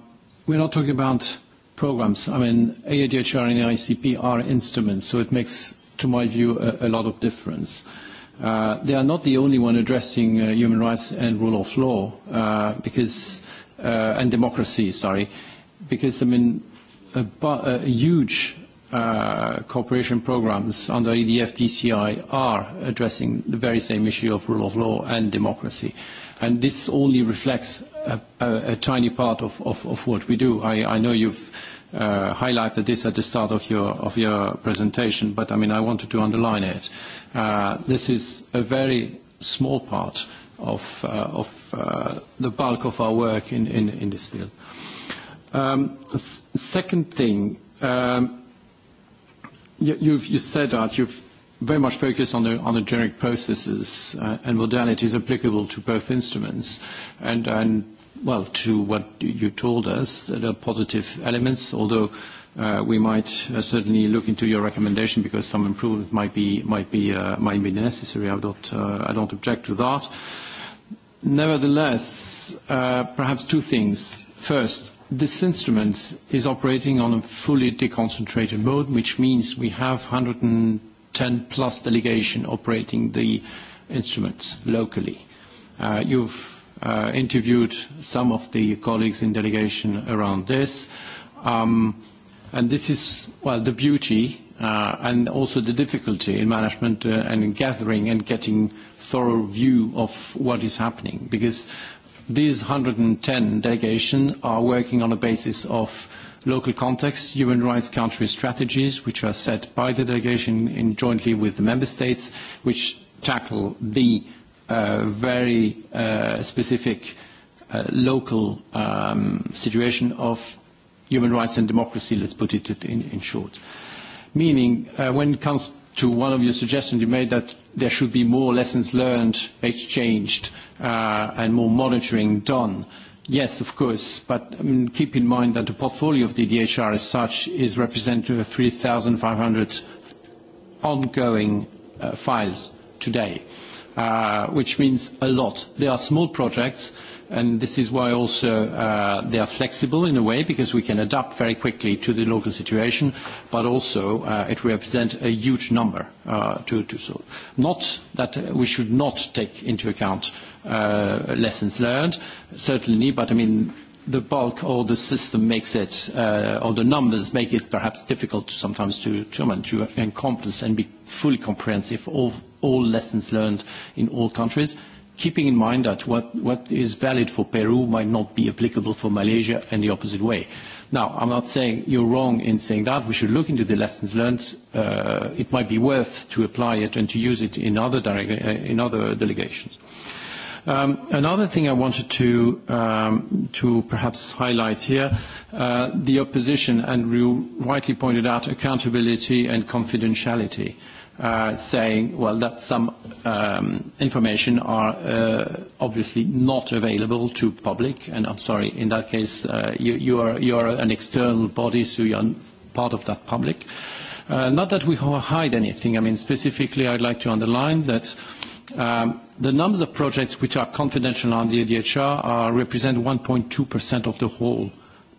we're not talking about programs. I mean, AADHR and AICP are instruments, so it makes, to my view, a, a lot of difference. Uh, Uh, they are not the only one addressing uh, human rights and rule of law uh, because uh, and democracy, sorry, because I mean a, a huge uh, cooperation programs under EDF DCI are addressing the very same issue of rule of law and democracy, and this only reflects a, a, a tiny part of, of, of, what we do. I, I know you've. highlighted this at the start of your of your presentation, but I mean I wanted to underline it. Uh, Uh, this is a very small part of, uh, uh, the bulk of our work in, this field. Um, second thing, um, you, you've said that you've very much focused on the, generic processes and modalities applicable to both instruments. and well, to what you told us, there are positive elements, although Uh, we might uh, certainly look into your recommendation because some improvement might be might be uh, might be necessary. I don't uh, I don't object to that. Nevertheless, uh, perhaps two things. First, this instrument is operating on a fully deconcentrated mode, which means we have 110 plus delegation operating the instrument locally. Uh, you've uh, interviewed some of the colleagues in delegation around this. Um, And this is, well, the beauty uh, and also the difficulty in management uh, and in gathering and getting thorough view of what is happening because these 110 delegations are working on a basis of local context, human rights country strategies, which are set by the delegation in jointly with the member states, which tackle the uh, very uh, specific uh, local um, situation of human rights and democracy, let's put it in, in short. Meaning, uh, when it comes to one of your suggestions you made that there should be more lessons learned exchanged uh, and more monitoring done. Yes, of course, but I mean, keep in mind that the portfolio of the DHR as such is representative of 3,500 ongoing uh, files today, uh, which means a lot. There are small projects, uh, and this is why also uh, they are flexible in a way because we can adapt very quickly to the local situation, but also uh, it represents a huge number uh, to, to solve. Not that we should not take into account lessons learned, certainly, but I mean the bulk or the system makes it, or the numbers make it perhaps difficult sometimes to, determine, to encompass and be fully comprehensive of all lessons learned in all countries keeping in mind that what, what is valid for Peru might not be applicable for Malaysia and the opposite way. Now, I'm not saying you're wrong in saying that. We should look into the lessons learned. Uh, it might be worth to apply it and to use it in other, uh, in other delegations. Um, another thing I wanted to, um, to perhaps highlight here, uh, the opposition, and you rightly pointed out accountability and confidentiality. Uh, Uh, saying, well, that some um, information are uh, obviously not available to public. And I'm sorry, in that case, uh, you, you, are, you are an external body, so you are part of that public. Uh, not that we hide anything. I mean, specifically, I'd like to underline that um, the numbers of projects which are confidential on the EDHR are, represent 1.2% of the whole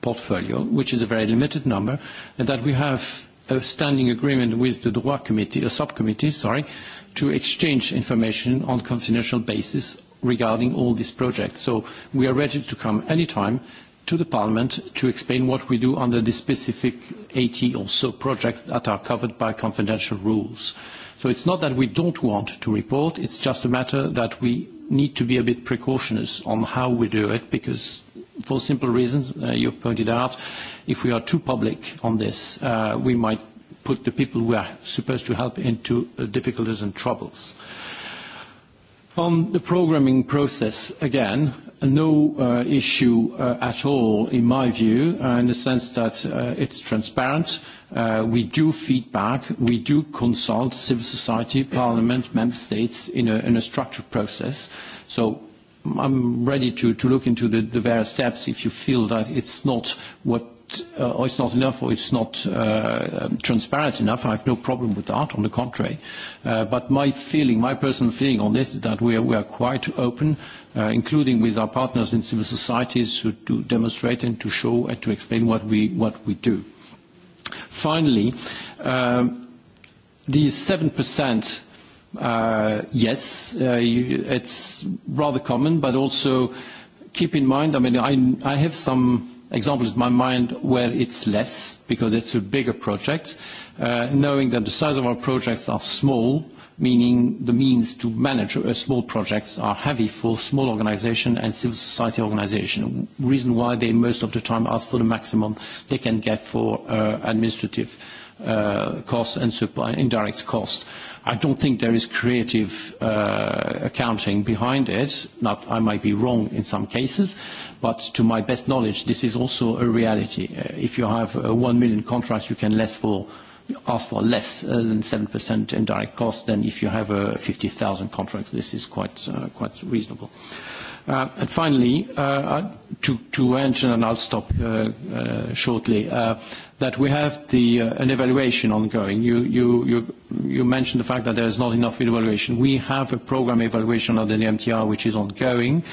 portfolio, which is a very limited number, and that we have a standing agreement with the droit committee, a subcommittee, sorry, to exchange information on confidential basis regarding all these projects. So we are ready to come anytime to the Parliament to explain what we do under the specific 80 or so projects that are covered by confidential rules. So it's not that we don't want to report, it's just a matter that we need to be a bit precautious on how we do it because for simple reasons uh, you pointed out. If we are too public on this, uh, we might put the people we are supposed to help into uh, difficulties and troubles. On the programming process, again, no uh, issue uh, at all in my view, uh, in the sense that uh, it's transparent. Uh, we do feedback, we do consult civil society, parliament, member states in a, in a structured process. So I'm ready to, to look into the, the various steps if you feel that it's not what uh, or it's not enough or it's not uh, um, transparent enough. I have no problem with that, on the contrary. Uh, but my feeling, my personal feeling on this is that we are, we are quite open, uh, including with our partners in civil societies to, to demonstrate and to show and to explain what we, what we do. Finally, um, seven 7% Uh, yes, uh, you, it's rather common, but also keep in mind, I mean, I, I have some examples in my mind where it's less because it's a bigger project. Uh, knowing that the size of our projects are small, meaning the means to manage a uh, small projects are heavy for small organization and civil society organization. Reason why they most of the time ask for the maximum they can get for uh, administrative Costs uh, cost and supply, uh, indirect cost. I don't think there is creative uh, accounting behind it. Not, I might be wrong in some cases, but to my best knowledge, this is also a reality. Uh, if you have a uh, 1 million contract, you can less for, ask for less than 7% indirect cost than if you have a 50,000 contract. This is quite, quite reasonable. Uh, Uh, and finally, uh, uh, to, to mention, and I'll stop uh, uh, shortly, uh, that we have the, uh, an evaluation ongoing. You, you, you, you mentioned the fact that there is not enough evaluation. We have a program evaluation under the MTR which is ongoing.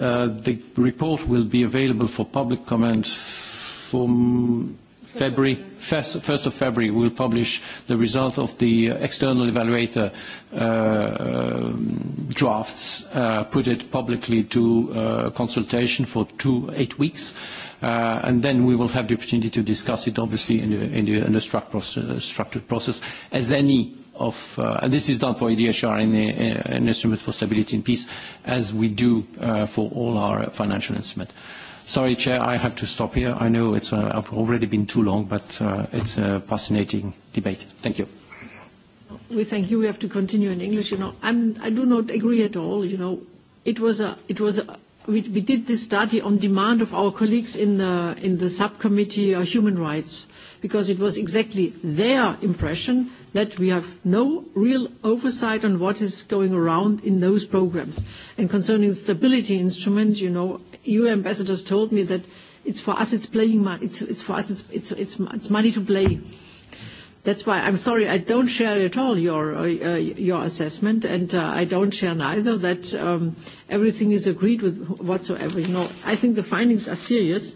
Uh, the report will be available for public comment from February, 1st of February, we'll publish the result of the uh, external evaluator uh, um, drafts, uh, put it publicly to uh, consultation for two, eight weeks, uh, and then we will have the opportunity to discuss it, obviously, in the, in the, in the struct process, structured process, as any of, uh, and this is done for EDHR and uh, an instrument for stability and peace, as we do uh, for all our financial instruments. Sorry, Chair, I have to stop here. I know it's uh, I've already been too long, but uh, it's a fascinating debate. Thank you. We thank you. We have to continue in English. You know, I'm, I do not agree at all. You know, it was a, it was a, we, we did this study on demand of our colleagues in the in the subcommittee on uh, human rights because it was exactly their impression that we have no real oversight on what is going around in those programs. And concerning the stability instrument, you know, EU ambassadors told me that it's for us, it's playing money. It's, it's for us, it's, it's, it's, it's money to play. That's why I'm sorry, I don't share at all your, uh, your assessment, and uh, I don't share neither that um, everything is agreed with whatsoever. You know, I think the findings are serious.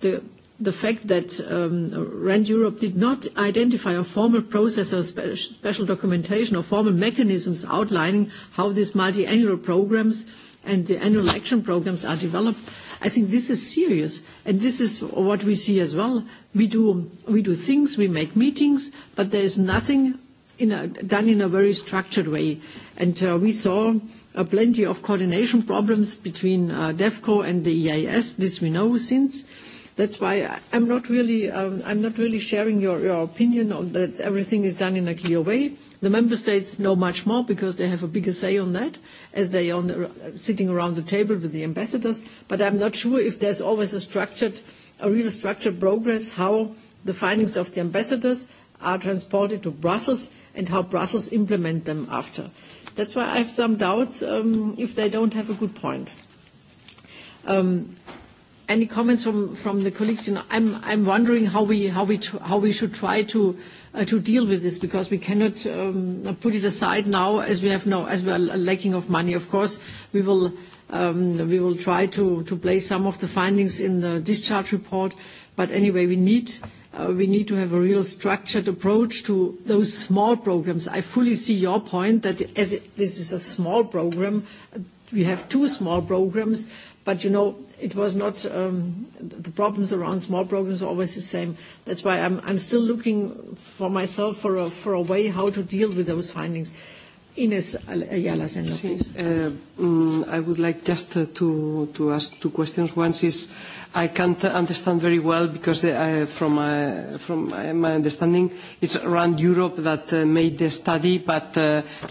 The, the fact that um, RAND Europe did not identify a formal process or spe special documentation or formal mechanisms outlining how these multi-annual programs – and the annual action programs are developed. I think this is serious, and this is what we see as well. We do, we do things, we make meetings, but there is nothing in a, done in a very structured way. And uh, we saw uh, plenty of coordination problems between uh, DEFCO and the EIS. This we know since. That's why I'm not really, um, I'm not really sharing your, your opinion on that everything is done in a clear way. The member states know much more because they have a bigger say on that, as they are sitting around the table with the ambassadors. But I'm not sure if there's always a structured, a real structured progress how the findings of the ambassadors are transported to Brussels and how Brussels implement them after. That's why I have some doubts um, if they don't have a good point. Um, any comments from, from the colleagues? You know, I'm, I'm wondering how we, how, we how we should try to Uh, to deal with this because we cannot um, put it aside now as we have no, as we are lacking of money. Of course, we will, um, we will try to, to place some of the findings in the discharge report, but anyway, we need uh, we need to have a real structured approach to those small programs. I fully see your point that as this is a small program, we have two small programs, But you know, it was not um, the problems around small programs are always the same. That's why I'm, I'm still looking for myself for a, for a way how to deal with those findings. Ines Ayala Sender, please. Uh, mm, I would like just uh, to, to ask two questions. One is I can't understand very well because uh, from, from my understanding it's around Europe that made the study, but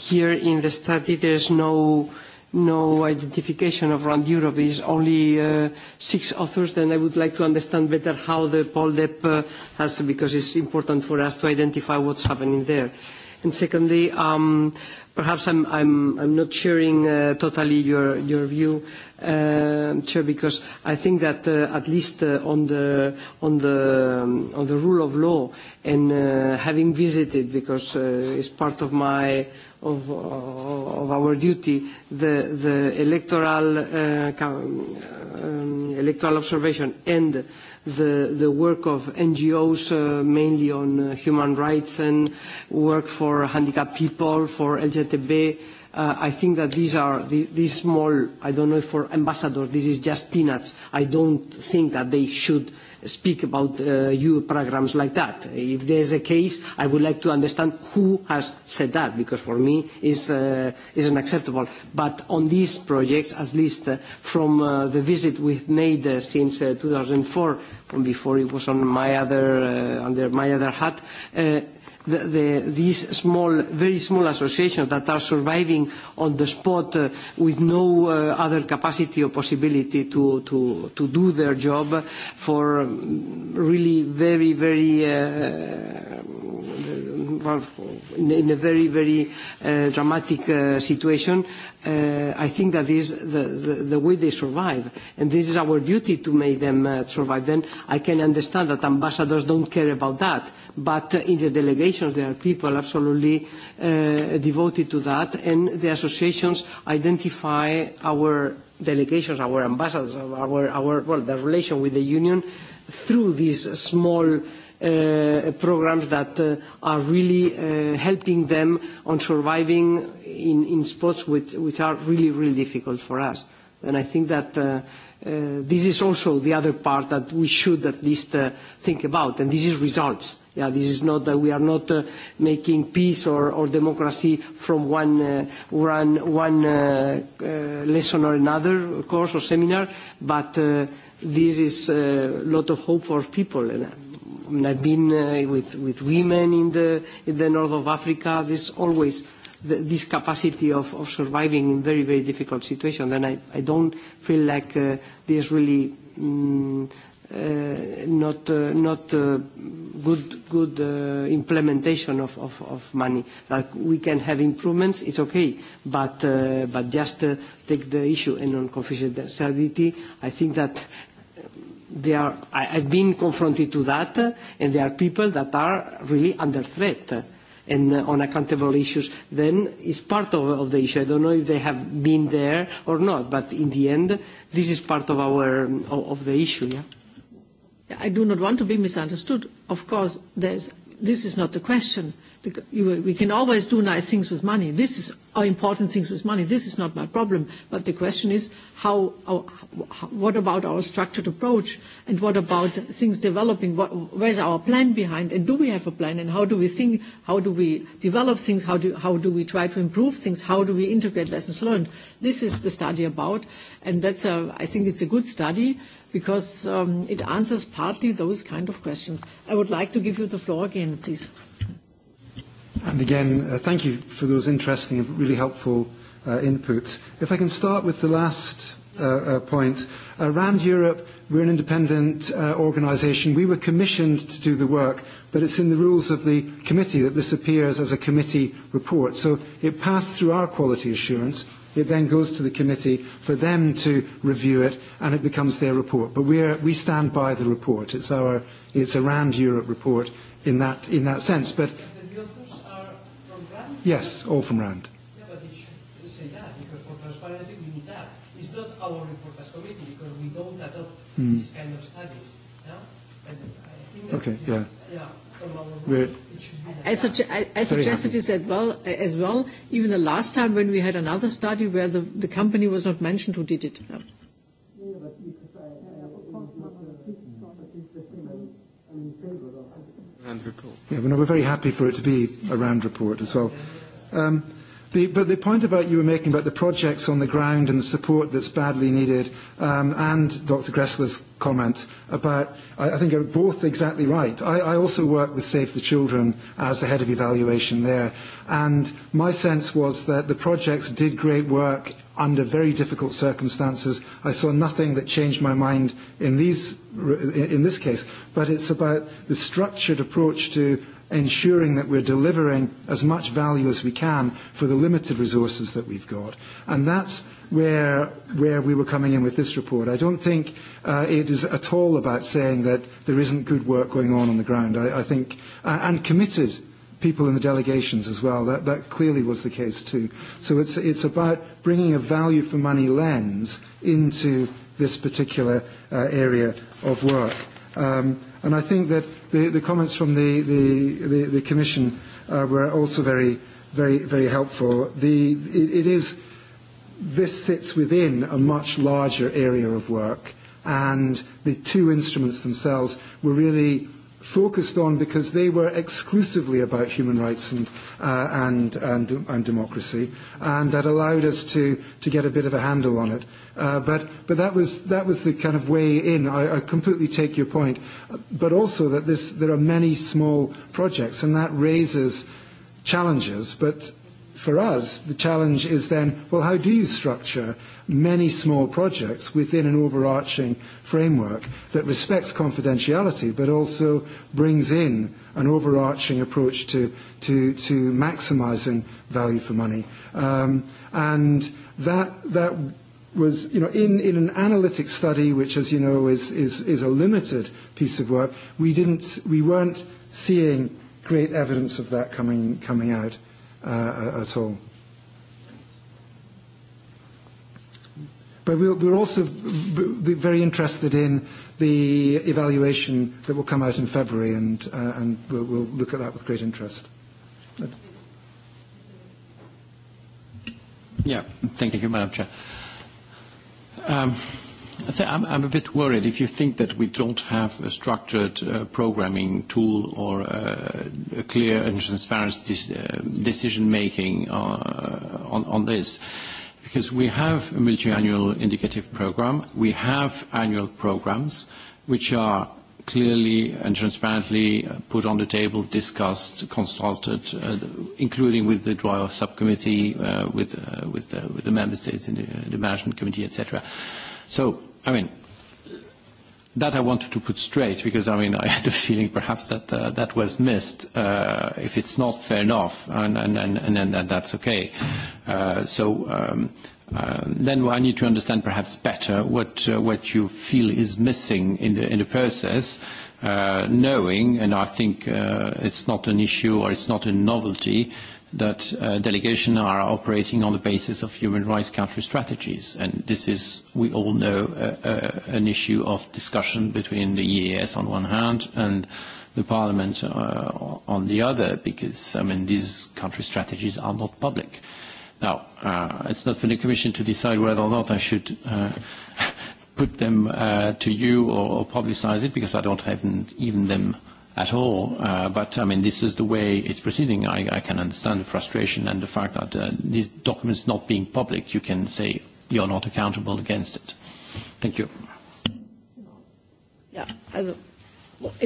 here in the study there's no no identification of Round Europe is only uh, six authors, then I would like to understand better how the POLDEP uh, has, because it's important for us to identify what's happening there. And secondly, um, perhaps I'm, I'm, I'm not sharing uh, totally your, your view, uh, Chair, because I think that uh, at least uh, on, the, on, the, um, on the rule of law and uh, having visited, because uh, it's part of my of, of our duty the, the electoral, uh, um, electoral observation and the, the work of NGOs, uh, mainly on uh, human rights and work for handicapped people, for LGTB. Uh, I think that these are these, small, I don't know if for ambassadors, this is just peanuts. I don't think that they should uh, speak about uh, EU programs like that. If there is a case, I would like to understand who has said that, because for me it uh, unacceptable. But on these projects, at least uh, from uh, the visit we've made uh, since uh, 2004, from before it was on my other, uh, under my other hat, uh, the, these small, very small associations that are surviving on the spot uh, with no uh, other capacity or possibility to, to, to do their job for um, really very, very, uh, in a very, very uh, dramatic uh, situation uh, I think that is the, the, the way they survive. And this is our duty to make them uh, survive. Then I can understand that ambassadors don't care about that. But uh, in the delegations, there are people absolutely uh, devoted to that. And the associations identify our delegations, our ambassadors, our, our well, the relation with the union through these small Uh, programs that uh, are really uh, helping them on surviving in, in spots which, which are really, really difficult for us. And I think that uh, Uh, this is also the other part that we should at least uh, think about, and this is results. Yeah, this is not that we are not uh, making peace or, or, democracy from one, uh, run, one uh, uh, lesson or another course or seminar, but uh, this is a uh, lot of hope for people. And, uh, I mean, I've been uh, with, with women in the, in the north of Africa. There's always the, this capacity of, of surviving in very, very difficult situations. And I, I don't feel like uh, there's really um, uh, not, uh, not uh, good, good uh, implementation of, of, of money. Like we can have improvements, it's okay, but, uh, but just uh, take the issue and on confidentiality, I think that they are, I, I've been confronted to that, uh, and there are people that are really under threat uh, and uh, on accountable issues. Then it's part of, of the issue. I don't know if they have been there or not, but in the end, this is part of our of, of the issue. Yeah. I do not want to be misunderstood. Of course, there's this is not the question. we can always do nice things with money. This is our uh, important things with money. This is not my problem. But the question is, how, how, how, what about our structured approach? And what about things developing? What, where's our plan behind? And do we have a plan? And how do we think? How do we develop things? How do, how do we try to improve things? How do we integrate lessons learned? This is the study about. And that's a, I think it's a good study. Uh, because um, it answers partly those kind of questions. I would like to give you the floor again, please. And again, uh, thank you for those interesting and really helpful uh, inputs. If I can start with the last uh, uh, point. Uh, around Europe, we're an independent uh, organisation. We were commissioned to do the work, but it's in the rules of the committee that this appears as a committee report. So it passed through our quality assurance It then goes to the committee for them to review it, and it becomes their report. But we're, we stand by the report. It's our it's a Rand Europe report in that in that sense. But the authors are from Rand. Yes, all from Rand. Yeah, but it should say that because for transparency we need that. It's not our report as committee because we don't adopt mm. this kind of studies. Yeah? And I think that okay. yeah. Yeah. From our We're, I, suggested this as well, as well, even the last time when we had another study where the, the company was not mentioned who did it. Yeah. Yeah, but no, we're very happy for it to be a RAND report as well. Um, The, but the point about you were making about the projects on the ground and the support that's badly needed, um, and Dr. Gressler's comment about, I, I think are both exactly right. I, I also work with Save the Children as the head of evaluation there, and my sense was that the projects did great work under very difficult circumstances. I saw nothing that changed my mind in, these, in this case, but it's about the structured approach to ensuring that we're delivering as much value as we can for the limited resources that we've got. And that's where, where we were coming in with this report. I don't think uh, it is at all about saying that there isn't good work going on on the ground. I, I think, uh, and committed people in the delegations as well. That, that clearly was the case too. So it's, it's about bringing a value for money lens into this particular uh, area of work. Um, and I think that the, the comments from the, the, the, the Commission uh, were also very, very, very helpful. The, it, it is, this sits within a much larger area of work, and the two instruments themselves were really focused on because they were exclusively about human rights and, uh, and, and, and democracy, and that allowed us to, to get a bit of a handle on it. Uh, but but that was that was the kind of way in. I, I completely take your point, but also that this there are many small projects, and that raises challenges. But for us, the challenge is then, well, how do you structure many small projects within an overarching framework that respects confidentiality but also brings in an overarching approach to, to, to maximizing value for money? Um, and that, that was, you know, in, in an analytic study, which, as you know, is, is, is a limited piece of work, we, didn't, we weren't seeing great evidence of that coming, coming out uh, at all. But we're, we're also very interested in the evaluation that will come out in February, and, uh, and we'll, we'll look at that with great interest. Yeah, thank you, Madam Chair. Um, I'm, I'm a bit worried if you think that we don't have a structured uh, programming tool or uh, a clear and transparent de uh, decision-making uh, on, on this. Because we have a multi-annual indicative program, we have annual programs, which are clearly and transparently uh, put on the table, discussed, consulted, uh, including with the draw subcommittee, uh, with, uh, with, the, with the member states in the, uh, the management committee, etc. So, I mean, that I wanted to put straight because, I mean, [LAUGHS] I had a feeling perhaps that uh, that was missed. Uh, if it's not fair enough, and, and, and, and, that's okay. Uh, so um, Uh, then I need to understand perhaps better what, uh, what you feel is missing in the, in the process, uh, knowing, and I think uh, it's not an issue or it's not a novelty, that uh, delegations are operating on the basis of human rights country strategies. And this is, we all know, uh, an issue of discussion between the EAS on one hand and the parliament on the other, because, I mean, these country strategies are not public. Uh, Now, uh, it's not for the Commission to decide whether or not I should uh, [LAUGHS] put them uh, to you or, or publicize it, because I don't have even them at all. Uh, but, I mean, this is the way it's proceeding. I, I can understand the frustration and the fact that uh, these documents not being public, you can say you're not accountable against it. Thank you. Yeah, also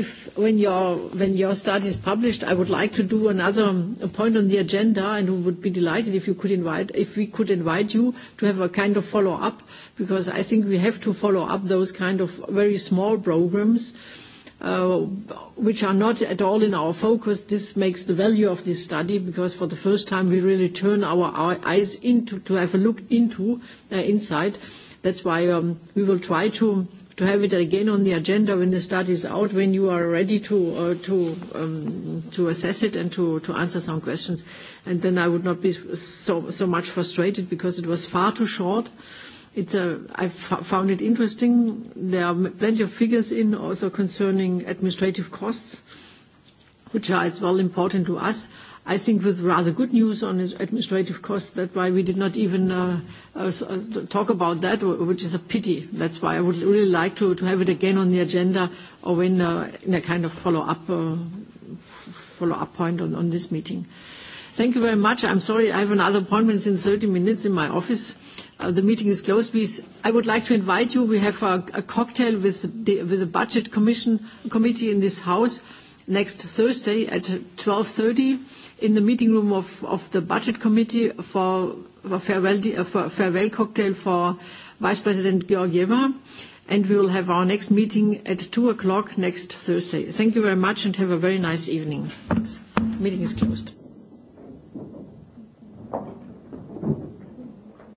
if when your when your study is published, I would like to do another um, point on the agenda, and we would be delighted if you could invite if we could invite you to have a kind of follow up, because I think we have to follow up those kind of very small programs. Uh, which are not at all in our focus. This makes the value of this study because for the first time we really turn our, our eyes into to have a look into uh, inside. That's why um, we will try to to have it again on the agenda when the study is out, when you are ready to uh, to um, to assess it and to to answer some questions. And then I would not be so so much frustrated because it was far too short. It's a, I f- found it interesting. There are plenty of figures in also concerning administrative costs, which are as well important to us I think with rather good news on his administrative costs. That's why we did not even uh, uh, uh, talk about that, which is a pity. That's why I would really like to, have it again on the agenda or in a kind of follow-up follow-up point on, this meeting. Thank you very much. I'm sorry I have another appointment in 30 minutes in my office. the meeting is closed. I would like to invite you. We have a, cocktail with the, with the Budget Commission Committee in this house next Thursday at 12.30 in the meeting room of, of the budget committee for a farewell, for a farewell cocktail for Vice President Georgieva. And we will have our next meeting at 2 o'clock next Thursday. Thank you very much and have a very nice evening. Thanks. Meeting is closed.